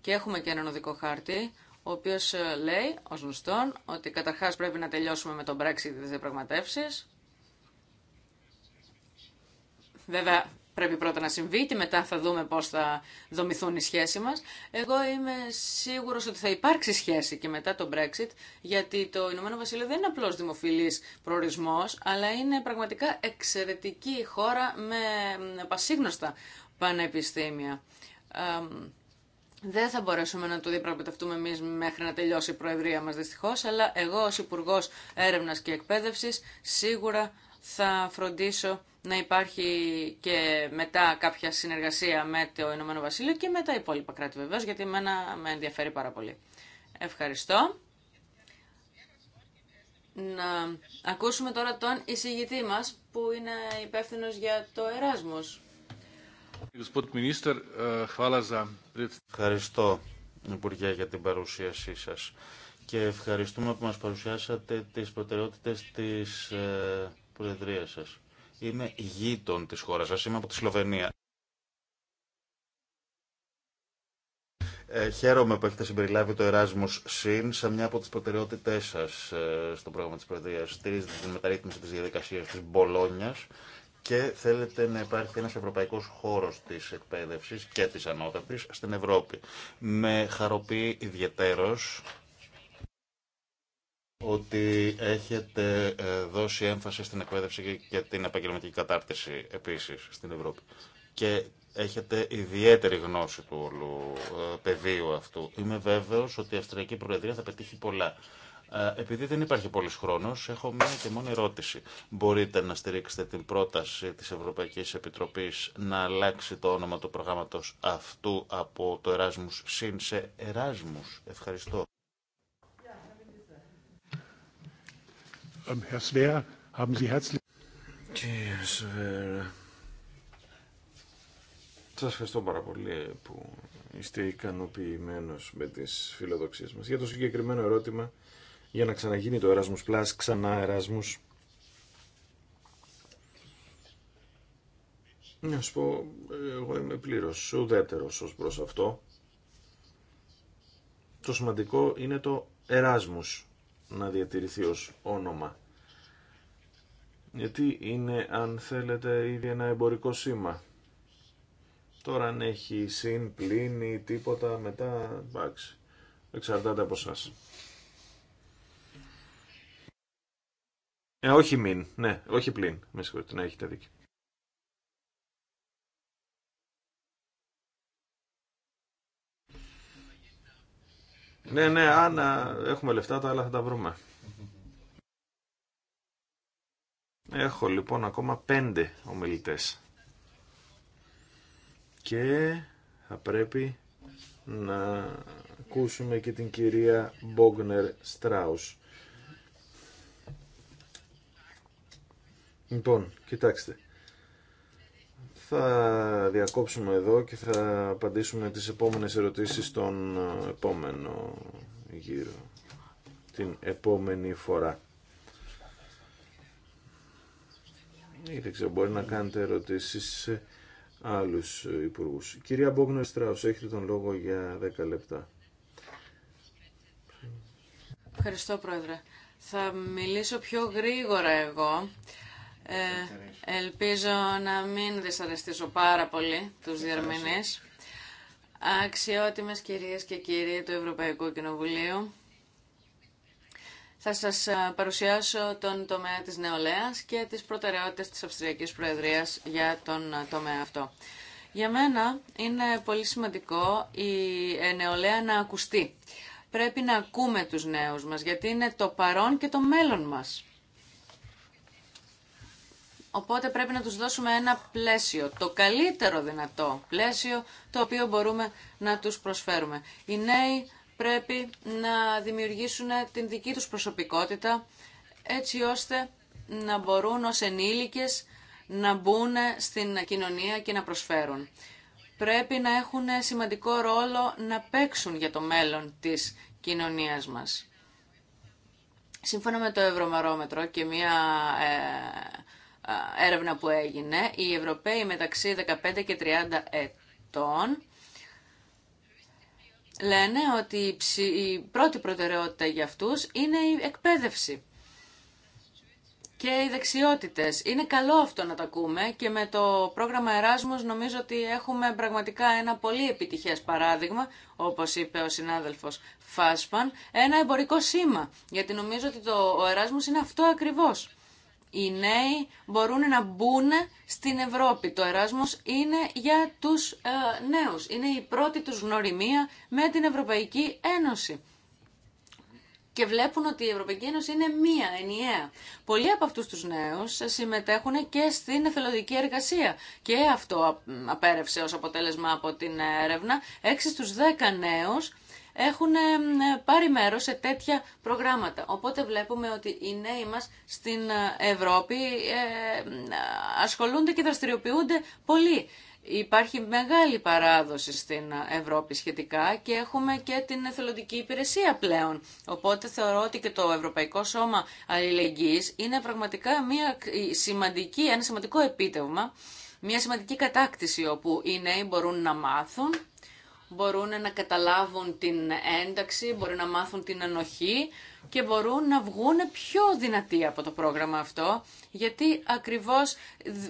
και έχουμε και έναν οδικό χάρτη, ο οποίος ε, λέει, ω γνωστόν, ότι καταρχά πρέπει να τελειώσουμε με τον Brexit τη διαπραγματεύσει. Βέβαια, πρέπει πρώτα να συμβεί και μετά θα δούμε πώς θα δομηθούν οι σχέσεις μας. Εγώ είμαι σίγουρος ότι θα υπάρξει σχέση και μετά το Brexit, γιατί το Ηνωμένο Βασίλειο δεν είναι απλώς δημοφιλής προορισμός, αλλά είναι πραγματικά εξαιρετική χώρα με πασίγνωστα πανεπιστήμια. Δεν θα μπορέσουμε να το διαπραγματευτούμε εμεί μέχρι να τελειώσει η Προεδρία μα δυστυχώ, αλλά εγώ ω Υπουργό Έρευνα και Εκπαίδευση σίγουρα θα φροντίσω να υπάρχει και μετά κάποια συνεργασία με το Ηνωμένο Βασίλειο και με τα υπόλοιπα κράτη βεβαίως, γιατί εμένα με ενδιαφέρει πάρα πολύ. Ευχαριστώ. Να ακούσουμε τώρα τον εισηγητή μας που είναι υπεύθυνο για το Εράσμος. Ε, Ευχαριστώ, Υπουργέ, για την παρουσίασή σας και ευχαριστούμε που μας παρουσιάσατε τις προτεραιότητες της ε, Προεδρίας σας. Είμαι γείτον της χώρας σας, είμαι από τη Σλοβενία. Ε, χαίρομαι που έχετε συμπεριλάβει το Erasmus ΣΥΝ σε μια από τις προτεραιότητές σας ε, στο πρόγραμμα της Προεδρίας Στήριζετε την μεταρρύθμιση της διαδικασίας της Μπολόνιας και θέλετε να υπάρχει ένας ευρωπαϊκός χώρος της εκπαίδευσης και της ανώτατης στην Ευρώπη. Με χαροποιεί ιδιαιτέρως ότι έχετε ε, δώσει έμφαση στην εκπαίδευση και την επαγγελματική κατάρτιση επίσης στην Ευρώπη. Και έχετε ιδιαίτερη γνώση του όλου ε, πεδίου αυτού. Είμαι βέβαιος ότι η Αυστριακή Προεδρία θα πετύχει πολλά. Ε, επειδή δεν υπάρχει πολλής χρόνος, έχω μία και μόνη ερώτηση. Μπορείτε να στηρίξετε την πρόταση της Ευρωπαϊκής Επιτροπής να αλλάξει το όνομα του προγράμματος αυτού από το Εράσμους συν σε Εράσμους. Ευχαριστώ. Ähm, σας ευχαριστώ πάρα πολύ που είστε ικανοποιημένο με τις φιλοδοξίες μας. Για το συγκεκριμένο ερώτημα, για να ξαναγίνει το Erasmus ξανά Erasmus, Να σου πω, εγώ είμαι πλήρως ουδέτερος ως προς αυτό. Το σημαντικό είναι το Erasmus να διατηρηθεί ως όνομα. Γιατί είναι, αν θέλετε, ήδη ένα εμπορικό σήμα. Τώρα αν έχει συν, πλήν ή τίποτα μετά, εντάξει, εξαρτάται από εσάς. Ε, όχι μην, ναι, όχι πλήν, με συγχωρείτε, να έχετε δίκιο. Ναι, ναι, Άννα, έχουμε λεφτά, τα άλλα θα τα βρούμε. Έχω λοιπόν ακόμα πέντε ομιλητές. Και θα πρέπει να ακούσουμε και την κυρία Μπόγνερ Στράους. Λοιπόν, κοιτάξτε. Θα διακόψουμε εδώ και θα απαντήσουμε τις επόμενες ερωτήσεις στον επόμενο γύρο. Την επόμενη φορά. Ε, δεν ξέρω, μπορεί να κάνετε ερωτήσεις σε άλλους υπουργούς. Κυρία Μπόγνερ Στράους, έχετε τον λόγο για 10 λεπτά. Ευχαριστώ, Πρόεδρε. Θα μιλήσω πιο γρήγορα εγώ. Ε, ελπίζω να μην δυσαρεστήσω πάρα πολύ τους διερμηνείς. Αξιότιμες κυρίες και κύριοι του Ευρωπαϊκού Κοινοβουλίου, θα σας ε, παρουσιάσω τον τομέα της νεολαίας και τις προτεραιότητες της Αυστριακής Προεδρίας για τον ε, τομέα αυτό. Για μένα είναι πολύ σημαντικό η ε, νεολαία να ακουστεί. Πρέπει να ακούμε τους νέους μας, γιατί είναι το παρόν και το μέλλον μας. Οπότε πρέπει να τους δώσουμε ένα πλαίσιο, το καλύτερο δυνατό πλαίσιο, το οποίο μπορούμε να τους προσφέρουμε. Οι νέοι πρέπει να δημιουργήσουν την δική τους προσωπικότητα έτσι ώστε να μπορούν ως ενήλικες να μπουν στην κοινωνία και να προσφέρουν. Πρέπει να έχουν σημαντικό ρόλο να παίξουν για το μέλλον της κοινωνίας μας. Σύμφωνα με το Ευρωμαρόμετρο και μια ε, ε, έρευνα που έγινε, οι Ευρωπαίοι μεταξύ 15 και 30 ετών λένε ότι η πρώτη προτεραιότητα για αυτούς είναι η εκπαίδευση και οι δεξιότητες. Είναι καλό αυτό να τα ακούμε και με το πρόγραμμα Εράσμος νομίζω ότι έχουμε πραγματικά ένα πολύ επιτυχές παράδειγμα, όπως είπε ο συνάδελφος Φάσπαν, ένα εμπορικό σήμα, γιατί νομίζω ότι το, ο Εράσμος είναι αυτό ακριβώς οι νέοι μπορούν να μπουν στην Ευρώπη. Το Εράσμος είναι για τους ε, νέους. Είναι η πρώτη τους γνωριμία με την Ευρωπαϊκή Ένωση. Και βλέπουν ότι η Ευρωπαϊκή Ένωση είναι μία, ενιαία. Πολλοί από αυτούς τους νέους συμμετέχουν και στην εθελοντική εργασία. Και αυτό απέρευσε ως αποτέλεσμα από την έρευνα. Έξι στους δέκα νέους έχουν ε, ε, πάρει μέρο σε τέτοια προγράμματα. Οπότε βλέπουμε ότι οι νέοι μα στην ε, Ευρώπη ασχολούνται και δραστηριοποιούνται πολύ. Υπάρχει μεγάλη παράδοση στην Ευρώπη σχετικά και έχουμε και την εθελοντική υπηρεσία πλέον. Οπότε θεωρώ ότι και το Ευρωπαϊκό Σώμα Αλληλεγγύης είναι πραγματικά μια σημαντική, ένα σημαντικό επίτευγμα, μια σημαντική κατάκτηση όπου οι νέοι μπορούν να μάθουν μπορούν να καταλάβουν την ένταξη, μπορούν να μάθουν την ανοχή και μπορούν να βγουν πιο δυνατοί από το πρόγραμμα αυτό, γιατί ακριβώς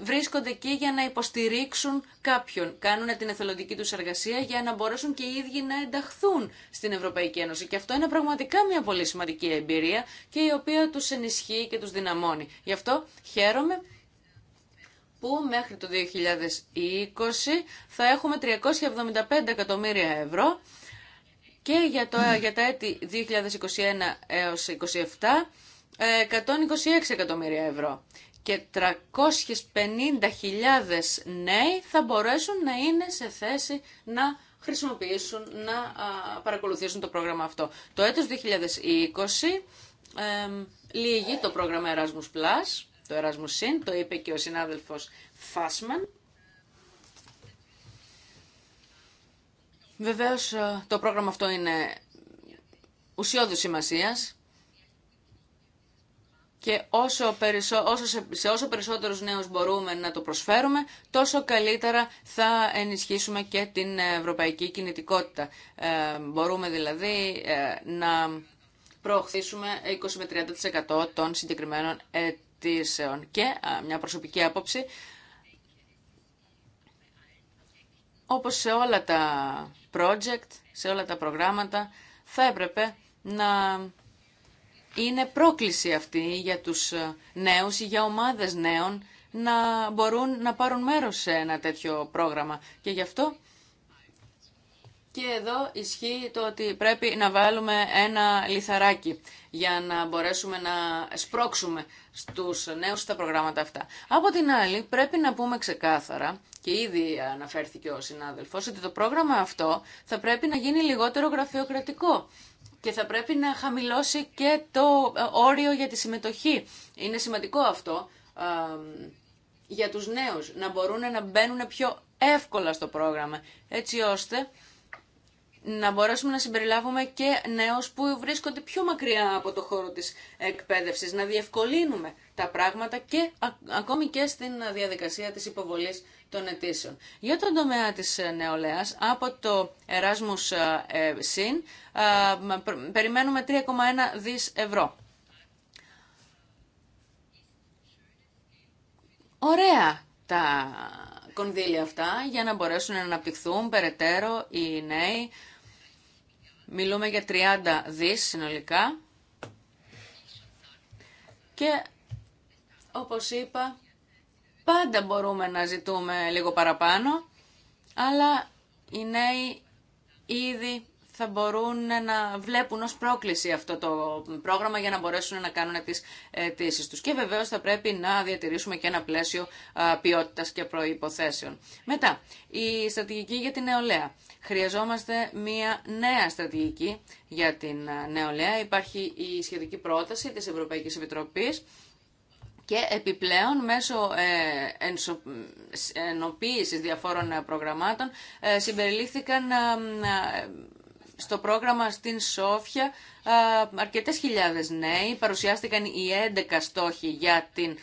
βρίσκονται εκεί για να υποστηρίξουν κάποιον. Κάνουν την εθελοντική τους εργασία για να μπορέσουν και οι ίδιοι να ενταχθούν στην Ευρωπαϊκή Ένωση. Και αυτό είναι πραγματικά μια πολύ σημαντική εμπειρία και η οποία τους ενισχύει και τους δυναμώνει. Γι' αυτό χαίρομαι που μέχρι το 2020 θα έχουμε 375 εκατομμύρια ευρώ και για, το, για τα έτη 2021 έως 2027 126 ε, εκατομμύρια ευρώ. Και 350.000 νέοι θα μπορέσουν να είναι σε θέση να χρησιμοποιήσουν, να παρακολουθήσουν το πρόγραμμα αυτό. Το έτος 2020 ε, λύγει το πρόγραμμα Erasmus+, το Erasmus το είπε και ο συνάδελφος Φάσμαν. Βεβαίως ε, το πρόγραμμα αυτό είναι ουσιώδου σημασίας και όσο όσο σε, όσο περισσότερους νέους μπορούμε να το προσφέρουμε, τόσο καλύτερα θα ενισχύσουμε και την ευρωπαϊκή κινητικότητα. Ε, μπορούμε δηλαδή ε, να προωθήσουμε 20 με 30% των συγκεκριμένων ετών και μια προσωπική άποψη. Όπως σε όλα τα project, σε όλα τα προγράμματα, θα έπρεπε να είναι πρόκληση αυτή για τους νέους ή για ομάδες νέων να μπορούν να πάρουν μέρος σε ένα τέτοιο πρόγραμμα. Και γι' αυτό και εδώ ισχύει το ότι πρέπει να βάλουμε ένα λιθαράκι για να μπορέσουμε να σπρώξουμε στους νέους τα προγράμματα αυτά. Από την άλλη πρέπει να πούμε ξεκάθαρα και ήδη αναφέρθηκε ο συνάδελφος ότι το πρόγραμμα αυτό θα πρέπει να γίνει λιγότερο γραφειοκρατικό και θα πρέπει να χαμηλώσει και το ε, όριο για τη συμμετοχή. Είναι σημαντικό αυτό για τους νέους να μπορούν να μπαίνουν πιο εύκολα στο πρόγραμμα έτσι ώστε να μπορέσουμε να συμπεριλάβουμε και νέους που βρίσκονται πιο μακριά από το χώρο της εκπαίδευσης, να διευκολύνουμε τα πράγματα και ακόμη και στην διαδικασία της υποβολής των αιτήσεων. Για τον τομέα της νεολαίας, από το Erasmus ε, Συν, περιμένουμε 3,1 δις ευρώ. Ωραία τα κονδύλια αυτά για να μπορέσουν να αναπτυχθούν περαιτέρω οι νέοι Μιλούμε για 30 δις συνολικά και όπως είπα πάντα μπορούμε να ζητούμε λίγο παραπάνω αλλά οι νέοι ήδη θα μπορούν να βλέπουν ως πρόκληση αυτό το πρόγραμμα για να μπορέσουν να κάνουν τις αιτήσει τους. Και βεβαίως θα πρέπει να διατηρήσουμε και ένα πλαίσιο ποιότητας και προϋποθέσεων. Μετά, η στρατηγική για την νεολαία. Χρειαζόμαστε μια νέα στρατηγική για την νεολαία. Υπάρχει η σχετική πρόταση της Ευρωπαϊκής Επιτροπής και επιπλέον μέσω ε, ενοποίησης διαφόρων ε, προγραμμάτων ε, συμπεριλήφθηκαν στο πρόγραμμα στην Σόφια αρκετές χιλιάδες νέοι. Παρουσιάστηκαν οι 11 στόχοι για την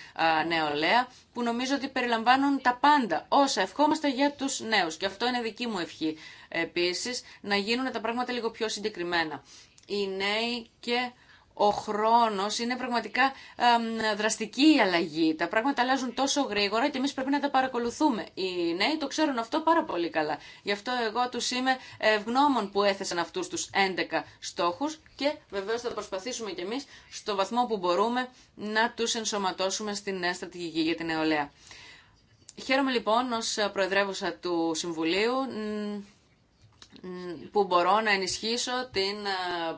νεολαία που νομίζω ότι περιλαμβάνουν τα πάντα όσα ευχόμαστε για τους νέους. Και αυτό είναι δική μου ευχή επίσης να γίνουν τα πράγματα λίγο πιο συγκεκριμένα. Οι νέοι και ο χρόνος είναι πραγματικά δραστική η αλλαγή. Τα πράγματα αλλάζουν τόσο γρήγορα και εμείς πρέπει να τα παρακολουθούμε. Οι νέοι το ξέρουν αυτό πάρα πολύ καλά. Γι' αυτό εγώ τους είμαι ευγνώμων που έθεσαν αυτούς τους 11 στόχους και βεβαίως θα προσπαθήσουμε κι εμείς στο βαθμό που μπορούμε να τους ενσωματώσουμε στην νέα στρατηγική για την νεολαία. Χαίρομαι λοιπόν ως Προεδρεύουσα του Συμβουλίου που μπορώ να ενισχύσω την ε,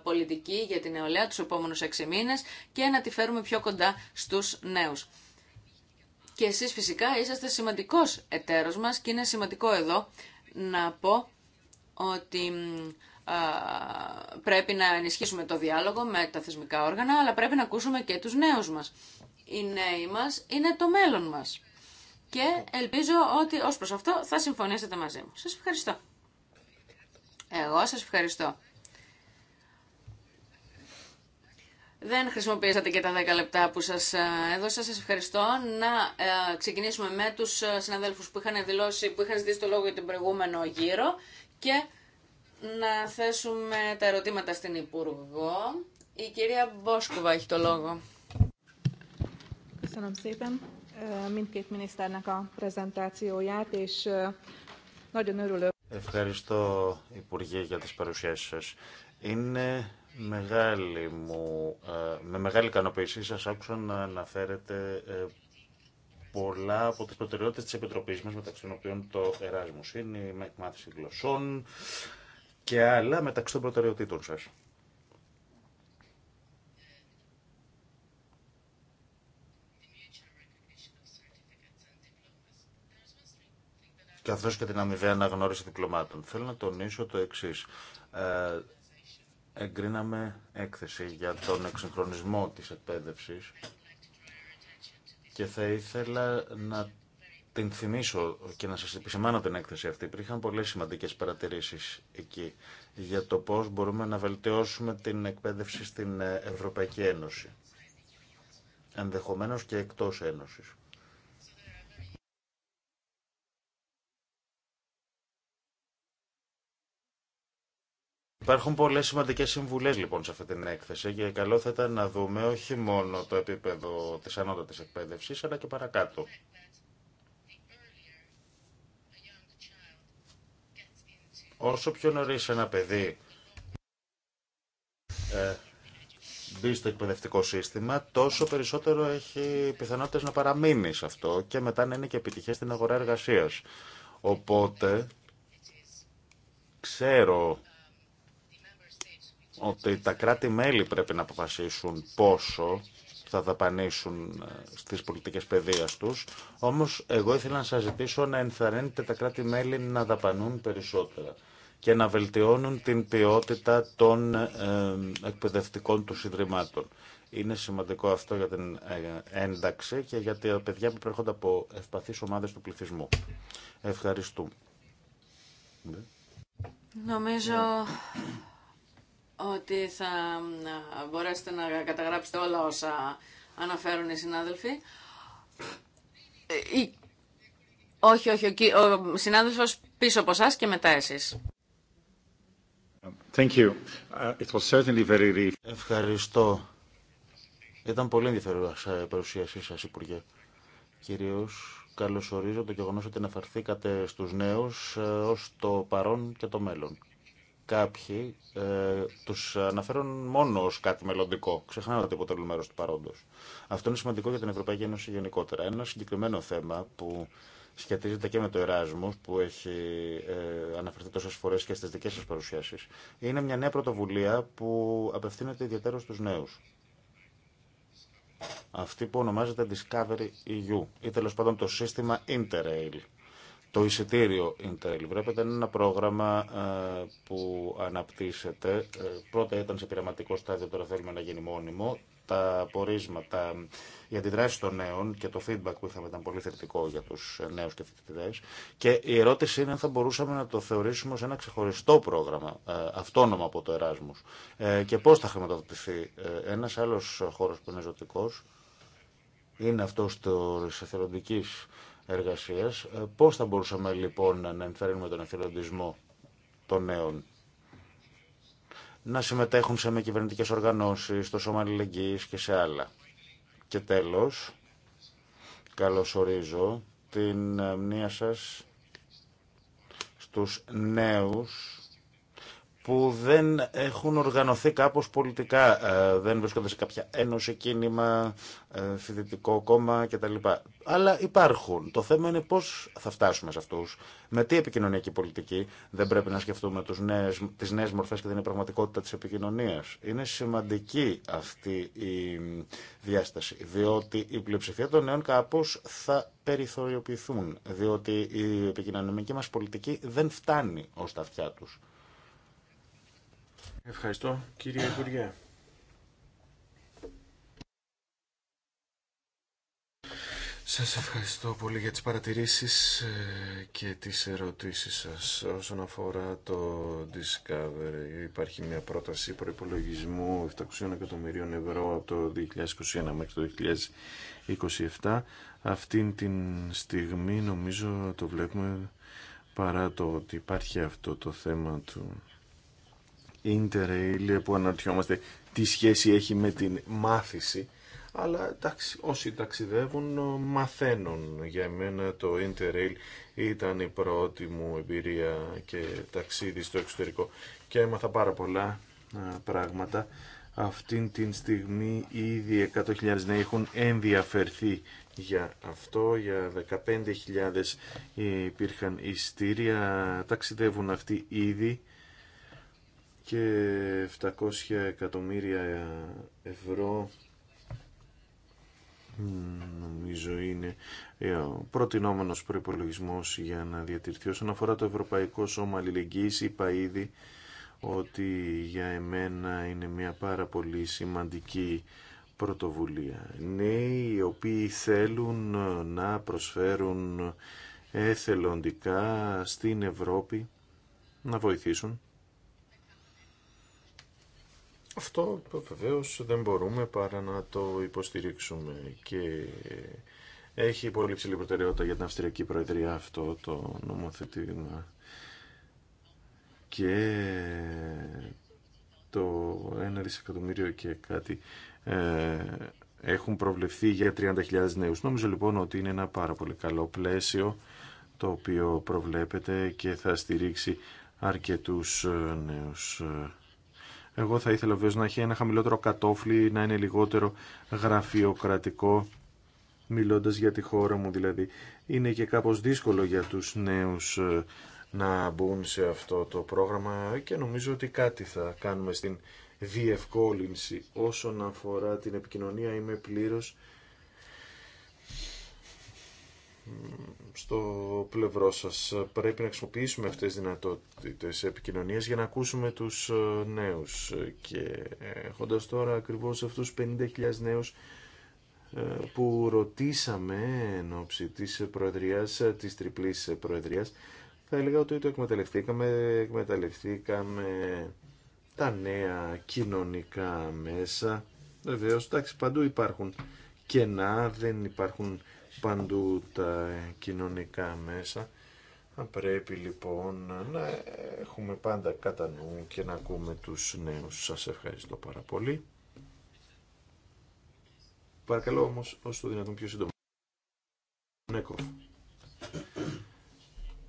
πολιτική για την νεολαία τους επόμενους έξι μήνες και να τη φέρουμε πιο κοντά στους νέους. Και εσείς φυσικά είσαστε σημαντικός εταίρος μας και είναι σημαντικό εδώ να πω ότι πρέπει να ενισχύσουμε το διάλογο με τα θεσμικά όργανα, αλλά πρέπει να ακούσουμε και τους νέους μας. Οι νέοι μας είναι το μέλλον μας. Και ελπίζω ότι ως προς αυτό θα συμφωνήσετε μαζί μου. Σας ευχαριστώ. Εγώ σας ευχαριστώ. Δεν χρησιμοποιήσατε και τα 10 λεπτά που σας έδωσα. Ε, σας ευχαριστώ. Να ε, ξεκινήσουμε με τους ε, συναδέλφους που είχαν, δηλώσει, που είχαν ζητήσει το λόγο για τον προηγούμενο γύρο και να θέσουμε τα ερωτήματα στην Υπουργό. Η κυρία Μπόσκουβα έχει το λόγο. szépen miniszternek Ευχαριστώ, Υπουργέ, για τις παρουσιάσεις σας. Είναι μεγάλη μου, ε, με μεγάλη ικανοποίησή σας άκουσα να αναφέρετε ε, πολλά από τις προτεραιότητες της Επιτροπής μας, μεταξύ των οποίων το Εράσμος είναι η εκμάθηση γλωσσών και άλλα μεταξύ των προτεραιοτήτων σας. καθώς και την αμοιβαία αναγνώριση διπλωμάτων. Θέλω να τονίσω το εξή. Ε, εγκρίναμε έκθεση για τον εξυγχρονισμό της εκπαίδευση και θα ήθελα να την θυμίσω και να σας επισημάνω την έκθεση αυτή. Υπήρχαν πολλές σημαντικές παρατηρήσεις εκεί για το πώς μπορούμε να βελτιώσουμε την εκπαίδευση στην Ευρωπαϊκή Ένωση. Ενδεχομένως και εκτός Ένωσης. Υπάρχουν πολλές σημαντικές συμβουλές λοιπόν σε αυτή την έκθεση και καλό θα ήταν να δούμε όχι μόνο το επίπεδο της ανώτατης εκπαίδευσης αλλά και παρακάτω. Όσο πιο νωρίς ένα παιδί ε, μπει στο εκπαιδευτικό σύστημα, τόσο περισσότερο έχει πιθανότητες να παραμείνει σε αυτό και μετά να είναι και επιτυχές στην αγορά εργασίας. Οπότε, ξέρω ότι τα κράτη-μέλη πρέπει να αποφασίσουν πόσο θα δαπανίσουν ε, στις πολιτικές παιδείας τους. Όμως εγώ ήθελα να σας ζητήσω να ενθαρρύνετε τα κράτη-μέλη να δαπανούν περισσότερα και να βελτιώνουν την ποιότητα των ε, εκπαιδευτικών του ιδρυμάτων. Είναι σημαντικό αυτό για την ε, ένταξη και για τα παιδιά που προέρχονται από ευπαθείς ομάδες του πληθυσμού. Ευχαριστούμε. Νομίζω ότι θα μπορέσετε να καταγράψετε όλα όσα αναφέρουν οι συνάδελφοι. Ε, όχι, όχι, ο, ο συνάδελφος πίσω από εσά και μετά εσείς. Thank you. Uh, it was certainly very... Ευχαριστώ. Ήταν πολύ ενδιαφέρουσα η παρουσίασή σας, Υπουργέ. Κυρίως καλωσορίζω το γεγονός ότι αναφερθήκατε στους νέους ε, ως το παρόν και το μέλλον. Κάποιοι ε, τους αναφέρουν μόνο ως κάτι μελλοντικό. Ξεχνάμε ότι αποτελούν μέρος του παρόντος. Αυτό είναι σημαντικό για την Ευρωπαϊκή Ένωση γενικότερα. Ένα συγκεκριμένο θέμα που σχετίζεται και με το Εράσμος που έχει ε, αναφερθεί τόσες φορές και στις δικές σας παρουσιάσεις. Είναι μια νέα πρωτοβουλία που απευθύνεται ιδιαίτερα στους νέους. Αυτή που ονομάζεται Discovery EU ή τέλος πάντων το σύστημα Interrail το εισιτήριο Intel βλέπετε είναι ένα πρόγραμμα ε, που αναπτύσσεται. Ε, πρώτα ήταν σε πειραματικό στάδιο, τώρα θέλουμε να γίνει μόνιμο. Τα πορίσματα, η αντιδράση των νέων και το feedback που είχαμε ήταν πολύ θετικό για του νέου και φοιτητέ. Και η ερώτηση είναι αν θα μπορούσαμε να το θεωρήσουμε ως ένα ξεχωριστό πρόγραμμα, ε, αυτόνομο από το Ε, Και πώ θα χρηματοδοτηθεί. ένα άλλο χώρο που είναι ζωτικό, είναι αυτό τη εθελοντική εργασίας. Ε, πώς θα μπορούσαμε λοιπόν να ενθαρρύνουμε τον εθελοντισμό των νέων να συμμετέχουν σε με κυβερνητικέ οργανώσεις, στο Σώμα και σε άλλα. Και τέλος, καλωσορίζω την μνήμα σας στους νέους που δεν έχουν οργανωθεί κάπως πολιτικά, ε, δεν βρίσκονται σε κάποια ένωση, κίνημα, ε, φοιτητικό κόμμα κτλ. Αλλά υπάρχουν. Το θέμα είναι πώς θα φτάσουμε σε αυτούς, με τι επικοινωνιακή πολιτική. Δεν πρέπει να σκεφτούμε τους νέες, τις νέες μορφές και την πραγματικότητα της επικοινωνίας. Είναι σημαντική αυτή η διάσταση, διότι η πλειοψηφία των νέων κάπως θα περιθωριοποιηθούν, διότι η επικοινωνική μας πολιτική δεν φτάνει ως τα αυτιά τους. Ευχαριστώ κύριε Υπουργέ. Σας ευχαριστώ πολύ για τις παρατηρήσεις ε, και τις ερωτήσεις σας. Όσον αφορά το Discover, υπάρχει μια πρόταση προϋπολογισμού 700 εκατομμυρίων ευρώ από το 2021 μέχρι το 2027. Αυτή την στιγμή νομίζω το βλέπουμε παρά το ότι υπάρχει αυτό το θέμα του Interrail που αναρωτιόμαστε τι σχέση έχει με την μάθηση. Αλλά όσοι ταξιδεύουν ε, μαθαίνουν. Για μένα το Interrail ήταν η πρώτη μου εμπειρία και ταξίδι στο εξωτερικό και έμαθα πάρα πολλά ε, πράγματα. Αυτήν τη στιγμή ήδη 100.000 νέοι έχουν ενδιαφερθεί για αυτό. Για 15.000 ε, υπήρχαν ειστήρια. Ταξιδεύουν αυτοί ήδη και 700 εκατομμύρια ευρώ νομίζω είναι ε, ο προτινόμενος προϋπολογισμός για να διατηρηθεί. Όσον αφορά το Ευρωπαϊκό Σώμα Αλληλεγγύης είπα ήδη ότι για εμένα είναι μια πάρα πολύ σημαντική πρωτοβουλία. Νέοι οι οποίοι θέλουν να προσφέρουν εθελοντικά στην Ευρώπη να βοηθήσουν αυτό βεβαίω δεν μπορούμε παρά να το υποστηρίξουμε και έχει πολύ ψηλή προτεραιότητα για την Αυστριακή Προεδρία αυτό το νομοθετήμα και το 1 δισεκατομμύριο και κάτι ε, έχουν προβλεφθεί για 30.000 νέους. Νομίζω λοιπόν ότι είναι ένα πάρα πολύ καλό πλαίσιο το οποίο προβλέπεται και θα στηρίξει αρκετούς ε, νέους. Εγώ θα ήθελα βέβαια να έχει ένα χαμηλότερο κατόφλι, να είναι λιγότερο γραφειοκρατικό, μιλώντας για τη χώρα μου δηλαδή. Είναι και κάπως δύσκολο για τους νέους ε, να μπουν σε αυτό το πρόγραμμα και νομίζω ότι κάτι θα κάνουμε στην διευκόλυνση. Όσον αφορά την επικοινωνία είμαι πλήρως στο πλευρό σας. Πρέπει να χρησιμοποιήσουμε αυτές τις δυνατότητες επικοινωνίας για να ακούσουμε τους ε, νέους. Και έχοντα τώρα ακριβώς αυτούς 50.000 νέους ε, που ρωτήσαμε εν ώψη της Προεδρίας, της Τριπλής Προεδρίας, θα έλεγα ότι το εκμεταλλευτήκαμε, εκμεταλλευτήκαμε τα νέα κοινωνικά μέσα. Βεβαίως, εντάξει, παντού υπάρχουν κενά, δεν υπάρχουν παντού τα κοινωνικά μέσα. Θα πρέπει λοιπόν να έχουμε πάντα κατά νου και να ακούμε τους νέους. Σας ευχαριστώ πάρα πολύ. Παρακαλώ όμως όσο το δυνατόν πιο σύντομα. Νέκο.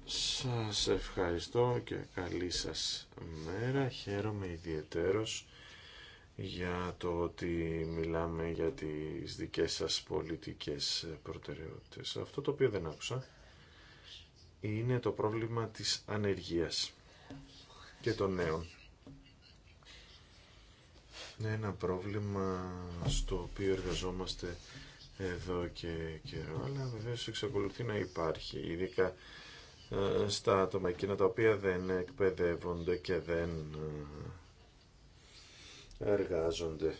Σας ευχαριστώ και καλή σας μέρα. Χαίρομαι ιδιαίτερος για το ότι μιλάμε για τις δικές σας πολιτικές προτεραιότητες. Αυτό το οποίο δεν άκουσα είναι το πρόβλημα της ανεργίας και των νέων. Είναι ένα πρόβλημα στο οποίο εργαζόμαστε εδώ και καιρό, αλλά βεβαίως εξακολουθεί να υπάρχει, ειδικά ε, στα άτομα εκείνα τα οποία δεν εκπαιδεύονται και δεν ε, εργάζονται.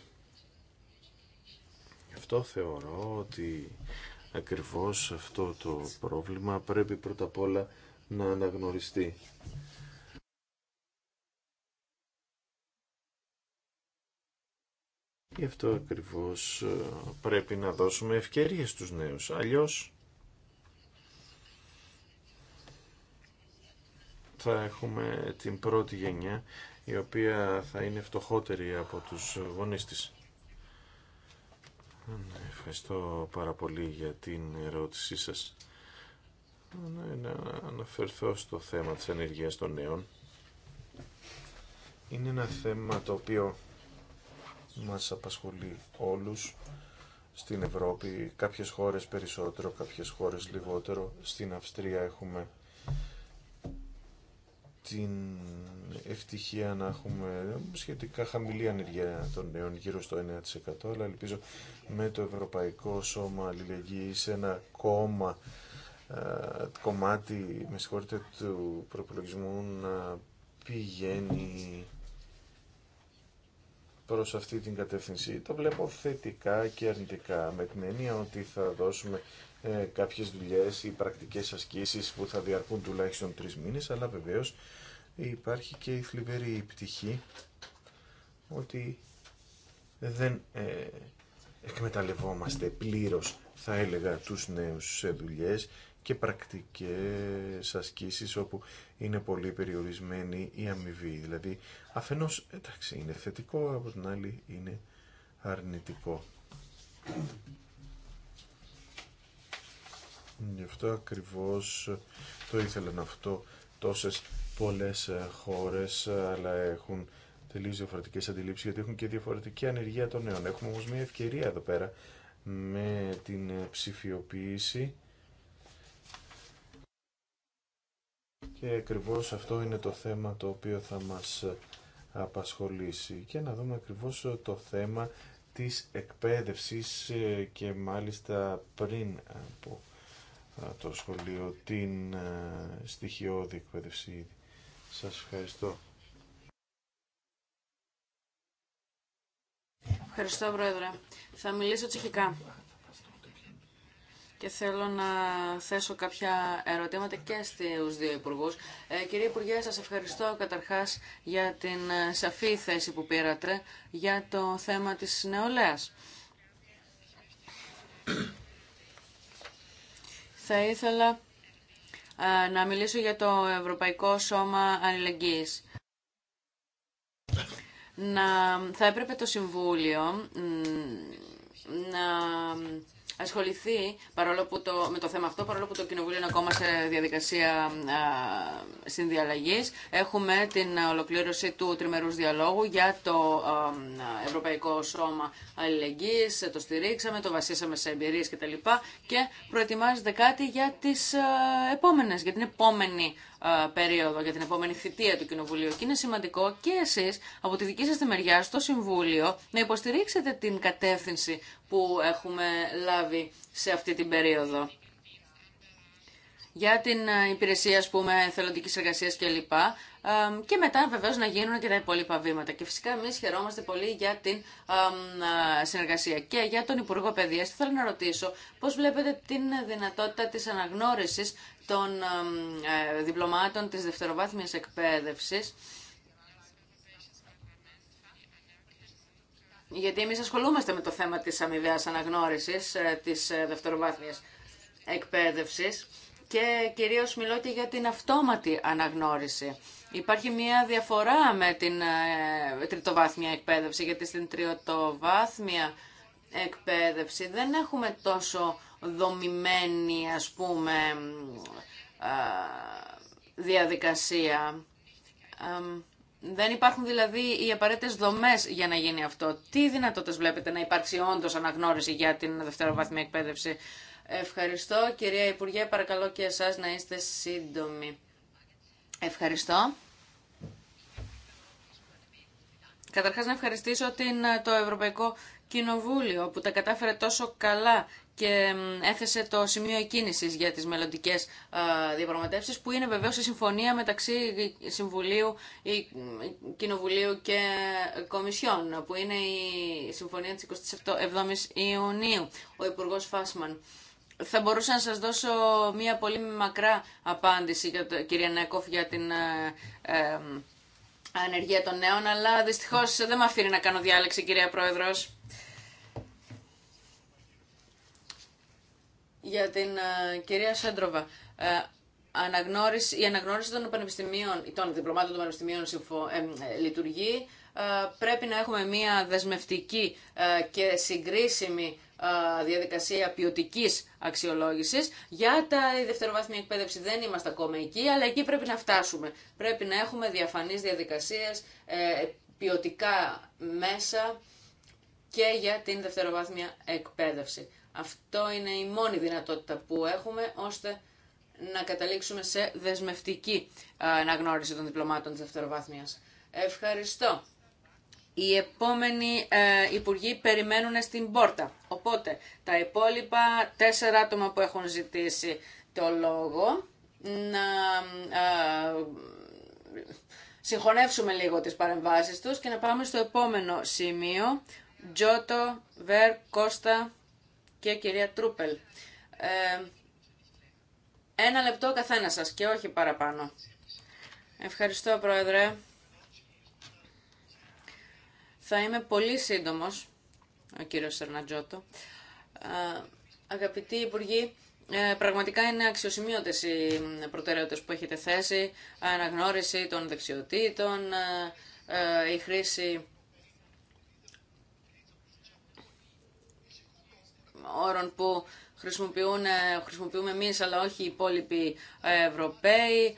Γι' αυτό θεωρώ ότι ακριβώς αυτό το πρόβλημα πρέπει πρώτα απ' όλα να αναγνωριστεί. Γι' αυτό ακριβώς ε, πρέπει να δώσουμε ευκαιρίες στους νέους. Αλλιώς θα έχουμε την πρώτη γενιά η οποία θα είναι φτωχότερη από τους γονείς της. Ε, ναι, ευχαριστώ πάρα πολύ για την ερώτησή σας. Ναι, να αναφερθώ στο θέμα της ενέργειας των νέων. Είναι ένα θέμα το οποίο μας απασχολεί όλους στην Ευρώπη, κάποιες χώρες περισσότερο, κάποιες χώρες λιγότερο. Στην Αυστρία έχουμε την ευτυχία να έχουμε σχετικά χαμηλή ανεργία των νέων, γύρω στο 9%, αλλά ελπίζω με το Ευρωπαϊκό Σώμα σε ένα κόμμα, ε, κομμάτι με συγχωρείτε, του προπολογισμού να πηγαίνει προς αυτή την κατεύθυνση. Το βλέπω θετικά και αρνητικά με την έννοια ότι θα δώσουμε ε, κάποιες δουλειές ή πρακτικές ασκήσεις που θα διαρκούν τουλάχιστον τρεις μήνες, αλλά βεβαίως υπάρχει και η θλιβερή πτυχή ότι δεν ε, εκμεταλλευόμαστε πλήρως, θα έλεγα, τους νέους σε δουλειές και πρακτικές ασκήσεις όπου είναι πολύ περιορισμένη η αμοιβή. Δηλαδή, αφενός, εντάξει, είναι θετικό, από την άλλη είναι αρνητικό. Γι' αυτό ακριβώς το ήθελαν αυτό τόσες πολλές ε, χώρες, ε, αλλά έχουν τελείως διαφορετικές αντιλήψεις, γιατί έχουν και διαφορετική ανεργία των νέων. Έχουμε όμως μια ευκαιρία εδώ πέρα με την ε, ψηφιοποίηση. Και ακριβώς αυτό είναι το θέμα το οποίο θα μας απασχολήσει. Και να δούμε ακριβώς το θέμα της εκπαίδευσης και μάλιστα πριν από το σχολείο την ε, στοιχειώδη εκπαίδευση. Σας ευχαριστώ. Ευχαριστώ, Πρόεδρε. Θα μιλήσω τσεχικά. Και θέλω να θέσω κάποια ερωτήματα και στους δύο υπουργούς. Ε, κύριε Υπουργέ, σας ευχαριστώ καταρχάς για την ε, σαφή θέση που πήρατε για το θέμα της νεολαίας θα ήθελα να μιλήσω για το Ευρωπαϊκό Σώμα Αλληλεγγύης. Να, θα έπρεπε το Συμβούλιο να ασχοληθεί παρόλο που το, με το θέμα αυτό, παρόλο που το Κοινοβούλιο είναι ακόμα σε διαδικασία συνδιαλλαγή. Έχουμε την ολοκλήρωση του τριμερούς διαλόγου για το Ευρωπαϊκό Σώμα Αλληλεγγύης. Το στηρίξαμε, το βασίσαμε σε εμπειρίες κτλ. Και προετοιμάζεται κάτι για, τις επόμενες, για την επόμενη ε, περίοδο, για την επόμενη θητεία του Κοινοβουλίου. Και είναι σημαντικό και εσεί από τη δική σα τη μεριά στο Συμβούλιο να υποστηρίξετε την κατεύθυνση που έχουμε λάβει σε αυτή την περίοδο. Για την ε, υπηρεσία, ας πούμε, θελοντικής εργασίας κλπ και μετά βεβαίως να γίνουν και τα υπόλοιπα βήματα. Και φυσικά εμείς χαιρόμαστε πολύ για την ε, συνεργασία. Και για τον Υπουργό Παιδείας θέλω να ρωτήσω πώς βλέπετε την δυνατότητα της αναγνώρισης των ε, διπλωμάτων της δευτεροβάθμιας εκπαίδευσης γιατί εμείς ασχολούμαστε με το θέμα της αμοιβαίας αναγνώρισης ε, της δευτεροβάθμιας εκπαίδευσης και κυρίως μιλώ και για την αυτόματη αναγνώριση. Υπάρχει μια διαφορά με την ε, τριτοβάθμια εκπαίδευση, γιατί στην τριτοβάθμια εκπαίδευση δεν έχουμε τόσο δομημένη, ας πούμε, ε, διαδικασία. Δεν υπάρχουν δηλαδή οι απαραίτητε δομές για να γίνει αυτό. Τι δυνατότητες βλέπετε να υπάρξει όντως αναγνώριση για την δευτεροβαθμία εκπαίδευση. Ευχαριστώ. Κυρία Υπουργέ, παρακαλώ και εσά να είστε σύντομοι. Ευχαριστώ. Καταρχάς να ευχαριστήσω την, το Ευρωπαϊκό Κοινοβούλιο που τα κατάφερε τόσο καλά και έθεσε το σημείο κίνησης για τις μελλοντικέ διαπραγματεύσεις που είναι βεβαίως η συμφωνία μεταξύ Συμβουλίου, Κοινοβουλίου και Κομισιόν, που είναι η συμφωνία της 27ης Ιουνίου, ο Υπουργός Φάσμαν θα μπορούσα να σας δώσω μία πολύ μακρά απάντηση, κυρία Νέκοφ, για την ε, ε, ανεργία των νέων, αλλά δυστυχώς δεν με αφήνει να κάνω διάλεξη, κυρία Πρόεδρος. Για την ε, κυρία Σέντροβα. Ε, αναγνώριση, η αναγνώριση των πανεπιστημίων, των διπλωμάτων των πανεπιστημίων λειτουργεί. πρέπει να έχουμε μία δεσμευτική και συγκρίσιμη διαδικασία ποιοτική αξιολόγηση. Για τα δευτεροβάθμια εκπαίδευση δεν είμαστε ακόμα εκεί, αλλά εκεί πρέπει να φτάσουμε. Πρέπει να έχουμε διαφανεί διαδικασίε, ε, ποιοτικά μέσα και για την δευτεροβάθμια εκπαίδευση. Αυτό είναι η μόνη δυνατότητα που έχουμε ώστε να καταλήξουμε σε δεσμευτική ε, αναγνώριση των διπλωμάτων της δευτεροβάθμιας. Ευχαριστώ οι επόμενοι ε, υπουργοί περιμένουν στην πόρτα. Οπότε τα υπόλοιπα τέσσερα άτομα που έχουν ζητήσει το λόγο να ε, συγχωνεύσουμε λίγο τις παρεμβάσεις τους και να πάμε στο επόμενο σημείο. Τζότο, Βερ, Κώστα και κυρία Τρούπελ. Ε, ένα λεπτό καθένα σας και όχι παραπάνω. Ευχαριστώ Πρόεδρε. Θα είμαι πολύ σύντομος, ο κύριος Σερνατζότο. Αγαπητοί Υπουργοί, ε, πραγματικά είναι αξιοσημείωτες οι προτεραιότητες που έχετε θέσει, αναγνώριση των δεξιοτήτων, ε, ε, η χρήση όρων που χρησιμοποιούν, χρησιμοποιούμε εμείς αλλά όχι οι υπόλοιποι Ευρωπαίοι.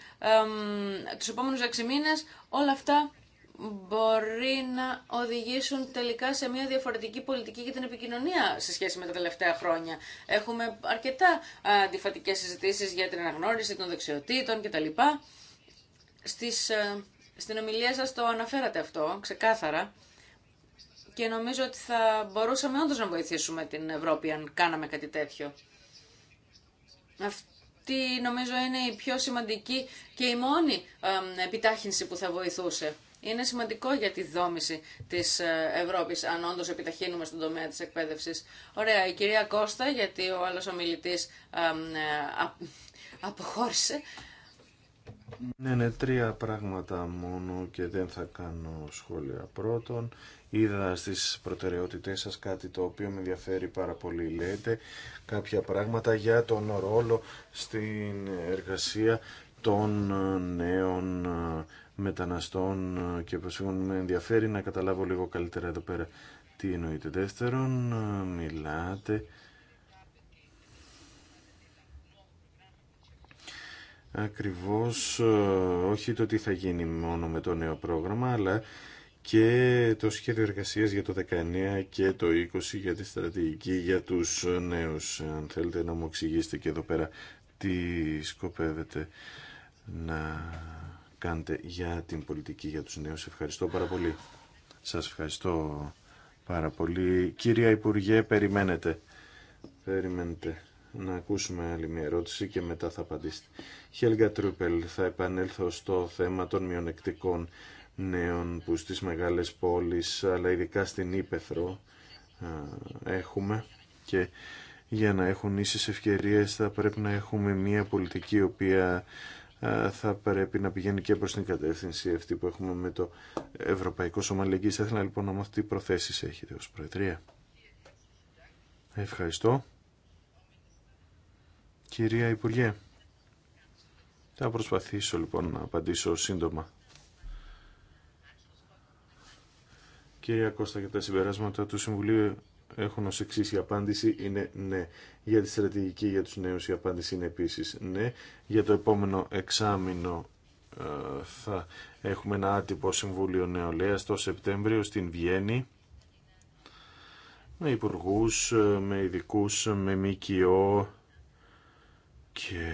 τους επόμενους 6 όλα αυτά μπορεί να οδηγήσουν τελικά σε μια διαφορετική πολιτική για την επικοινωνία σε σχέση με τα τελευταία χρόνια. Έχουμε αρκετά αντιφατικές συζητήσεις για την αναγνώριση των δεξιοτήτων κτλ. Στις, στην ομιλία σας το αναφέρατε αυτό ξεκάθαρα και νομίζω ότι θα μπορούσαμε όντως να βοηθήσουμε την Ευρώπη αν κάναμε κάτι τέτοιο. Αυτή νομίζω είναι η πιο σημαντική και η μόνη επιτάχυνση που θα βοηθούσε είναι σημαντικό για τη δόμηση της ε, Ευρώπης, αν όντω επιταχύνουμε στον τομέα της εκπαίδευση. Ωραία, η κυρία Κώστα, γιατί ο άλλος ομιλητής ε, αποχώρησε. Ναι, ναι, τρία πράγματα μόνο και δεν θα κάνω σχόλια. Πρώτον, είδα στις προτεραιότητές σας κάτι το οποίο με ενδιαφέρει πάρα πολύ. Λέτε κάποια πράγματα για τον ρόλο στην εργασία των ε, νέων μεταναστών ε, και προσφύγων. Με ενδιαφέρει να καταλάβω λίγο καλύτερα εδώ πέρα τι εννοείται. Δεύτερον, ε, μιλάτε ακριβώς ε, όχι το τι θα γίνει μόνο με το νέο πρόγραμμα, αλλά και το σχέδιο εργασίας για το 19 και το 20 για τη στρατηγική για τους νέους. Αν θέλετε να μου εξηγήσετε και εδώ πέρα τι σκοπεύετε να κάνετε για την πολιτική για τους νέους. Ευχαριστώ πάρα πολύ. Σας ευχαριστώ πάρα πολύ. Κυρία Υπουργέ, περιμένετε. Περιμένετε να ακούσουμε άλλη μια ερώτηση και μετά θα απαντήσετε. Χέλγα Τρούπελ, θα επανέλθω στο θέμα των μειονεκτικών νέων που στις μεγάλες πόλεις, αλλά ειδικά στην Ήπεθρο, έχουμε και για να έχουν ίσες ευκαιρίες θα πρέπει να έχουμε μια πολιτική οποία ε, θα πρέπει να πηγαίνει και προς την κατεύθυνση αυτή που έχουμε με το Ευρωπαϊκό Σώμα Θα λοιπόν να μάθω τι προθέσεις έχετε ως Προεδρία. Ευχαριστώ. Κυρία Υπουργέ, θα προσπαθήσω λοιπόν να απαντήσω σύντομα. Κυρία Κώστα, για τα συμπεράσματα του Συμβουλίου έχουν ως εξής η απάντηση είναι ναι. Για τη στρατηγική για τους νέους η απάντηση είναι επίσης ναι. Για το επόμενο εξάμεινο ε, θα έχουμε ένα άτυπο Συμβούλιο Νεολαίας το Σεπτέμβριο στην Βιέννη με υπουργού, ε, με ειδικού, με ΜΚΟ και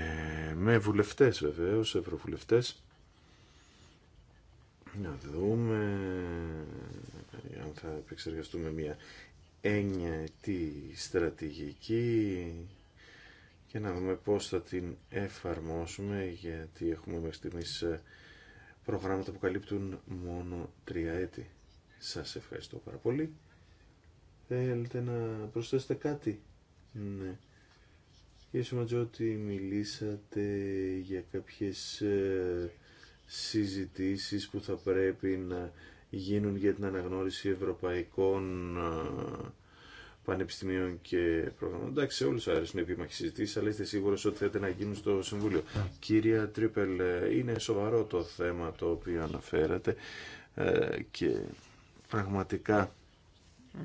με βουλευτές βεβαίως, ευρωβουλευτές. Να δούμε αν θα επεξεργαστούμε μια τη στρατηγική και να δούμε πώς θα την εφαρμόσουμε γιατί έχουμε μέχρι στιγμής ε, προγράμματα που καλύπτουν μόνο τρία έτη. Σας ευχαριστώ πάρα πολύ. Θέλετε να προσθέσετε κάτι. Ναι. Κύριε ότι μιλήσατε για κάποιες ε, συζητήσεις που θα πρέπει να γίνουν για την αναγνώριση ευρωπαϊκών ε, πανεπιστημίων και προγραμμάτων. Εντάξει, όλου αρέσουν επίμαχοι συζητήσει, αλλά είστε σίγουρο ότι θέλετε να γίνουν στο Συμβούλιο. Ναι. Κυρία Τρίπελ, ε, είναι σοβαρό το θέμα το οποίο αναφέρατε ε, και πραγματικά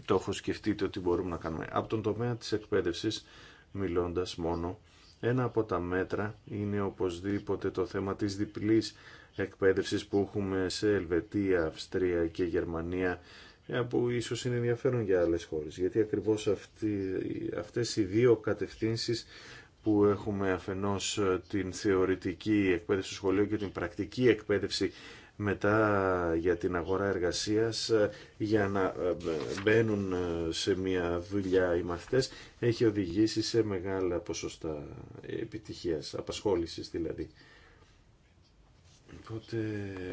το έχω σκεφτείτε ότι μπορούμε να κάνουμε. Από τον τομέα της εκπαίδευσης, μιλώντας μόνο, ένα από τα μέτρα είναι οπωσδήποτε το θέμα της διπλής Εκπαίδευση που έχουμε σε Ελβετία, Αυστρία και Γερμανία ε, που ίσως είναι ενδιαφέρον για άλλες χώρες. Γιατί ακριβώς αυτοί, αυτές οι δύο κατευθύνσεις που έχουμε αφενός ε, την θεωρητική εκπαίδευση στο σχολείο και την πρακτική εκπαίδευση μετά ε, για την αγορά εργασίας για να μπαίνουν σε μια δουλειά οι μαθητές έχει οδηγήσει σε μεγάλα ποσοστά επιτυχίας, απασχόλησης δηλαδή. Οπότε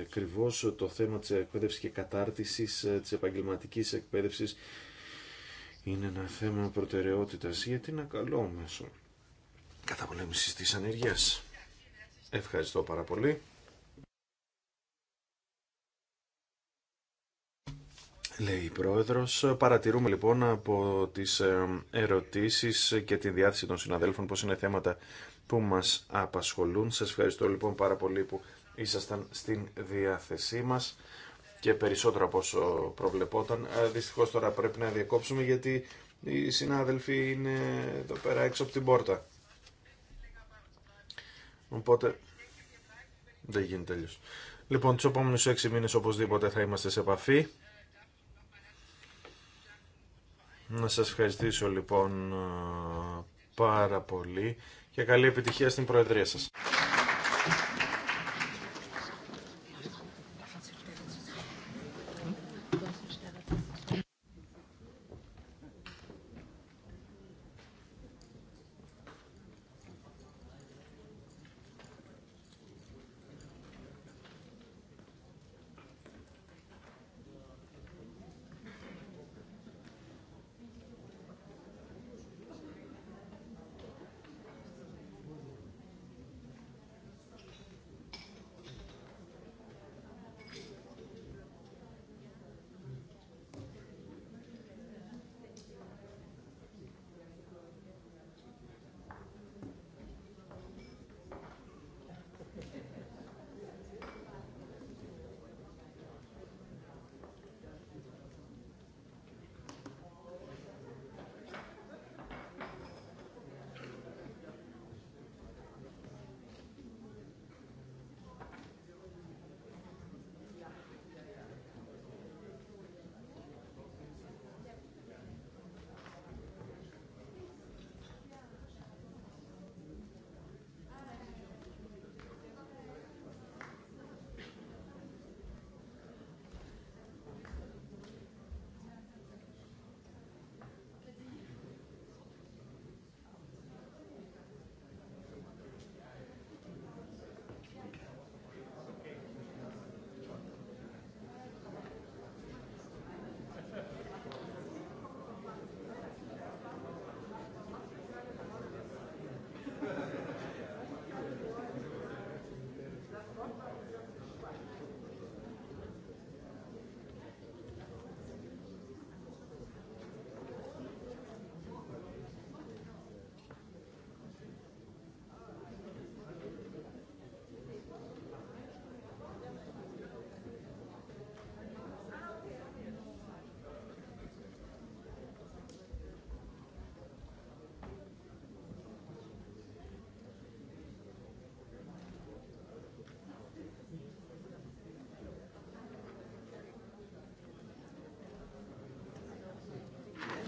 ακριβώ το θέμα της εκπαίδευσης και κατάρτισης ε, της επαγγελματικής εκπαίδευσης είναι ένα θέμα προτεραιότητας γιατί είναι καλό μέσο καταπολέμησης της ανεργία. Ευχαριστώ πάρα πολύ. Λέει η Πρόεδρος, παρατηρούμε λοιπόν από τις ε, ερωτήσεις και τη διάθεση των συναδέλφων πως είναι θέματα που μας απασχολούν. Σας ευχαριστώ λοιπόν πάρα πολύ που ήσασταν στην διάθεσή μας και περισσότερο από όσο προβλεπόταν. Ε, δυστυχώς τώρα πρέπει να διακόψουμε γιατί οι συνάδελφοι είναι εδώ πέρα έξω από την πόρτα. Οπότε δεν γίνει τέλειος. Λοιπόν, τους επόμενους έξι μήνες οπωσδήποτε θα είμαστε σε επαφή. Να σας ευχαριστήσω λοιπόν ε, πάρα πολύ και καλή επιτυχία στην Προεδρία σας.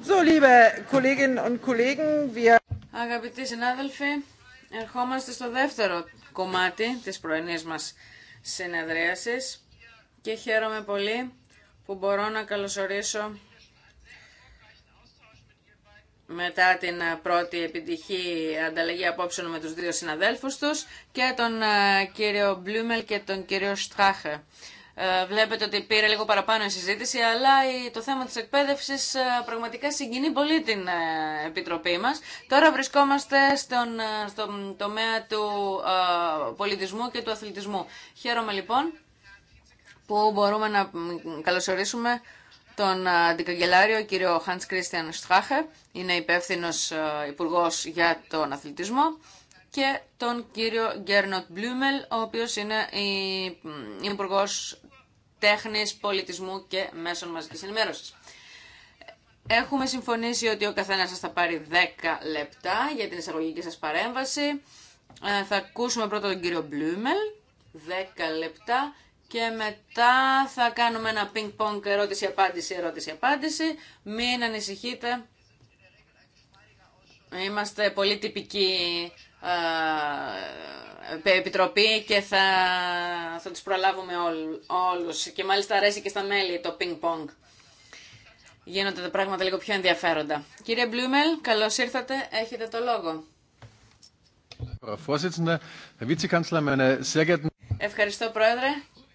So, Αγαπητοί συνάδελφοι, ερχόμαστε στο δεύτερο κομμάτι της πρωινής μας συνεδρίασης και χαίρομαι πολύ που μπορώ να καλωσορίσω μετά την ε, πρώτη επιτυχή ανταλλαγή απόψεων με τους δύο συναδέλφους τους και τον ε, κύριο Μπλούμελ και τον κύριο Στράχε. Ε, βλέπετε ότι πήρε λίγο παραπάνω η συζήτηση, αλλά το θέμα της εκπαίδευσης ε, πραγματικά συγκινεί πολύ την ε, Επιτροπή μας. Τώρα βρισκόμαστε στον, στον τομέα του πολιτισμού και του αθλητισμού. Χαίρομαι λοιπόν που μπορούμε να καλωσορίσουμε τον αντικαγκελάριο κύριο Hans Christian Strache, είναι υπεύθυνο υπουργό για τον αθλητισμό και τον κύριο Γκέρνοτ Μπλούμελ, ο οποίος είναι υπουργό τέχνης, πολιτισμού και μέσων μαζικής ενημέρωσης. Έχουμε συμφωνήσει ότι ο καθένας σας θα πάρει 10 λεπτά για την εισαγωγική σας παρέμβαση. Ε, θα ακούσουμε πρώτα τον κύριο Μπλούμελ, 10 λεπτά και μετά θα κάνουμε ένα πινκ-πονκ ερώτηση-απάντηση, ερώτηση-απάντηση. Μην ανησυχείτε. Είμαστε πολύ τυπικοί ε, ε, επιτροπή και θα, θα τους προλάβουμε όλου. όλους. Και μάλιστα αρέσει και στα μέλη το ping-pong. Γίνονται τα πράγματα λίγο πιο ενδιαφέροντα. Κύριε Μπλούμελ, καλώς ήρθατε. Έχετε το λόγο. Ευχαριστώ, Πρόεδρε,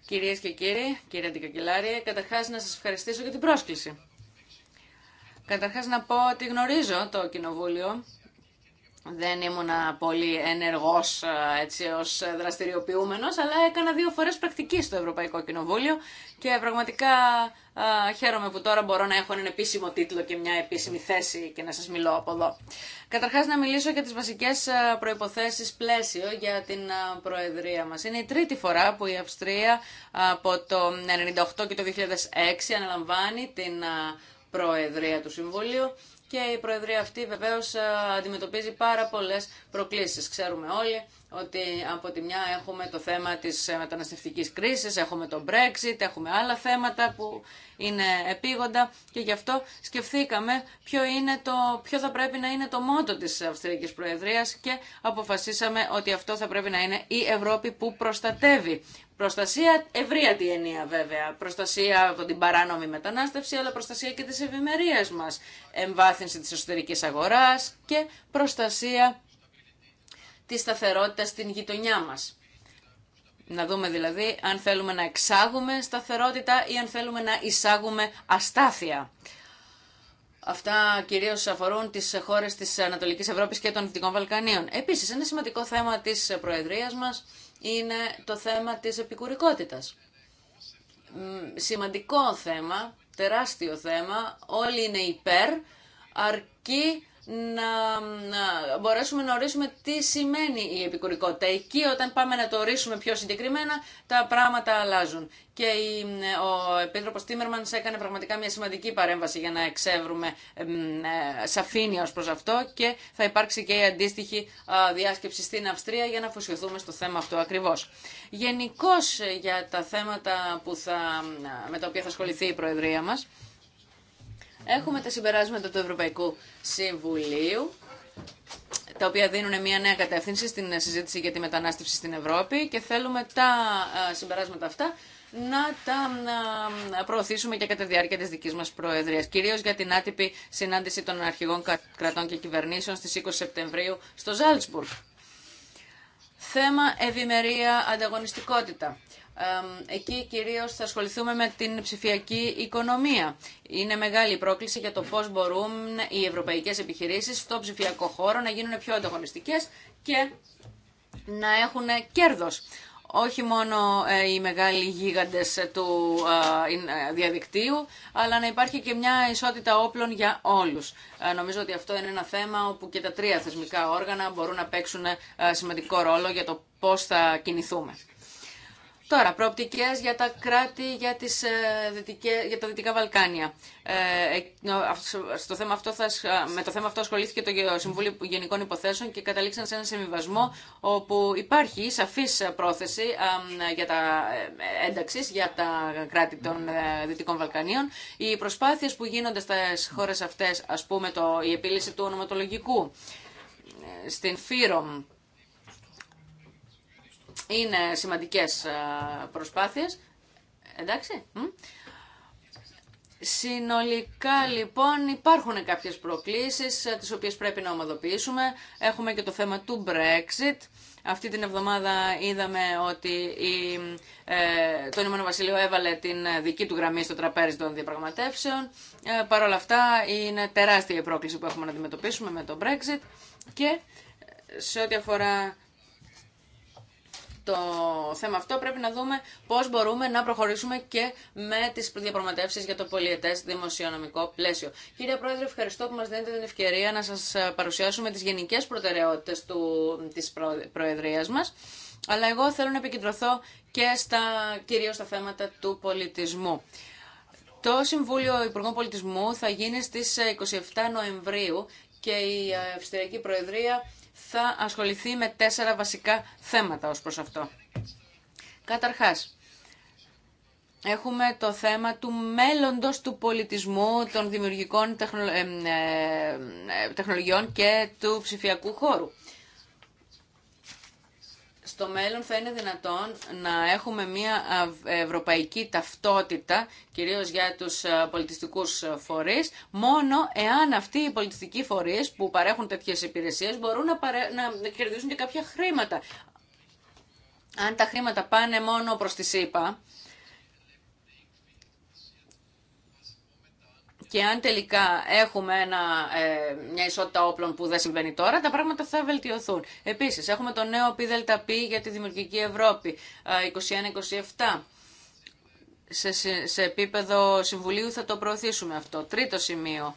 κυρίες και κύριοι, κύριε Αντικακυλάρη. Καταρχάς, να σας ευχαριστήσω για την πρόσκληση. Καταρχάς, να πω ότι γνωρίζω το Κοινοβούλιο δεν ήμουνα πολύ ενεργός ε, έτσι ως δραστηριοποιούμενος, αλλά έκανα δύο φορές πρακτική στο Ευρωπαϊκό Κοινοβούλιο και πραγματικά α, ε, χαίρομαι που τώρα μπορώ να έχω έναν επίσημο τίτλο και μια επίσημη θέση και να σας μιλώ από εδώ. Καταρχάς να μιλήσω για τις βασικές ε, προϋποθέσεις πλαίσιο για την Προεδρία μας. Είναι η τρίτη φορά που η Αυστρία από το 1998 και το 2006 αναλαμβάνει την Προεδρία του Συμβουλίου και η Προεδρία αυτή βεβαίως ε, αντιμετωπίζει πάρα πολλές προκλήσεις. Ξέρουμε όλοι ότι από τη μια έχουμε το θέμα της μεταναστευτικής κρίσης, έχουμε το Brexit, έχουμε άλλα θέματα που είναι επίγοντα και γι' αυτό σκεφτήκαμε ποιο, είναι το, ποιο θα πρέπει να είναι το μότο της Αυστριακή Προεδρίας και αποφασίσαμε ότι αυτό θα πρέπει να είναι η Ευρώπη που προστατεύει. Προστασία τη ενία βέβαια. Προστασία από την παράνομη μετανάστευση, αλλά προστασία και τη ευημερία μας. Εμβάθυνση τη εσωτερική αγοράς και προστασία της σταθερότητας στην γειτονιά μα. Να δούμε δηλαδή αν θέλουμε να εξάγουμε σταθερότητα ή αν θέλουμε να εισάγουμε αστάθεια. Αυτά κυρίω αφορούν τι χώρε τη Ανατολική Ευρώπη και των Δυτικών Βαλκανίων. Επίση, ένα σημαντικό θέμα τη Προεδρία μα είναι το θέμα της επικουρικότητας. Σημαντικό θέμα, τεράστιο θέμα, όλοι είναι υπέρ, αρκεί να μπορέσουμε να ορίσουμε τι σημαίνει η επικουρικότητα. Εκεί όταν πάμε να το ορίσουμε πιο συγκεκριμένα, τα πράγματα αλλάζουν. Και ο Επίτροπος Τίμερμανς έκανε πραγματικά μια σημαντική παρέμβαση για να εξεύρουμε ε, σαφήνεια ως προς αυτό και θα υπάρξει και η αντίστοιχη διάσκεψη στην Αυστρία για να αφοσιωθούμε στο θέμα αυτό ακριβώς. Γενικώ ε, για τα θέματα που θα, ε, με τα οποία θα ασχοληθεί η Προεδρία μας, Έχουμε τα συμπεράσματα του Ευρωπαϊκού Συμβουλίου τα οποία δίνουν μια νέα κατεύθυνση στην συζήτηση για τη μετανάστευση στην Ευρώπη και θέλουμε τα συμπεράσματα αυτά να τα προωθήσουμε και κατά τη διάρκεια της δικής μας Προεδρίας. Κυρίως για την άτυπη συνάντηση των αρχηγών κρατών και κυβερνήσεων στις 20 Σεπτεμβρίου στο Ζάλτσμπουργκ. Θέμα ευημερία ανταγωνιστικότητα εκεί κυρίως θα ασχοληθούμε με την ψηφιακή οικονομία. Είναι μεγάλη πρόκληση για το πώς μπορούν οι ευρωπαϊκές επιχειρήσεις στο ψηφιακό χώρο να γίνουν πιο ανταγωνιστικές και να έχουν κέρδος. Όχι μόνο ε, οι μεγάλοι γίγαντες του ε, ε, διαδικτύου, αλλά να υπάρχει και μια ισότητα όπλων για όλους. Νομίζω ότι αυτό είναι ένα θέμα όπου και τα τρία θεσμικά όργανα μπορούν να παίξουν σημαντικό ρόλο για το πώς θα κινηθούμε. Τώρα, προοπτικές για τα κράτη για, τις, ε, για τα Δυτικά Βαλκάνια. Ε, στο θέμα αυτό θα, με το θέμα αυτό ασχολήθηκε το Συμβούλιο Γενικών Υποθέσεων και καταλήξαν σε ένα συμβιβασμό όπου υπάρχει σαφή πρόθεση για τα ε, ένταξης για τα κράτη των ε, Δυτικών Βαλκανίων. Οι προσπάθειες που γίνονται στι χώρε αυτές, α πούμε το, η επίλυση του ονοματολογικού στην ΦΥΡΟΜ, είναι σημαντικές ε, προσπάθειες. Εντάξει. Συνολικά λοιπόν υπάρχουν κάποιες προκλήσεις ε, τις οποίες πρέπει να ομαδοποιήσουμε. Έχουμε και το θέμα του Brexit. Αυτή την εβδομάδα είδαμε ότι ε, το Ηνωμένο Βασίλειο έβαλε την δική του γραμμή στο τραπέζι των διαπραγματεύσεων. Ε, Παρ' όλα αυτά είναι τεράστια η πρόκληση που έχουμε να αντιμετωπίσουμε με το Brexit και σε ό,τι αφορά το θέμα αυτό πρέπει να δούμε πώς μπορούμε να προχωρήσουμε και με τις διαπραγματεύσεις για το πολιετές δημοσιονομικό πλαίσιο. Κύριε Πρόεδρε, ευχαριστώ που μας δίνετε την ευκαιρία να σας ε, παρουσιάσουμε τις γενικές προτεραιότητες του, της Προεδρίας μας. Αλλά εγώ θέλω να επικεντρωθώ και στα, κυρίως στα θέματα του πολιτισμού. Το Συμβούλιο Υπουργών Πολιτισμού θα γίνει στις 27 ε, Νοεμβρίου και η ε, Αυστριακή Προεδρία θα ασχοληθεί με τέσσερα βασικά θέματα ως προς αυτό. Καταρχάς, έχουμε το θέμα του μέλλοντος του πολιτισμού, των δημιουργικών ε, τεχνολογιών και του ψηφιακού χώρου στο μέλλον θα είναι δυνατόν να έχουμε μια ευρωπαϊκή ταυτότητα, κυρίως για τους ε, πολιτιστικούς ε, φορείς, μόνο εάν αυτοί οι πολιτιστικοί φορείς που παρέχουν τέτοιες υπηρεσίες μπορούν να, κερδίσουν να και κάποια χρήματα. Αν τα χρήματα πάνε μόνο προς τη ΣΥΠΑ, Και αν τελικά έχουμε ένα, ε, μια ισότητα όπλων που δεν συμβαίνει τώρα, τα πράγματα θα βελτιωθούν. Επίσης, έχουμε το νέο ΠΔΠ για τη Δημιουργική Ευρώπη, 21-27. Ε, σε, σε επίπεδο Συμβουλίου θα το προωθήσουμε αυτό. Τρίτο σημείο,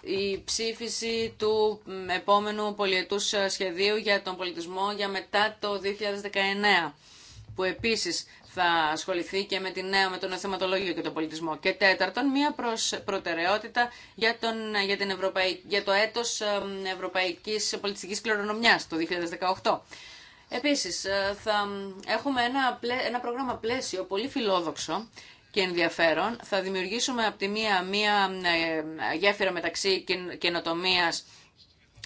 η ψήφιση του επόμενου πολιετούς ε, σχεδίου για τον πολιτισμό για μετά το 2019 που επίσης θα ασχοληθεί και με, την νέα, με τον θεματολόγιο και τον πολιτισμό. Και τέταρτον, μία προτεραιότητα για, τον, για, την Ευρωπαϊ... για το έτος Ευρωπαϊκής Πολιτιστικής Κληρονομιάς το 2018. Επίσης, ε, θα έχουμε ένα, ένα πρόγραμμα πλαίσιο πολύ φιλόδοξο και ενδιαφέρον. Θα δημιουργήσουμε από τη μία, μία ε, γέφυρα μεταξύ καινοτομίας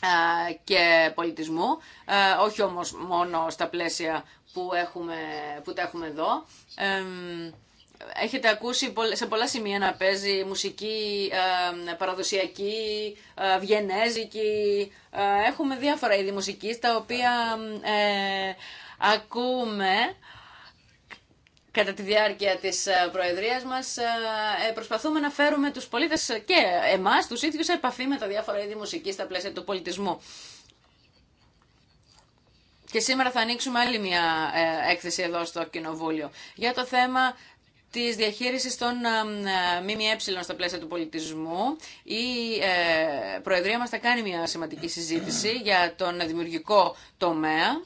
ε, και πολιτισμού, όχι όμως μόνο στα πλαίσια που, έχουμε, που τα έχουμε εδώ. Έχετε ακούσει σε πολλά σημεία να παίζει μουσική παραδοσιακή, ε, βιενέζικη. Ε, έχουμε διάφορα είδη μουσική τα οποία ε, ακούμε κατά τη διάρκεια της ε, Προεδρίας μας. προσπαθούμε να φέρουμε τους πολίτες και εμάς, τους ίδιους, σε επαφή με τα διάφορα είδη μουσικής στα πλαίσια του πολιτισμού. Και σήμερα θα ανοίξουμε άλλη μια ε, έκθεση εδώ στο Κοινοβούλιο για το θέμα της διαχείρισης των ΜΜΕ ε, στα πλαίσια του πολιτισμού. Η ε, Προεδρία μας θα κάνει μια σημαντική συζήτηση για τον δημιουργικό τομέα.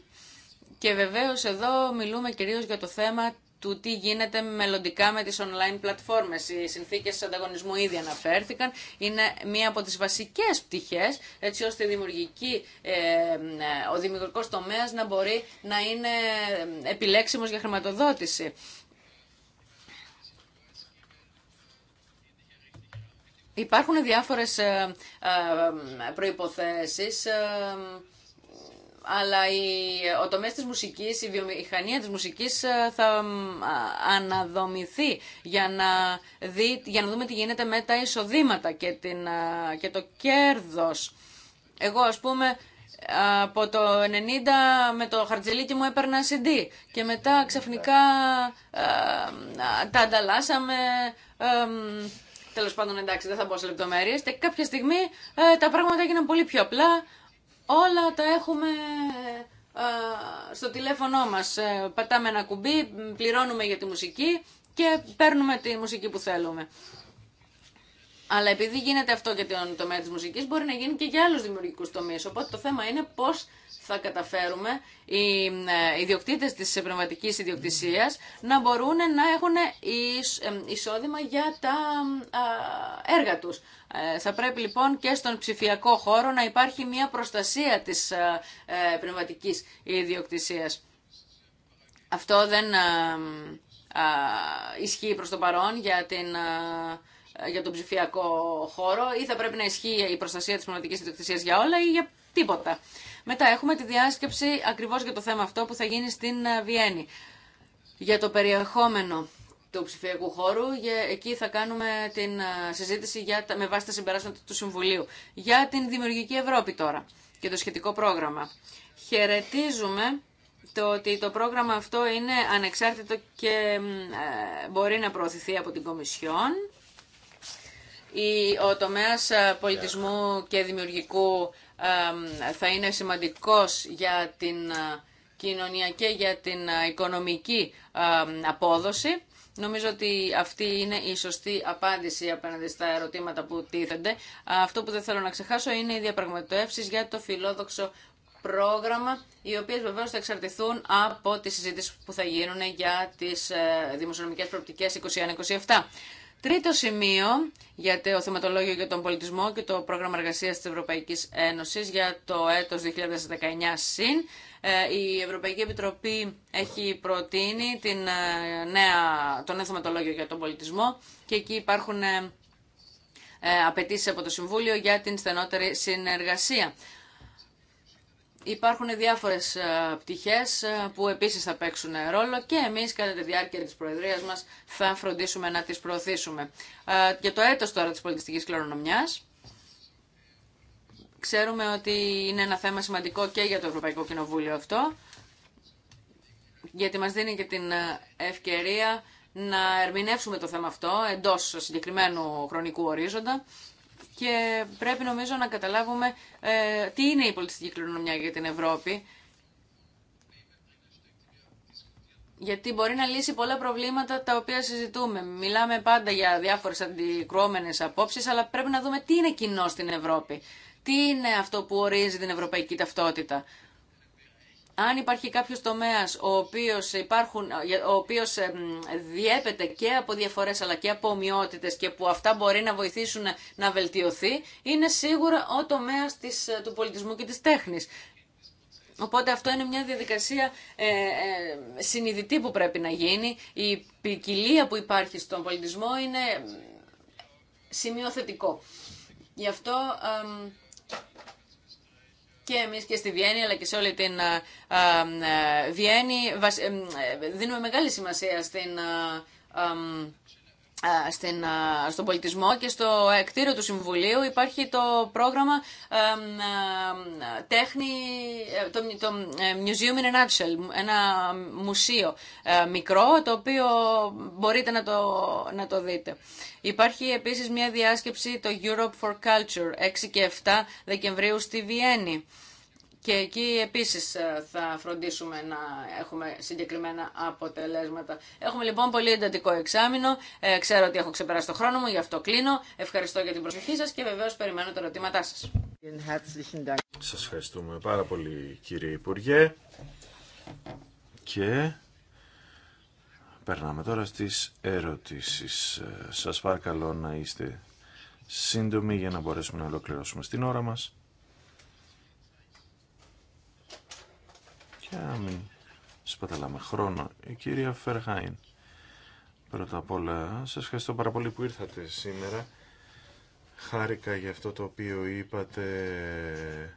Και βεβαίως εδώ μιλούμε κυρίως για το θέμα του τι γίνεται μελλοντικά με τις online πλατφόρμες. Οι συνθήκες ανταγωνισμού ήδη αναφέρθηκαν. Είναι μία από τις βασικές πτυχές, έτσι ώστε δημιουργική, ε, ε, ο δημιουργικός τομέας να μπορεί να είναι επιλέξιμος για χρηματοδότηση. Υπάρχουν διάφορες ε, προϋποθέσεις αλλά η, ο τομέας της μουσικής, η βιομηχανία της μουσικής ε, θα αναδομηθεί για να, δει, για να δούμε τι γίνεται με τα εισοδήματα και, την, και το κέρδος. Εγώ ας πούμε από το 90 με το χαρτζελίκι μου έπαιρνα CD και μετά ξαφνικά ε, ε, τα ανταλλάσαμε, Τέλο τέλος πάντων εντάξει δεν θα μπω σε λεπτομέρειες και κάποια στιγμή τα πράγματα έγιναν πολύ πιο απλά όλα τα έχουμε ε, στο τηλέφωνό μας. Ε, πατάμε ένα κουμπί, πληρώνουμε για τη μουσική και παίρνουμε τη μουσική που θέλουμε. Αλλά επειδή γίνεται αυτό και το τομέα τη μουσική, μπορεί να γίνει και για άλλους δημιουργικούς τομείς. Οπότε το θέμα είναι πώς θα καταφέρουμε οι ε, ιδιοκτήτες της πνευματική ιδιοκτησία να μπορούν να έχουν ε, εισόδημα για τα ε, έργα τους. Θα πρέπει λοιπόν και στον ψηφιακό χώρο να υπάρχει μια προστασία της πνευματική ιδιοκτησίας. Αυτό δεν ισχύει προς το παρόν για την για τον ψηφιακό χώρο ή θα πρέπει να ισχύει η προστασία της πνευματικής ιδιοκτησίας για όλα ή για τίποτα. Μετά έχουμε τη διάσκεψη ακριβώς για το θέμα αυτό που θα γίνει στην ε, Βιέννη. Για το περιεχόμενο του ψηφιακού χώρου. Εκεί θα κάνουμε την ε, συζήτηση για, με βάση τα συμπεράσματα του Συμβουλίου. Για την Δημιουργική Ευρώπη τώρα και το σχετικό πρόγραμμα. Χαιρετίζουμε το ότι το πρόγραμμα αυτό είναι ανεξάρτητο και ε, μπορεί να προωθηθεί από την Κομισιόν. Ο τομέας πολιτισμού και δημιουργικού θα είναι σημαντικός για την ε, κοινωνία και για την ε, οικονομική απόδοση. Νομίζω ότι αυτή είναι η σωστή απάντηση απέναντι στα ερωτήματα που τίθενται. Αυτό που δεν θέλω να ξεχάσω είναι οι διαπραγματεύσεις για το φιλόδοξο πρόγραμμα, οι οποίε βεβαίω θα εξαρτηθούν από τις συζήτησει που θα γίνουν για τι ε, δημοσιονομικέ προοπτικέ 2021-2027. Τρίτο σημείο για το θεματολόγιο για τον πολιτισμό και το πρόγραμμα εργασίας της Ευρωπαϊκής Ένωσης για το έτος 2019 συν. Ε, η Ευρωπαϊκή Επιτροπή έχει προτείνει την ε, νέα, το νέο θεματολόγιο για τον πολιτισμό και εκεί υπάρχουν ε, απαιτήσει από το Συμβούλιο για την στενότερη συνεργασία. Υπάρχουν διάφορες ε, πτυχές ε, που επίσης θα παίξουν ρόλο και εμείς κατά τη διάρκεια της Προεδρίας μας θα φροντίσουμε να τις προωθήσουμε. Ε, για το έτος τώρα της πολιτιστικής κληρονομιάς, ξέρουμε ότι είναι ένα θέμα σημαντικό και για το Ευρωπαϊκό Κοινοβούλιο αυτό, γιατί μας δίνει και την ευκαιρία να ερμηνεύσουμε το θέμα αυτό εντός συγκεκριμένου χρονικού ορίζοντα και πρέπει νομίζω να καταλάβουμε ε, τι είναι η πολιτιστική κληρονομιά για την Ευρώπη. Γιατί μπορεί να λύσει πολλά προβλήματα τα οποία συζητούμε. Μιλάμε πάντα για διάφορες αντικρουόμενες απόψεις, αλλά πρέπει να δούμε τι είναι κοινό στην Ευρώπη. Τι είναι αυτό που ορίζει την ευρωπαϊκή ταυτότητα αν υπάρχει κάποιος τομέας ο οποίος, υπάρχουν, ο οποίος διέπεται και από διαφορές αλλά και από ομοιότητες και που αυτά μπορεί να βοηθήσουν να βελτιωθεί, είναι σίγουρα ο τομέας της, του πολιτισμού και της τέχνης. Οπότε αυτό είναι μια διαδικασία ε, ε συνειδητή που πρέπει να γίνει. Η ποικιλία που υπάρχει στον πολιτισμό είναι σημειοθετικό. Γι' αυτό και εμεί και στη Βιέννη αλλά και σε όλη την ε, ε, ε, Βιέννη δίνουμε μεγάλη σημασία στην στην, στον πολιτισμό και στο εκτήριο του Συμβουλίου υπάρχει το πρόγραμμα ε, ε, τέχνη, το, το ε, Museum in a Nutshell, ένα μουσείο ε, μικρό το οποίο μπορείτε να το, να το δείτε. Υπάρχει επίσης μια διάσκεψη το Europe for Culture 6 και 7 Δεκεμβρίου στη Βιέννη. Και εκεί επίσης ε, θα φροντίσουμε να έχουμε συγκεκριμένα αποτελέσματα. Έχουμε λοιπόν πολύ εντατικό εξάμεινο. Ε, ξέρω ότι έχω ξεπεράσει το χρόνο μου, γι' αυτό κλείνω. Ευχαριστώ για την προσοχή σας και βεβαίως περιμένω τα ερωτήματά σας. Σας ευχαριστούμε πάρα πολύ κύριε Υπουργέ. Και περνάμε τώρα στις ερωτήσεις. Ε, σας παρακαλώ να είστε σύντομοι για να μπορέσουμε να ολοκληρώσουμε στην ώρα μας. και μην σπαταλάμε χρόνο. Η κυρία Φερχάιν. Πρώτα απ' όλα, σας ευχαριστώ πάρα πολύ που ήρθατε σήμερα. Χάρηκα για αυτό το οποίο είπατε.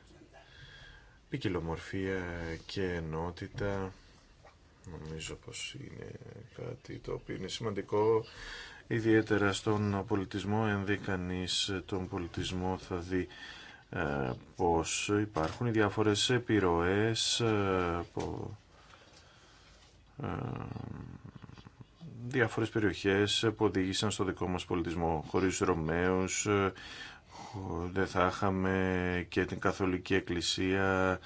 Ποικιλομορφία και ενότητα. Νομίζω πως είναι κάτι το οποίο είναι σημαντικό. Ιδιαίτερα στον πολιτισμό, ενδεί τον πολιτισμό θα δει ε, πως υπάρχουν οι διάφορες επιρροές ε, ε, διάφορες περιοχές που οδήγησαν στο δικό μας πολιτισμό χωρίς Ρωμαίους δεν θα είχαμε και την Καθολική Εκκλησία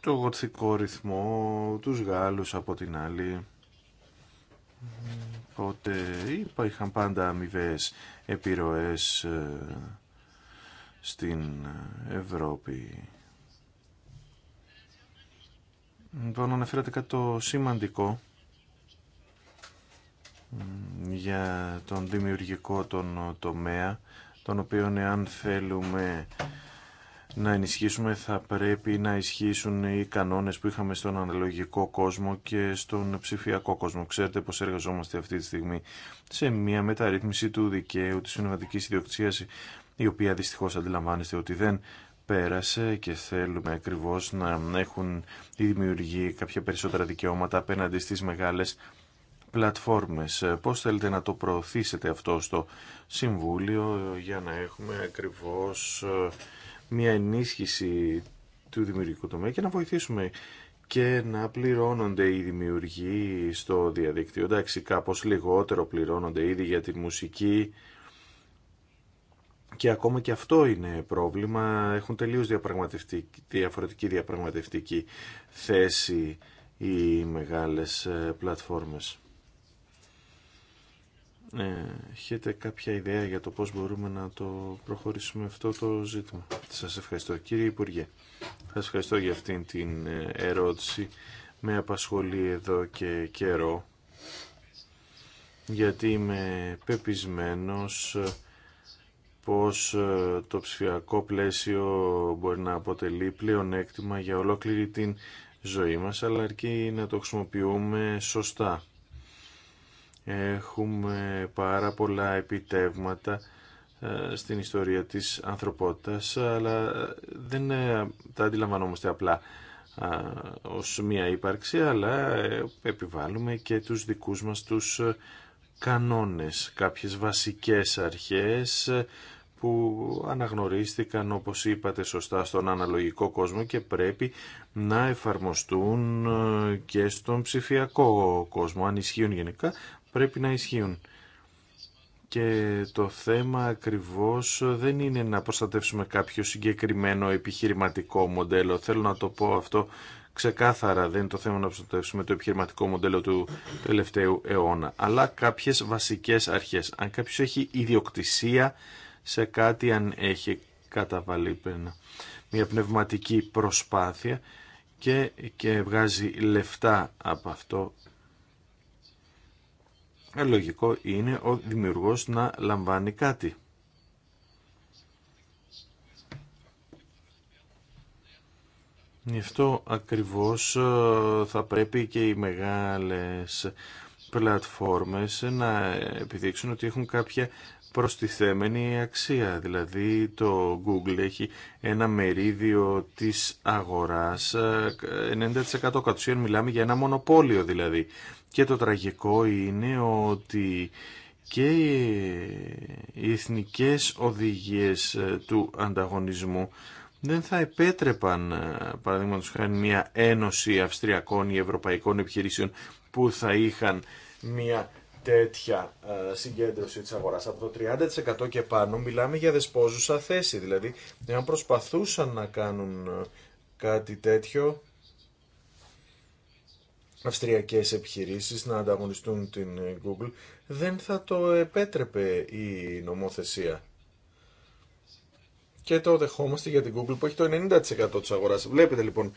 το γοτθικο ρυθμό τους Γάλλους από την άλλη Οπότε είπα, είχαν πάντα αμοιβέ επιρροές στην Ευρώπη. Λοιπόν, αναφέρατε κάτι το σημαντικό για τον δημιουργικό τον τομέα, τον οποίο εάν ναι, θέλουμε να ενισχύσουμε θα πρέπει να ισχύσουν οι κανόνες που είχαμε στον αναλογικό κόσμο και στον ψηφιακό κόσμο. Ξέρετε πως εργαζόμαστε αυτή τη στιγμή σε μια μεταρρύθμιση του δικαίου της συμβατικής ιδιοκτησίας η οποία δυστυχώς αντιλαμβάνεστε ότι δεν πέρασε και θέλουμε ακριβώς να έχουν ή δημιουργεί κάποια περισσότερα δικαιώματα απέναντι στις μεγάλες πλατφόρμες. Πώς θέλετε να το προωθήσετε αυτό στο Συμβούλιο για να έχουμε ακριβώς ε, μια ενίσχυση του δημιουργικού τομέα και να βοηθήσουμε και να πληρώνονται οι δημιουργοί στο διαδίκτυο. Εντάξει, κάπως λιγότερο πληρώνονται ήδη για τη μουσική, και ακόμα και αυτό είναι πρόβλημα. Έχουν τελείως διαφορετική διαπραγματευτική θέση οι μεγάλες ε, πλατφόρμες. Ε, έχετε κάποια ιδέα για το πώς μπορούμε να το προχωρήσουμε αυτό το ζήτημα. Σας ευχαριστώ. Κύριε Υπουργέ, σας ευχαριστώ για αυτήν την ε, ερώτηση. Με απασχολεί εδώ και καιρό, γιατί είμαι πεπισμένος πως ε, το ψηφιακό πλαίσιο μπορεί να αποτελεί πλεονέκτημα για ολόκληρη την ζωή μας, αλλά αρκεί να το χρησιμοποιούμε σωστά. Έχουμε πάρα πολλά επιτεύγματα ε, στην ιστορία της ανθρωπότητας, αλλά ε, δεν τα αντιλαμβανόμαστε απλά ως μία ύπαρξη, αλλά επιβάλλουμε και τους δικούς μας τους κανόνες, κάποιες βασικές αρχές που αναγνωρίστηκαν όπως είπατε σωστά στον αναλογικό κόσμο και πρέπει να εφαρμοστούν ε, και στον ψηφιακό κόσμο. Αν ισχύουν γενικά πρέπει να ισχύουν. Και το θέμα ακριβώς δεν είναι να προστατεύσουμε κάποιο συγκεκριμένο επιχειρηματικό μοντέλο. Θέλω να το πω αυτό Ξεκάθαρα δεν είναι το θέμα να προστατεύσουμε το επιχειρηματικό μοντέλο του τελευταίου αιώνα, αλλά κάποιες βασικές αρχές. Αν κάποιο έχει ιδιοκτησία σε κάτι, αν έχει καταβάλει μια πνευματική προσπάθεια και, και βγάζει λεφτά από αυτό, ε, λογικό είναι ο δημιουργός να λαμβάνει κάτι. Γι' αυτό ακριβώς ε, θα πρέπει και οι μεγάλες πλατφόρμες να επιδείξουν ότι έχουν κάποια προστιθέμενη αξία. Δηλαδή το Google έχει ένα μερίδιο της αγοράς 90% ε, κατ' μιλάμε για ένα μονοπόλιο δηλαδή. Και το τραγικό είναι ότι και οι εθνικές οδηγίες του ανταγωνισμού δεν θα επέτρεπαν, ε, παραδείγματο χάρη, μια ένωση αυστριακών ή ευρωπαϊκών επιχειρήσεων που θα είχαν μια τέτοια ε, συγκέντρωση της αγοράς. Από το 30% και πάνω μιλάμε για δεσπόζουσα θέση. Δηλαδή, εάν προσπαθούσαν να κάνουν ε, κάτι τέτοιο, αυστριακές επιχειρήσεις να ανταγωνιστούν την Google, δεν θα το επέτρεπε η νομοθεσία και το δεχόμαστε για την Google που έχει το 90% της αγοράς. Βλέπετε λοιπόν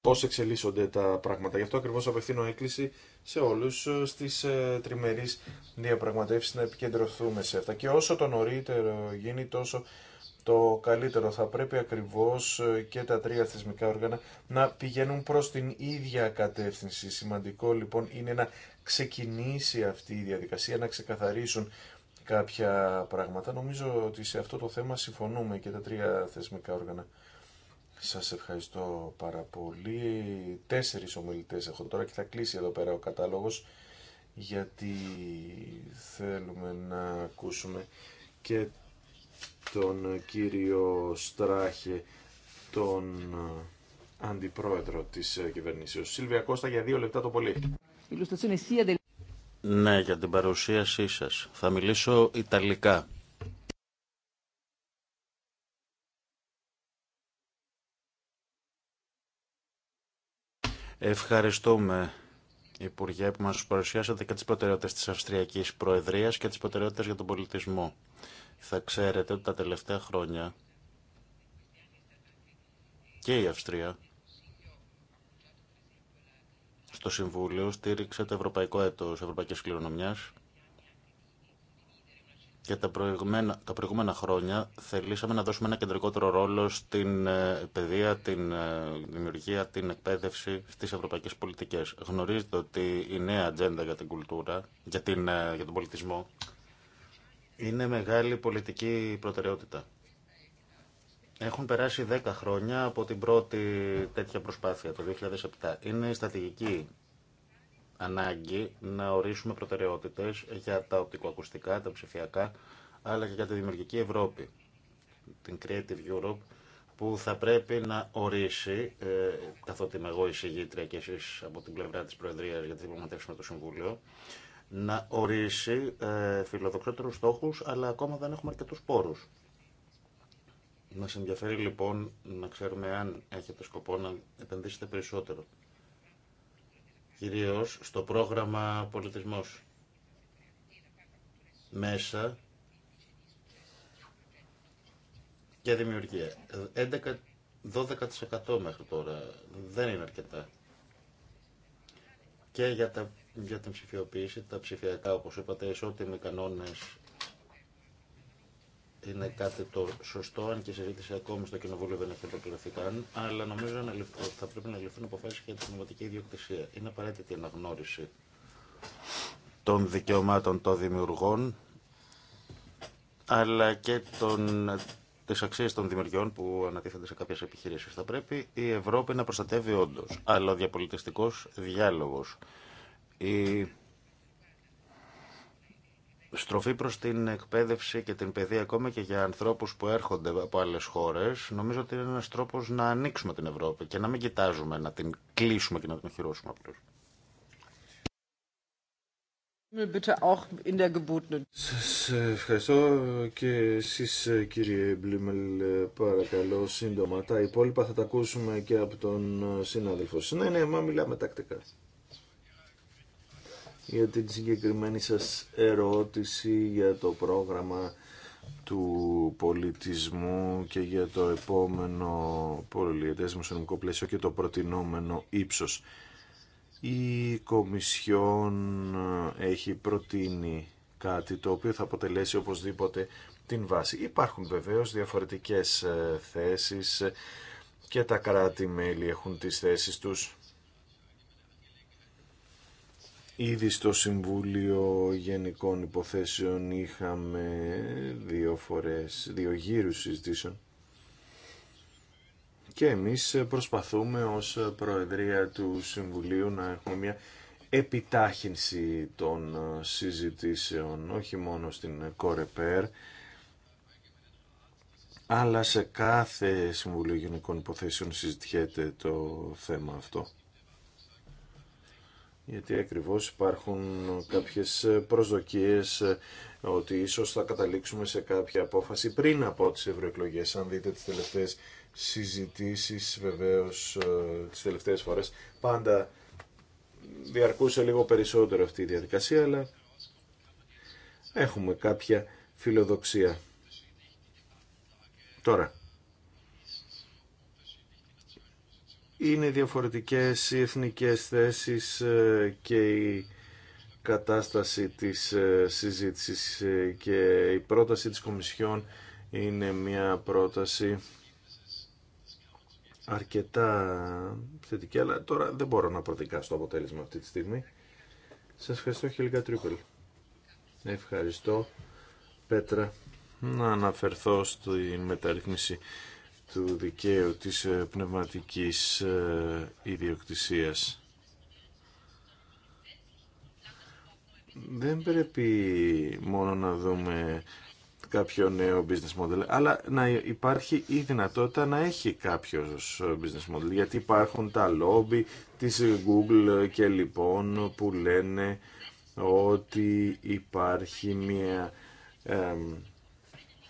πώς εξελίσσονται τα πράγματα. Γι' αυτό ακριβώς απευθύνω έκκληση σε όλους ε, στις ε, τριμερείς διαπραγματεύσεις να επικεντρωθούμε σε αυτά. Και όσο το νωρίτερο γίνει τόσο το καλύτερο. Θα πρέπει ακριβώς ε, και τα τρία θεσμικά όργανα να πηγαίνουν προς την ίδια κατεύθυνση. Σημαντικό λοιπόν είναι να ξεκινήσει αυτή η διαδικασία, να ξεκαθαρίσουν κάποια πράγματα. Νομίζω ότι σε αυτό το θέμα συμφωνούμε και τα τρία θεσμικά όργανα. Σας ευχαριστώ πάρα πολύ. Τέσσερις ομιλητές έχω τώρα και θα κλείσει εδώ πέρα ο κατάλογος γιατί θέλουμε να ακούσουμε και τον κύριο Στράχε, τον αντιπρόεδρο της κυβερνήσεως. Σίλβια Κώστα για δύο λεπτά το πολύ. Ναι, για την παρουσίασή σας. Θα μιλήσω Ιταλικά. Ευχαριστούμε, Υπουργέ, που μας παρουσιάσατε και τις προτεραιότητες της Αυστριακής Προεδρίας και τις προτεραιότητες για τον πολιτισμό. Θα ξέρετε ότι τα τελευταία χρόνια και η Αυστρία στο Συμβούλιο στήριξε το Ευρωπαϊκό Έτος Ευρωπαϊκής Κληρονομιάς και τα προηγούμενα, τα προηγούμενα χρόνια θελήσαμε να δώσουμε ένα κεντρικότερο ρόλο στην ε, παιδεία, την ε, δημιουργία, την εκπαίδευση στις ευρωπαϊκές πολιτικές. Γνωρίζετε ότι η νέα ατζέντα για την κουλτούρα, για, την, ε, για τον πολιτισμό, είναι μεγάλη πολιτική προτεραιότητα. Έχουν περάσει 10 χρόνια από την πρώτη τέτοια προσπάθεια, το 2007. Είναι στατηγική ανάγκη να ορίσουμε προτεραιότητες για τα οπτικοακουστικά, τα ψηφιακά, αλλά και για τη δημιουργική Ευρώπη, την Creative Europe, που θα πρέπει να ορίσει, ε, καθότι είμαι εγώ εισηγήτρια και εσείς από την πλευρά της Προεδρίας για τη διπλωματεύση το Συμβούλιο, να ορίσει ε, φιλοδοξότερους στόχους, αλλά ακόμα δεν έχουμε αρκετούς πόρους. Μας ενδιαφέρει λοιπόν να ξέρουμε αν έχετε σκοπό να επενδύσετε περισσότερο. Κυρίως στο πρόγραμμα πολιτισμός. Μέσα και δημιουργία. 11, 12% μέχρι τώρα δεν είναι αρκετά. Και για, τα, για την ψηφιοποίηση, τα ψηφιακά, όπως είπατε, ισότιμοι κανόνες είναι κάτι το σωστό, αν και η συζήτηση ακόμη στο Κοινοβούλιο δεν έχει ολοκληρωθεί καν, αλλά νομίζω ότι θα πρέπει να ληφθούν αποφάσει για την πνευματική ιδιοκτησία. Είναι απαραίτητη η αναγνώριση των δικαιωμάτων των δημιουργών, αλλά και των, τις αξίες των δημιουργιών που ανατίθενται σε κάποιες επιχειρήσεις. Θα πρέπει η Ευρώπη να προστατεύει όντω, αλλά ο διαπολιτιστικό διάλογο. η στροφή προς την εκπαίδευση και την παιδεία ακόμα και για ανθρώπους που έρχονται από άλλες χώρες νομίζω ότι είναι ένας τρόπος να ανοίξουμε την Ευρώπη και να μην κοιτάζουμε να την κλείσουμε και να την χειρώσουμε απλώς. Σας ευχαριστώ και εσείς κύριε Μπλίμελ παρακαλώ σύντομα. Τα υπόλοιπα θα τα ακούσουμε και από τον συνάδελφο. Ναι, ναι, μα μιλάμε τακτικά για την συγκεκριμένη σας ερώτηση για το πρόγραμμα του πολιτισμού και για το επόμενο πολυετές δημοσιονομικό πλαίσιο και το προτινόμενο ύψος. Η Κομισιόν έχει προτείνει κάτι το οποίο θα αποτελέσει οπωσδήποτε την βάση. Υπάρχουν βεβαίως διαφορετικές ε, θέσεις και τα κράτη-μέλη έχουν τις θέσεις τους Ήδη στο Συμβούλιο Γενικών Υποθέσεων είχαμε δύο φορές, δύο γύρους συζητήσεων και εμείς προσπαθούμε ως Προεδρία του Συμβουλίου να έχουμε μια επιτάχυνση των συζητήσεων, όχι μόνο στην Κορεπέρ, αλλά σε κάθε Συμβουλίο Γενικών Υποθέσεων συζητιέται το θέμα αυτό γιατί ακριβώς υπάρχουν κάποιες προσδοκίες ότι ίσως θα καταλήξουμε σε κάποια απόφαση πριν από τις ευρωεκλογέ. Αν δείτε τις τελευταίες συζητήσεις, βεβαίως ε, τις τελευταίες φορές, πάντα διαρκούσε λίγο περισσότερο αυτή η διαδικασία, αλλά έχουμε κάποια φιλοδοξία. Τώρα, είναι διαφορετικές οι εθνικές θέσεις ε, και η κατάσταση της ε, συζήτησης ε, και η πρόταση της Κομισιόν είναι μια πρόταση αρκετά θετική, αλλά τώρα δεν μπορώ να προδικάσω το αποτέλεσμα αυτή τη στιγμή. Σας ευχαριστώ χιλικά Τρίπελ. Ευχαριστώ Πέτρα να αναφερθώ στη μεταρρύθμιση του δικαίου της ε, πνευματικής ε, ιδιοκτησίας. Δεν πρέπει μόνο να δούμε κάποιο νέο business model, αλλά να υπάρχει η δυνατότητα να έχει κάποιος ε, business model, γιατί υπάρχουν τα lobby της Google και λοιπόν που λένε ότι υπάρχει μια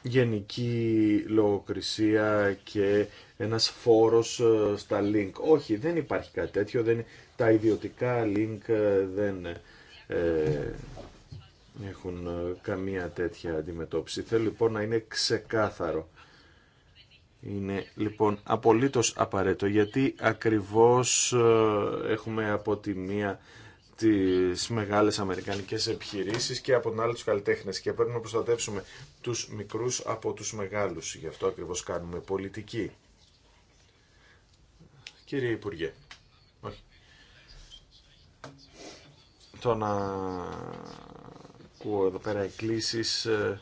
γενική λογοκρισία και ένας φόρος ε, στα link. Όχι, δεν υπάρχει κάτι τέτοιο. Δεν, τα ιδιωτικά link ε, δεν ε, έχουν καμία τέτοια αντιμετώπιση. Θέλω λοιπόν να είναι ξεκάθαρο. Είναι λοιπόν απολύτως απαραίτητο γιατί ακριβώς έχουμε από τη μία τις μεγάλες αμερικανικές επιχειρήσεις και από την άλλη τους καλλιτέχνες και πρέπει να προστατεύσουμε τους μικρούς από τους μεγάλους. Γι' αυτό ακριβώς κάνουμε πολιτική. Κύριε Υπουργέ, όχι. Το να ακούω εδώ πέρα εκκλήσεις ε,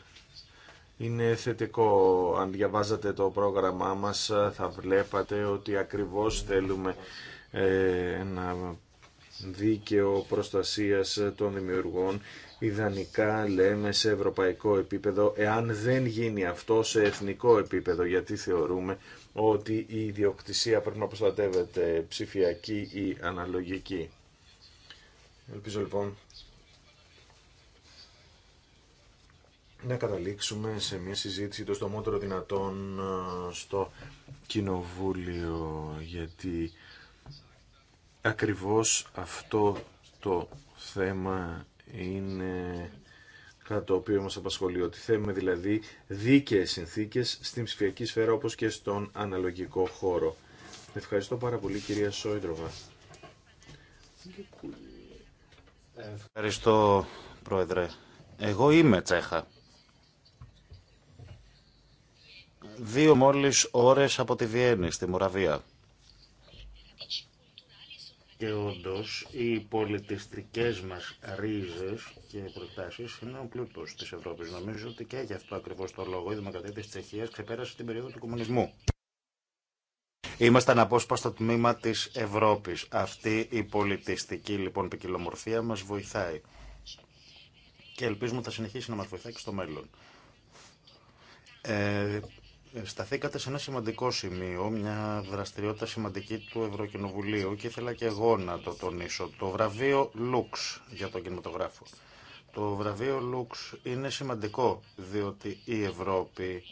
είναι θετικό. Αν διαβάζατε το πρόγραμμά μας ε, θα βλέπατε ότι ακριβώς θέλουμε ε, να δίκαιο προστασίας των δημιουργών. Ιδανικά λέμε σε ευρωπαϊκό επίπεδο, εάν δεν γίνει αυτό σε εθνικό επίπεδο, γιατί θεωρούμε ότι η ιδιοκτησία πρέπει να προστατεύεται ψηφιακή ή αναλογική. Ελπίζω λοιπόν να καταλήξουμε σε μια συζήτηση το στομότερο δυνατόν ε, στο Κοινοβούλιο γιατί ακριβώς αυτό το θέμα είναι κάτι το οποίο μας απασχολεί, ότι θέλουμε δηλαδή δίκαιες συνθήκες στην ψηφιακή σφαίρα όπως και στον αναλογικό χώρο. Ευχαριστώ πάρα πολύ κυρία Σόιντροβα. Ευχαριστώ πρόεδρε. Εγώ είμαι Τσέχα. Δύο μόλις ώρες από τη Βιέννη, στη Μοραβία. Και όντω οι πολιτιστικέ μα ρίζε και προτάσει είναι ο πλούτο τη Ευρώπη. Νομίζω ότι και γι' αυτό ακριβώ το λόγο η Δημοκρατία τη Τσεχία ξεπέρασε την περίοδο του κομμουνισμού. ένα απόσπαστο τμήμα τη Ευρώπη. Αυτή η πολιτιστική λοιπόν ποικιλομορφία μα βοηθάει. Και ελπίζουμε ότι θα συνεχίσει να μα βοηθάει και στο μέλλον. Ε, Σταθήκατε σε ένα σημαντικό σημείο, μια δραστηριότητα σημαντική του Ευρωκοινοβουλίου και ήθελα και εγώ να το τονίσω. Το βραβείο Lux για τον κινηματογράφο. Το βραβείο Lux είναι σημαντικό διότι η Ευρώπη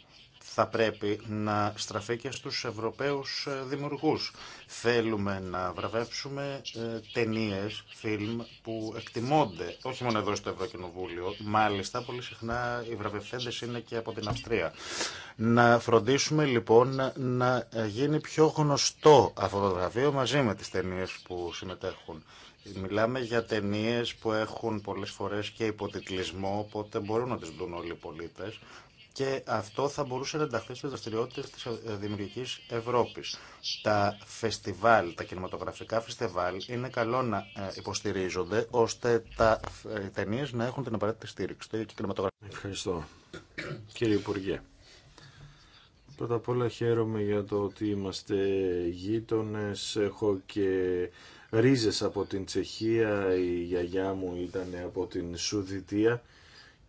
θα πρέπει να στραφεί και στους Ευρωπαίους ε, δημιουργούς. Θέλουμε να βραβεύσουμε ε, ταινίες, φιλμ που εκτιμώνται, όχι μόνο εδώ στο Ευρωκοινοβούλιο, μάλιστα πολύ συχνά οι βραβευθέντες είναι και από την Αυστρία. Να φροντίσουμε λοιπόν να γίνει πιο γνωστό αυτό το βραβείο μαζί με τις ταινίες που συμμετέχουν. Μιλάμε για ταινίε που έχουν πολλές φορές και υποτιτλισμό, οπότε μπορούν να τις δουν όλοι οι πολίτες και αυτό θα μπορούσε να ενταχθεί στι δραστηριότητε τη ε, Δημιουργική Ευρώπη. Τα φεστιβάλ, τα κινηματογραφικά φεστιβάλ είναι καλό να ε, υποστηρίζονται ώστε τα ε, ταινίε να έχουν την απαραίτητη στήριξη. Το Ευχαριστώ. Κύριε Υπουργέ. Πρώτα απ' όλα χαίρομαι για το ότι είμαστε γείτονες. Έχω και ρίζες από την Τσεχία, η γιαγιά μου ήταν από την Σουδητία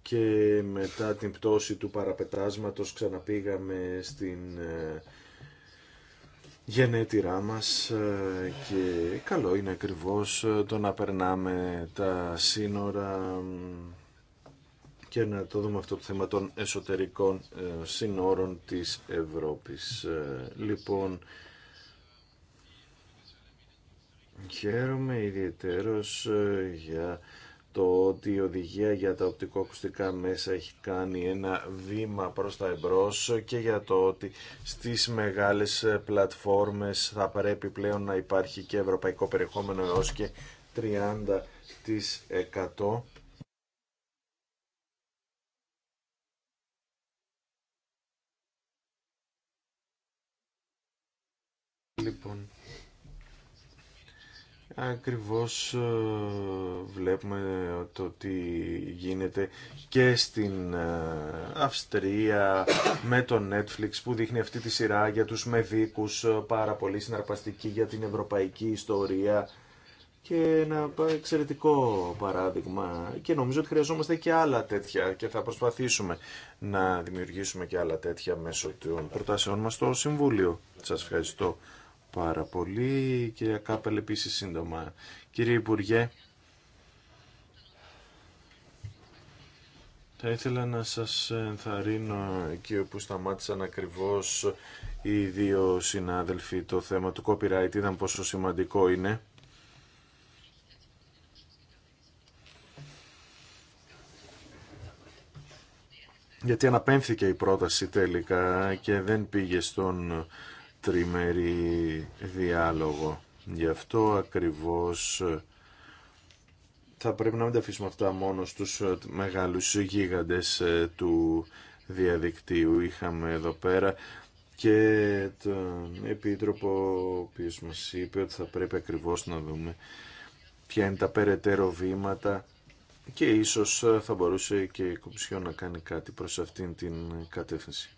και μετά την πτώση του παραπετάσματος ξαναπήγαμε στην ε, γενέτειρά μας ε, και καλό είναι ακριβώς ε, το να περνάμε τα σύνορα και να το δούμε αυτό το θέμα των εσωτερικών σύνορων της Ευρώπης. Λοιπόν, χαίρομαι ιδιαίτερος για το ότι η οδηγία για τα οπτικοακουστικά μέσα έχει κάνει ένα βήμα προς τα εμπρός και για το ότι στις μεγάλες πλατφόρμες θα πρέπει πλέον να υπάρχει και ευρωπαϊκό περιεχόμενο έως και 30% Λοιπόν, Ακριβώς ε, βλέπουμε το τι γίνεται και στην ε, Αυστρία με το Netflix που δείχνει αυτή τη σειρά για τους μεδίκους ε, πάρα πολύ συναρπαστική για την ευρωπαϊκή ιστορία και ένα εξαιρετικό παράδειγμα και νομίζω ότι χρειαζόμαστε και άλλα τέτοια και θα προσπαθήσουμε να δημιουργήσουμε και άλλα τέτοια μέσω των προτάσεων μας στο Συμβούλιο. Σας ευχαριστώ πάρα πολύ. και κυρία Κάπελ σύντομα. Κύριε Υπουργέ, θα ήθελα να σας ενθαρρύνω εκεί όπου σταμάτησαν ακριβώς οι δύο συνάδελφοι το θέμα του copyright είδαν πόσο σημαντικό είναι. γιατί αναπέμφθηκε η πρόταση τελικά και δεν πήγε στον τριμερή διάλογο. Γι' αυτό ακριβώς ε, θα πρέπει να μην τα αφήσουμε αυτά μόνο στους ε, μεγάλους γίγαντες ε, του διαδικτύου. Είχαμε εδώ πέρα και τον Επίτροπο ο οποίος μας είπε ότι θα πρέπει ακριβώς να δούμε ποια είναι τα περαιτέρω βήματα και ίσως θα μπορούσε και η Κομψιό να κάνει κάτι προς αυτήν την κατεύθυνση.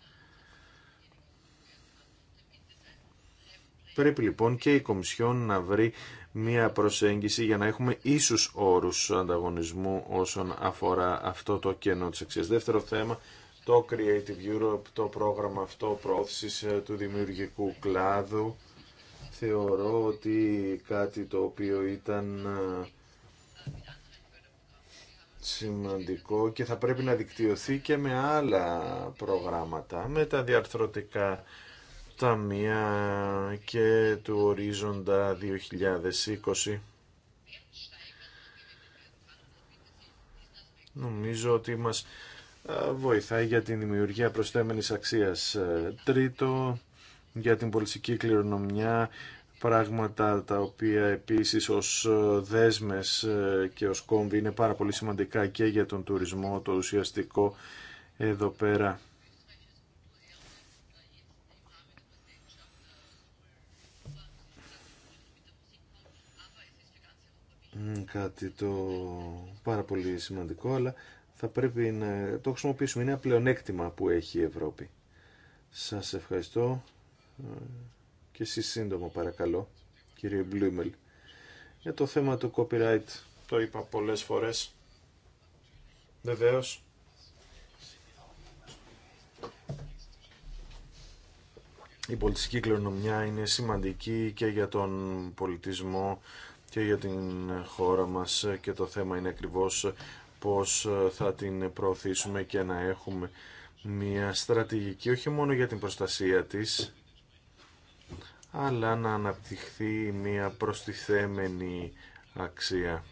Πρέπει λοιπόν και η Κομισιόν να βρει μία προσέγγιση για να έχουμε ίσους όρους ανταγωνισμού όσον αφορά αυτό το κενό της αξίας. Δεύτερο θέμα, το Creative Europe, το πρόγραμμα αυτό πρόθεσης ε, του δημιουργικού κλάδου. Θεωρώ ότι κάτι το οποίο ήταν ε, σημαντικό και θα πρέπει να δικτυωθεί και με άλλα προγράμματα, με τα διαρθρωτικά ταμεία και του ορίζοντα 2020. Νομίζω ότι μας βοηθάει για την δημιουργία προσθέμενης αξίας. Ε, τρίτο, για την πολιτική κληρονομιά, πράγματα τα οποία επίσης ως ε, δέσμες ε, και ως κόμβι είναι πάρα πολύ σημαντικά και για τον τουρισμό, το ουσιαστικό εδώ πέρα κάτι το πάρα πολύ σημαντικό, αλλά θα πρέπει να το χρησιμοποιήσουμε. Είναι ένα πλεονέκτημα που έχει η Ευρώπη. Σας ευχαριστώ και εσείς σύντομα παρακαλώ, κύριε Μπλούμελ. Για το θέμα του copyright το είπα πολλές φορές. Βεβαίως. Η πολιτική κληρονομιά είναι σημαντική και για τον πολιτισμό και για την χώρα μας και το θέμα είναι ακριβώς πώς θα την προωθήσουμε και να έχουμε μια στρατηγική όχι μόνο για την προστασία της αλλά να αναπτυχθεί μια προστιθέμενη αξία.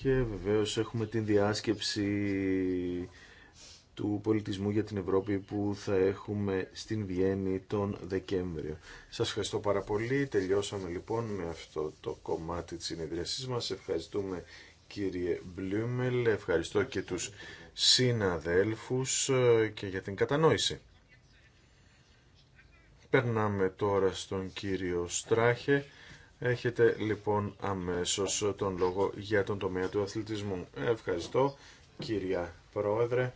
Και βεβαίως έχουμε την διάσκεψη του πολιτισμού για την Ευρώπη που θα έχουμε στην Βιέννη τον Δεκέμβριο. Σας ευχαριστώ πάρα πολύ. Τελειώσαμε λοιπόν με αυτό το κομμάτι της συνεδρίασής μας. Ευχαριστούμε κύριε Μπλούμελ. Ευχαριστώ και τους συναδέλφους ε, και για την κατανόηση. Περνάμε τώρα στον κύριο Στράχε. Έχετε λοιπόν αμέσως τον λόγο για τον τομέα του αθλητισμού. Ευχαριστώ κυρία Πρόεδρε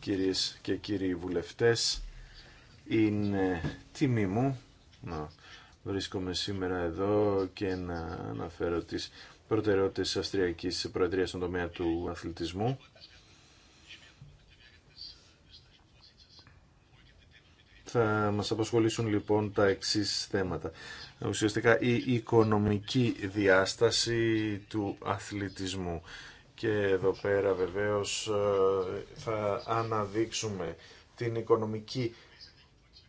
κυρίες και κύριοι βουλευτές. Είναι τιμή μου να βρίσκομαι σήμερα εδώ και να αναφέρω τις προτεραιότητες της Αυστριακής Προεδρίας στον τομέα του αθλητισμού. Θα μας απασχολήσουν λοιπόν τα εξής θέματα. Ουσιαστικά η οικονομική διάσταση του αθλητισμού και εδώ πέρα βεβαίως ε, θα αναδείξουμε την οικονομική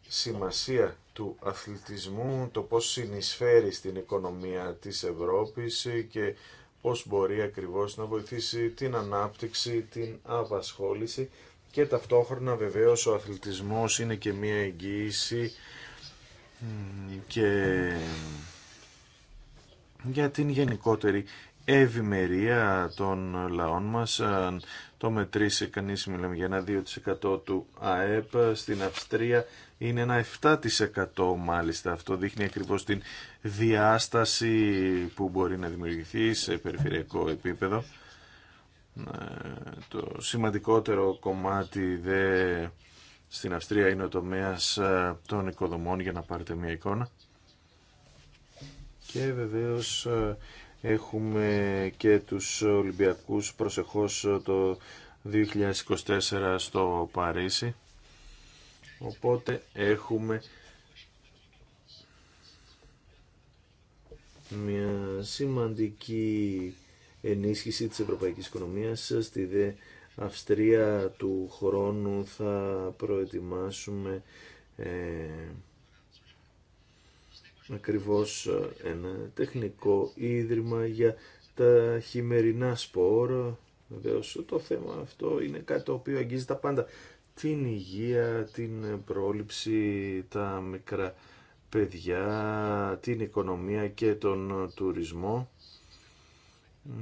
σημασία του αθλητισμού, το πώς συνεισφέρει στην οικονομία της Ευρώπης και πώς μπορεί ακριβώς να βοηθήσει την ανάπτυξη, την απασχόληση και ταυτόχρονα βεβαίως ο αθλητισμός είναι και μία εγγύηση και για την γενικότερη ευημερία των λαών μας. Ε, το μετρήσει κανείς, μιλάμε για ένα 2% του ΑΕΠ, στην Αυστρία είναι ένα 7% μάλιστα. Αυτό δείχνει ακριβώς την διάσταση που μπορεί να δημιουργηθεί σε περιφερειακό επίπεδο. Ε, το σημαντικότερο κομμάτι δε στην Αυστρία είναι ο τομέας ε, των οικοδομών για να πάρετε μια εικόνα. Και βεβαίως Έχουμε και τους Ολυμπιακούς προσεχώς το 2024 στο Παρίσι. Οπότε έχουμε μια σημαντική ενίσχυση της ευρωπαϊκής οικονομίας στη δε Αυστρία του χρόνου θα προετοιμάσουμε ε, ακριβώς ε, ένα τεχνικό ίδρυμα για τα χειμερινά σπορ. Βεβαίω το θέμα αυτό είναι κάτι το οποίο αγγίζει τα πάντα. Την υγεία, την πρόληψη, τα μικρά παιδιά, την οικονομία και τον τουρισμό.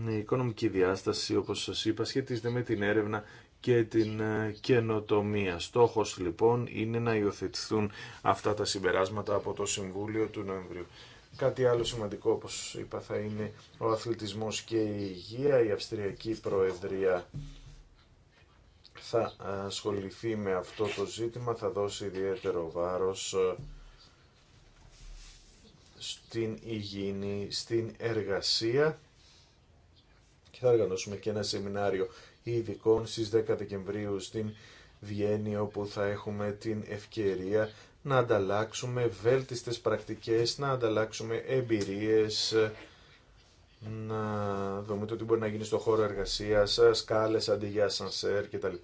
Η οικονομική διάσταση, όπως σας είπα, σχετίζεται με την έρευνα και την ε, καινοτομία. Στόχος λοιπόν είναι να υιοθετηθούν αυτά τα συμπεράσματα από το Συμβούλιο του Νοεμβρίου. Κάτι άλλο σημαντικό, όπως είπα, θα είναι ο αθλητισμός και η υγεία. Η Αυστριακή Προεδρία θα ασχοληθεί με αυτό το ζήτημα, θα δώσει ιδιαίτερο βάρος ε, στην υγιεινή, στην εργασία και θα οργανώσουμε και ένα σεμινάριο ειδικών στις 10 Δεκεμβρίου στην Βιέννη όπου θα έχουμε την ευκαιρία να ανταλλάξουμε βέλτιστες πρακτικές, να ανταλλάξουμε εμπειρίες, να δούμε το τι μπορεί να γίνει στο χώρο εργασίας, σκάλες αντί για σανσέρ κτλ.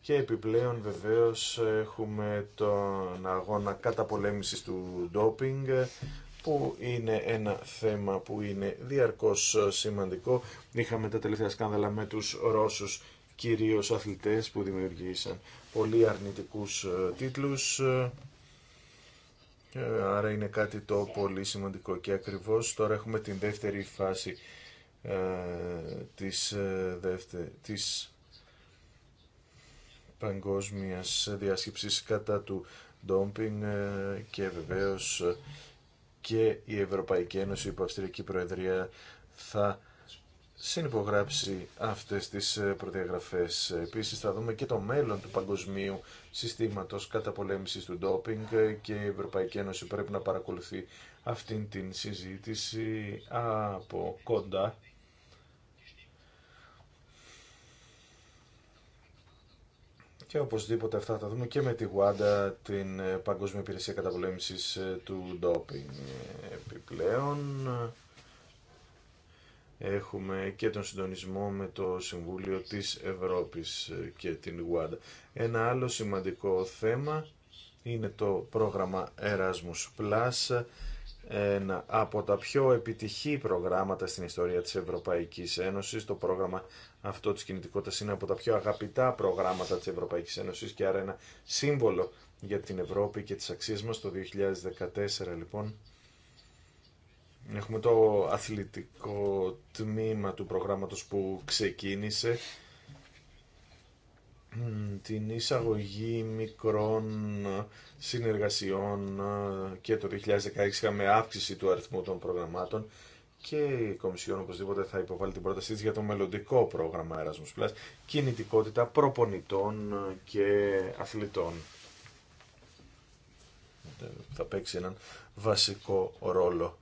Και επιπλέον βεβαίως έχουμε τον αγώνα καταπολέμησης του ντόπινγκ που είναι ένα θέμα που είναι διαρκώς ε, σημαντικό. Είχαμε τα τελευταία σκάνδαλα με τους Ρώσους κυρίως αθλητές που δημιουργήσαν πολύ αρνητικούς ε, τίτλους. Ε, άρα είναι κάτι το πολύ σημαντικό και ακριβώς τώρα έχουμε την δεύτερη φάση ε, της, δεύτε, της παγκόσμιας διάσκεψης κατά του ντόμπινγκ και βεβαίως και η Ευρωπαϊκή Ένωση υπό Αυστριακή Προεδρία θα συνυπογράψει αυτές τις ε, προδιαγραφές. Επίσης θα δούμε και το μέλλον του παγκοσμίου συστήματος καταπολέμησης του ντόπινγκ και η Ευρωπαϊκή Ένωση πρέπει να παρακολουθεί αυτήν την συζήτηση από κοντά και οπωσδήποτε αυτά θα δούμε και με τη Γουάντα, την ε, Παγκόσμια Υπηρεσία Καταπολέμησης ε, του Ντόπινγκ. Επιπλέον ε, έχουμε και τον συντονισμό με το Συμβούλιο της Ευρώπης και την Γουάντα. Ένα άλλο σημαντικό θέμα είναι το πρόγραμμα Erasmus Plus ένα από τα πιο επιτυχή προγράμματα στην ιστορία της Ευρωπαϊκής Ένωσης. Το πρόγραμμα αυτό της κινητικότητας είναι από τα πιο αγαπητά προγράμματα της Ευρωπαϊκής Ένωσης και άρα ένα σύμβολο για την Ευρώπη και τις αξίες μας. Το 2014 λοιπόν έχουμε το αθλητικό τμήμα του προγράμματος που ξεκίνησε την εισαγωγή μικρών συνεργασιών ε, και το 2016 είχαμε αύξηση του αριθμού των προγραμμάτων και η Κομισιόν οπωσδήποτε θα υποβάλει την πρότασή της για το μελλοντικό πρόγραμμα Erasmus Plus, κινητικότητα προπονητών ε, και αθλητών. Ε, θα παίξει έναν βασικό ρόλο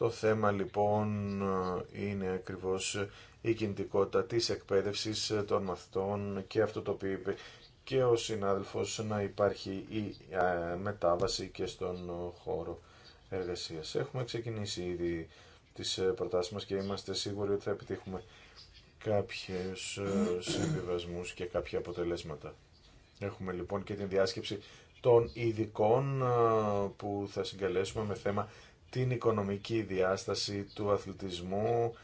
το θέμα λοιπόν είναι ακριβώς η κινητικότητα της εκπαίδευσης των μαθητών και αυτό το οποίο είπε και ο συνάδελφος να υπάρχει η μετάβαση και στον χώρο εργασίας. Έχουμε ξεκινήσει ήδη τις προτάσεις μας και είμαστε σίγουροι ότι θα επιτύχουμε κάποιες ε, συμβιβασμούς και κάποια αποτελέσματα. Έχουμε λοιπόν και την διάσκεψη των ειδικών ε, που θα συγκαλέσουμε με θέμα την οικονομική διάσταση του αθλητισμού,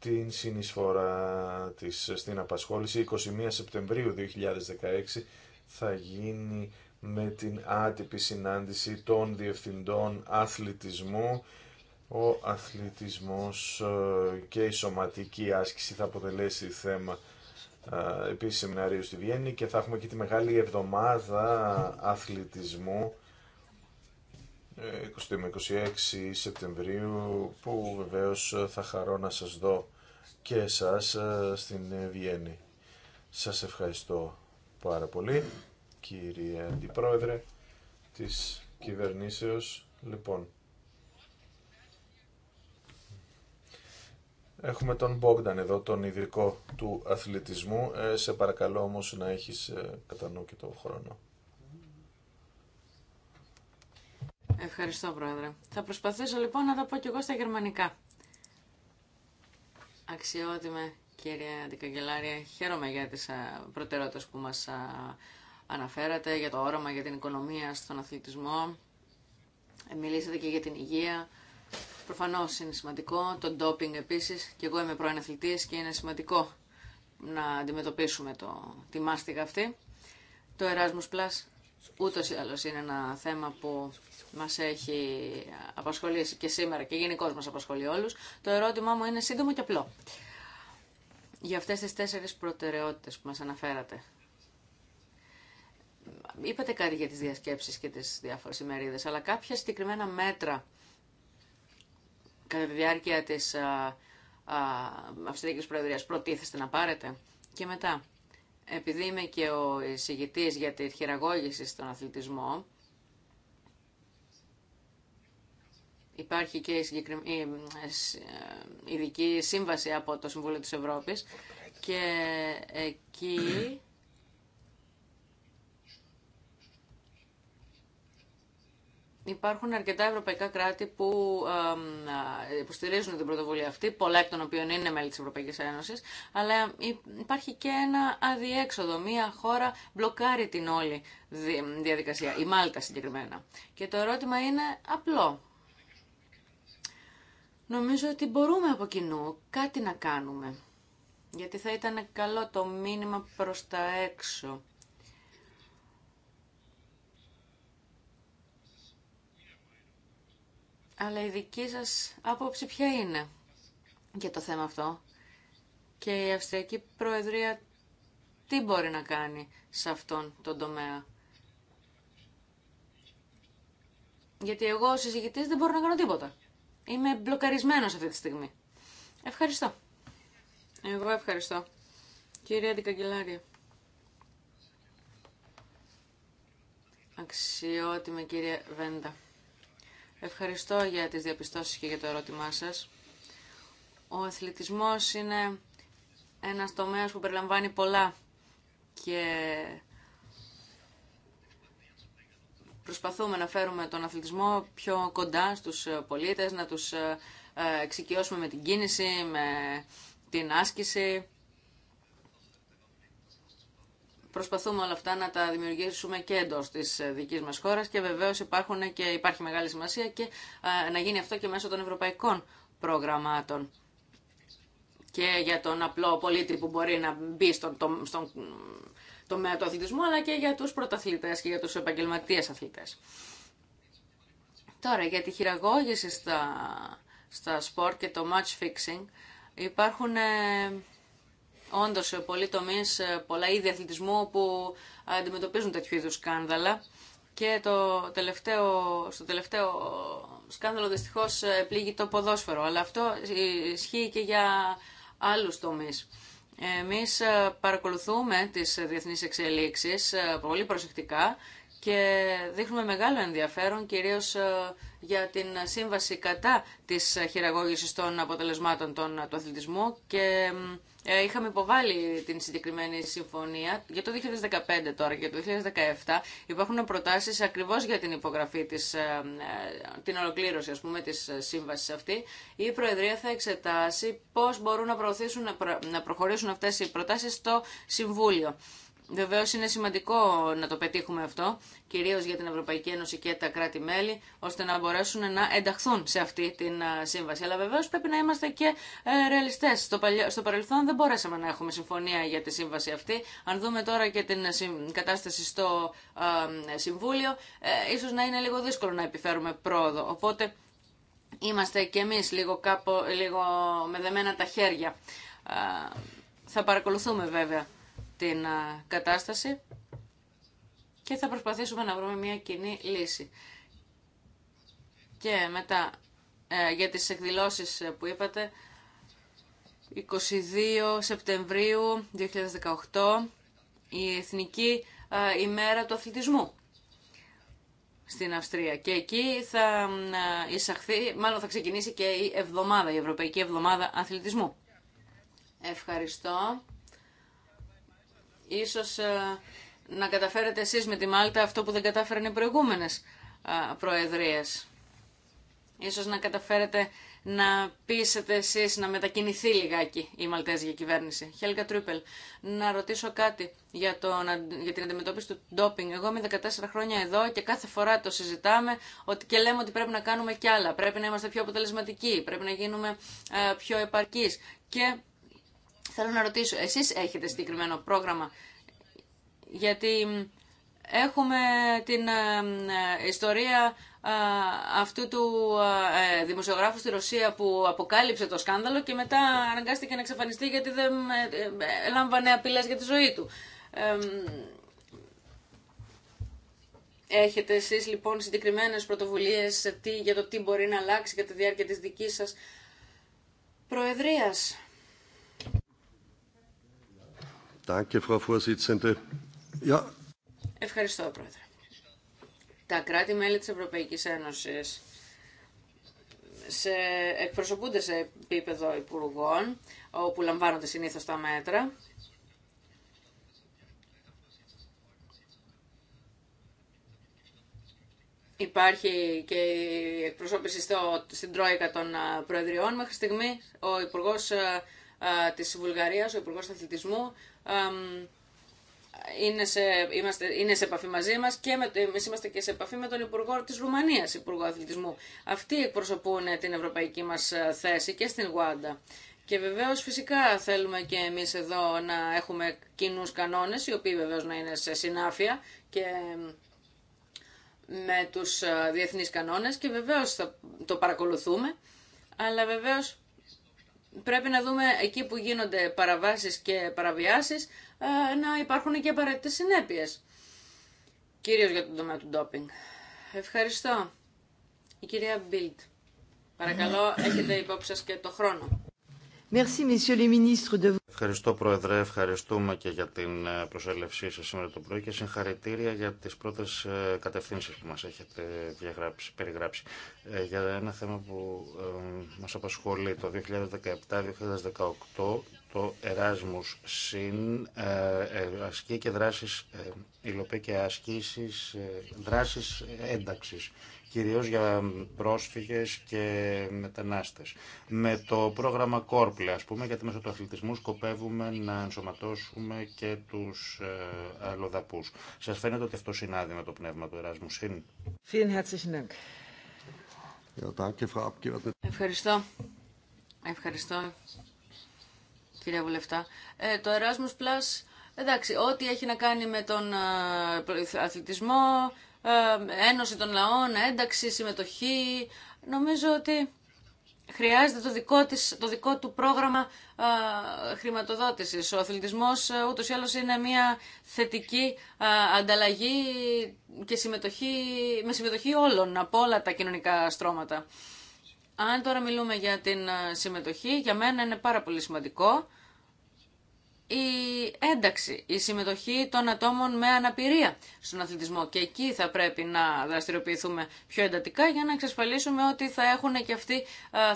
την συνεισφορά της στην απασχόληση. 21 Σεπτεμβρίου 2016 θα γίνει με την άτυπη συνάντηση των διευθυντών αθλητισμού. Ο αθλητισμός ε, και η σωματική άσκηση θα αποτελέσει θέμα ε, επίσης σεμιναρίου στη Βιέννη και θα έχουμε και τη μεγάλη εβδομάδα αθλητισμού 26 ε, Σεπτεμβρίου που βεβαίως θα χαρώ να σας δω και εσάς ε, στην Βιέννη. Σας ευχαριστώ πάρα πολύ κύριε Αντιπρόεδρε της κυβερνήσεως. Λοιπόν, έχουμε τον Μπόγκταν εδώ, τον ιδρικό του αθλητισμού. Ε, σε παρακαλώ όμως να έχεις κατά νου και το χρόνο. Ευχαριστώ, Πρόεδρε. Θα προσπαθήσω λοιπόν να τα πω κι εγώ στα γερμανικά. Αξιότιμε, κύριε Αντικαγκελάρια, χαίρομαι για τις προτεραιότητες που μας αναφέρατε, για το όραμα, για την οικονομία, στον αθλητισμό. Ε, μιλήσατε και για την υγεία. Προφανώς είναι σημαντικό. Το ντόπινγκ επίσης. Κι εγώ είμαι πρώην αθλητής και είναι σημαντικό να αντιμετωπίσουμε το, τη μάστιγα αυτή. Το Erasmus Plus Ούτως ή άλλως είναι ένα θέμα που μας έχει απασχολήσει και σήμερα και γενικώ μας απασχολεί όλους. Το ερώτημά μου είναι σύντομο και απλό. Για αυτές τις τέσσερις προτεραιότητες που μας αναφέρατε. Είπατε κάτι για τις διασκέψεις και τις διάφορες ημερίδες, αλλά κάποια συγκεκριμένα μέτρα κατά τη διάρκεια της α, Προεδρία προτίθεστε να πάρετε και μετά επειδή είμαι και ο εισηγητής για τη χειραγώγηση στον αθλητισμό, υπάρχει και η, ε, ειδική σύμβαση από το Συμβούλιο της Ευρώπης και εκεί Υπάρχουν αρκετά ευρωπαϊκά κράτη που ε, υποστηρίζουν την πρωτοβουλία αυτή, πολλά εκ των οποίων είναι μέλη της Ευρωπαϊκής Ένωσης, αλλά υπάρχει και ένα αδιέξοδο. Μία χώρα μπλοκάρει την όλη διαδικασία, η Μάλτα συγκεκριμένα. Και το ερώτημα είναι απλό. Νομίζω ότι μπορούμε από κοινού κάτι να κάνουμε, γιατί θα ήταν καλό το μήνυμα προς τα έξω. αλλά η δική σας άποψη ποια είναι για το θέμα αυτό και η Αυστριακή Προεδρία τι μπορεί να κάνει σε αυτόν τον τομέα. Γιατί εγώ ως συζητητής δεν μπορώ να κάνω τίποτα. Είμαι μπλοκαρισμένος αυτή τη στιγμή. Ευχαριστώ. Εγώ ευχαριστώ. Κύριε Αντικαγκελάρια. Αξιότιμη κύριε Βέντα. Ευχαριστώ για τις διαπιστώσεις και για το ερώτημά σας. Ο αθλητισμός είναι ένας τομέας που περιλαμβάνει πολλά και προσπαθούμε να φέρουμε τον αθλητισμό πιο κοντά στους πολίτες, να τους ε, εξοικειώσουμε με την κίνηση, με την άσκηση προσπαθούμε όλα αυτά να τα δημιουργήσουμε και εντό τη ε, δική μα χώρα και βεβαίω υπάρχει μεγάλη σημασία και να γίνει αυτό και μέσω των ευρωπαϊκών προγραμμάτων και για τον απλό πολίτη που μπορεί να μπει στον, στον, τομέα του αθλητισμού, αλλά και για τους πρωταθλητές και για τους επαγγελματίες αθλητές. Τώρα, για τη χειραγώγηση στα, στα σπορ και το match fixing, υπάρχουν ε, όντως πολλοί τομείς, ε, πολλά είδη αθλητισμού που αντιμετωπίζουν τέτοιου είδου σκάνδαλα. Και το τελευταίο, στο τελευταίο σκάνδαλο δυστυχώς ε, πλήγει το ποδόσφαιρο, αλλά αυτό ισχύει και για άλλους τομείς. Εμεί ε, παρακολουθούμε τις διεθνεί εξελίξεις πολύ προσεκτικά και δείχνουμε μεγάλο ενδιαφέρον κυρίως ε, για την σύμβαση κατά της χειραγώγησης των αποτελεσμάτων των, του αθλητισμού και ε, είχαμε υποβάλει την συγκεκριμένη συμφωνία για το 2015 τώρα και το 2017 υπάρχουν προτάσεις ακριβώς για την υπογραφή της, ε, την ολοκλήρωση ας πούμε της σύμβασης αυτή η Προεδρία θα εξετάσει πώς μπορούν να, προωθήσουν, να προχωρήσουν αυτές οι προτάσεις στο Συμβούλιο Βεβαίω είναι σημαντικό να το πετύχουμε αυτό, κυρίω για την Ευρωπαϊκή Ένωση και τα κράτη-μέλη, ώστε να μπορέσουν να ενταχθούν σε αυτή την σύμβαση. Αλλά βεβαίω πρέπει να είμαστε και ε, ρεαλιστέ. Στο παρελθόν δεν μπορέσαμε να έχουμε συμφωνία για τη σύμβαση αυτή. Αν δούμε τώρα και την ε, κατάσταση στο Συμβούλιο, ε, ίσω να είναι λίγο δύσκολο να επιφέρουμε πρόοδο. Οπότε είμαστε κι εμεί λίγο, λίγο με δεμένα τα χέρια. Θα παρακολουθούμε βέβαια την κατάσταση και θα προσπαθήσουμε να βρούμε μια κοινή λύση. Και μετά ε, για τις εκδηλώσεις ε, που είπατε, 22 Σεπτεμβρίου 2018, η Εθνική ημέρα του αθλητισμού στην Αυστρία. Και εκεί θα εισαχθεί, μάλλον θα ξεκινήσει και η εβδομάδα, η Ευρωπαϊκή Εβδομάδα Αθλητισμού. Ευχαριστώ ίσως ε, να καταφέρετε εσείς με τη Μάλτα αυτό που δεν κατάφεραν οι προηγούμενες ε, προεδρίες. Ίσως να καταφέρετε να πείσετε εσείς να μετακινηθεί λιγάκι η Μαλτέζια κυβέρνηση. Χέλικα να ρωτήσω κάτι για, το, για την αντιμετώπιση του ντόπινγκ. Εγώ είμαι 14 χρόνια εδώ και κάθε φορά το συζητάμε ότι και λέμε ότι πρέπει να κάνουμε κι άλλα. Πρέπει να είμαστε πιο αποτελεσματικοί, πρέπει να γίνουμε ε, πιο επαρκείς. Και Θέλω να ρωτήσω, εσείς έχετε συγκεκριμένο πρόγραμμα, γιατί έχουμε την ε, ε, ιστορία ε, αυτού του δημοσιογράφου στη Ρωσία που αποκάλυψε το σκάνδαλο και μετά αναγκάστηκε να εξαφανιστεί γιατί δεν λάμβανε απειλές για τη ζωή του. Έχετε εσείς λοιπόν συγκεκριμένες πρωτοβουλίες για το τι μπορεί να αλλάξει κατά τη διάρκεια της δικής σας προεδρίας. Ευχαριστώ, Πρόεδρε. Τα κράτη-μέλη της Ευρωπαϊκής Ένωσης σε, εκπροσωπούνται σε επίπεδο υπουργών, όπου λαμβάνονται συνήθως τα μέτρα. Υπάρχει και η εκπροσώπηση στο, στην Τρόικα των Προεδριών. Μέχρι στιγμή ο Υπουργός της Βουλγαρίας, ο Υπουργός Αθλητισμού, είναι σε, είμαστε, είναι σε επαφή μαζί μας και με, εμείς είμαστε και σε επαφή με τον Υπουργό της Ρουμανίας, Υπουργό Αθλητισμού. Αυτοί εκπροσωπούν την ευρωπαϊκή μας ε, θέση και στην Γουάντα. Και βεβαίως φυσικά θέλουμε και εμείς εδώ να έχουμε κοινού κανόνες, οι οποίοι βεβαίως να είναι σε συνάφεια και με τους ε, διεθνείς κανόνες και βεβαίως θα το παρακολουθούμε, αλλά βεβαίως πρέπει να δούμε εκεί που γίνονται παραβάσεις και παραβιάσεις ε, να υπάρχουν και απαραίτητε συνέπειες. Κυρίως για τον τομέα του ντόπινγκ. Ευχαριστώ. Η κυρία Μπίλτ. Παρακαλώ, ναι. έχετε υπόψη σας και το χρόνο. Ευχαριστώ, Πρόεδρε. Ευχαριστούμε και για την ε, προσέλευσή σας σήμερα το πρωί και συγχαρητήρια για τις πρώτες ε, κατευθύνσεις που μας έχετε διαγράψει, περιγράψει. Ε, για ένα θέμα που μας απασχολεί το 2017-2018, το Erasmus συν Ασκή και δράσεις, υλοποιεί και ασκήσεις, δράσεις ένταξης κυρίως για πρόσφυγες και μετανάστες. Με το πρόγραμμα Κόρπλε, ας πούμε, γιατί μέσω του αθλητισμού σκοπεύουμε να ενσωματώσουμε και τους ε, αλλοδαπούς. Σας φαίνεται ότι αυτό συνάδει με το πνεύμα του Εράσμου Συν. Ευχαριστώ. Ευχαριστώ, κυρία Βουλευτά. Ε, το Erasmus Plus, εντάξει, ό,τι έχει να κάνει με τον ε, αθλητισμό, ένωση των λαών, ένταξη, συμμετοχή. Νομίζω ότι χρειάζεται το δικό, της, το δικό του πρόγραμμα α, χρηματοδότησης. Ο αθλητισμός ε, ούτως ή άλλως είναι μια θετική ανταλλαγή και συμμετοχή, με συμμετοχή όλων από όλα τα κοινωνικά στρώματα. Αν τώρα μιλούμε για την ε, συμμετοχή, για μένα είναι πάρα πολύ σημαντικό η ένταξη, η συμμετοχή των ατόμων με αναπηρία στον αθλητισμό. Και εκεί θα πρέπει να δραστηριοποιηθούμε πιο εντατικά για να εξασφαλίσουμε ότι θα έχουν και αυτοί,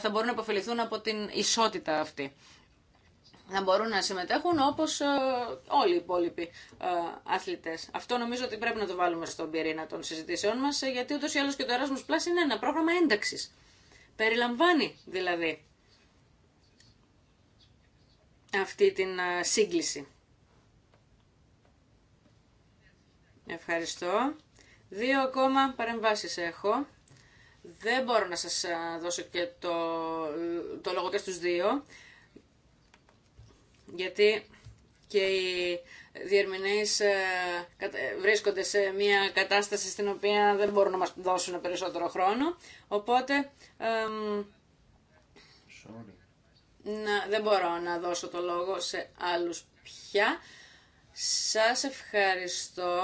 θα μπορούν να υποφεληθούν από την ισότητα αυτή. Να μπορούν να συμμετέχουν όπως όλοι οι υπόλοιποι αθλητές. Αυτό νομίζω ότι πρέπει να το βάλουμε στον πυρήνα των συζητήσεών μας, ε, γιατί ούτως ή άλλως και το Erasmus Plus είναι ένα πρόγραμμα ένταξης. Περιλαμβάνει δηλαδή αυτή την ε, σύγκληση. Ευχαριστώ. Δύο ακόμα παρεμβάσεις έχω. Δεν μπορώ να σας ε, δώσω και το, το λόγο και στους δύο, γιατί και οι διερμηνείς ε, βρίσκονται σε μια κατάσταση στην οποία δεν μπορούν να μας δώσουν περισσότερο χρόνο. Οπότε, να, δεν μπορώ να δώσω το λόγο σε άλλους πια. Σας ευχαριστώ.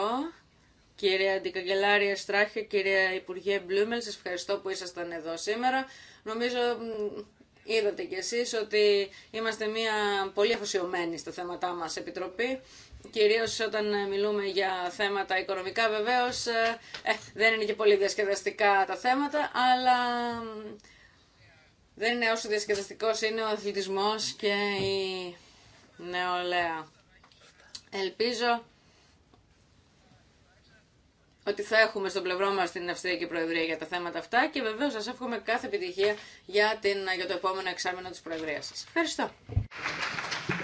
Κυρία Αντικαγκελάρια Στράχη, κυρία Υπουργέ Μπλούμελ, σας ευχαριστώ που ήσασταν εδώ σήμερα. Νομίζω είδατε κι εσείς ότι είμαστε μια πολύ αφοσιωμένη στα θέματά μας επιτροπή. Κυρίως όταν μιλούμε για θέματα οικονομικά βεβαίως ε, ε, δεν είναι και πολύ διασκεδαστικά τα θέματα, αλλά δεν είναι όσο διασκεδαστικό είναι ο αθλητισμός και η νεολαία. Ελπίζω ότι θα έχουμε στο πλευρό μα την Αυστριακή Προεδρία για τα θέματα αυτά και βεβαίω σας εύχομαι κάθε επιτυχία για, την, για το επόμενο εξάμεινο της Προεδρία. σας. Ευχαριστώ.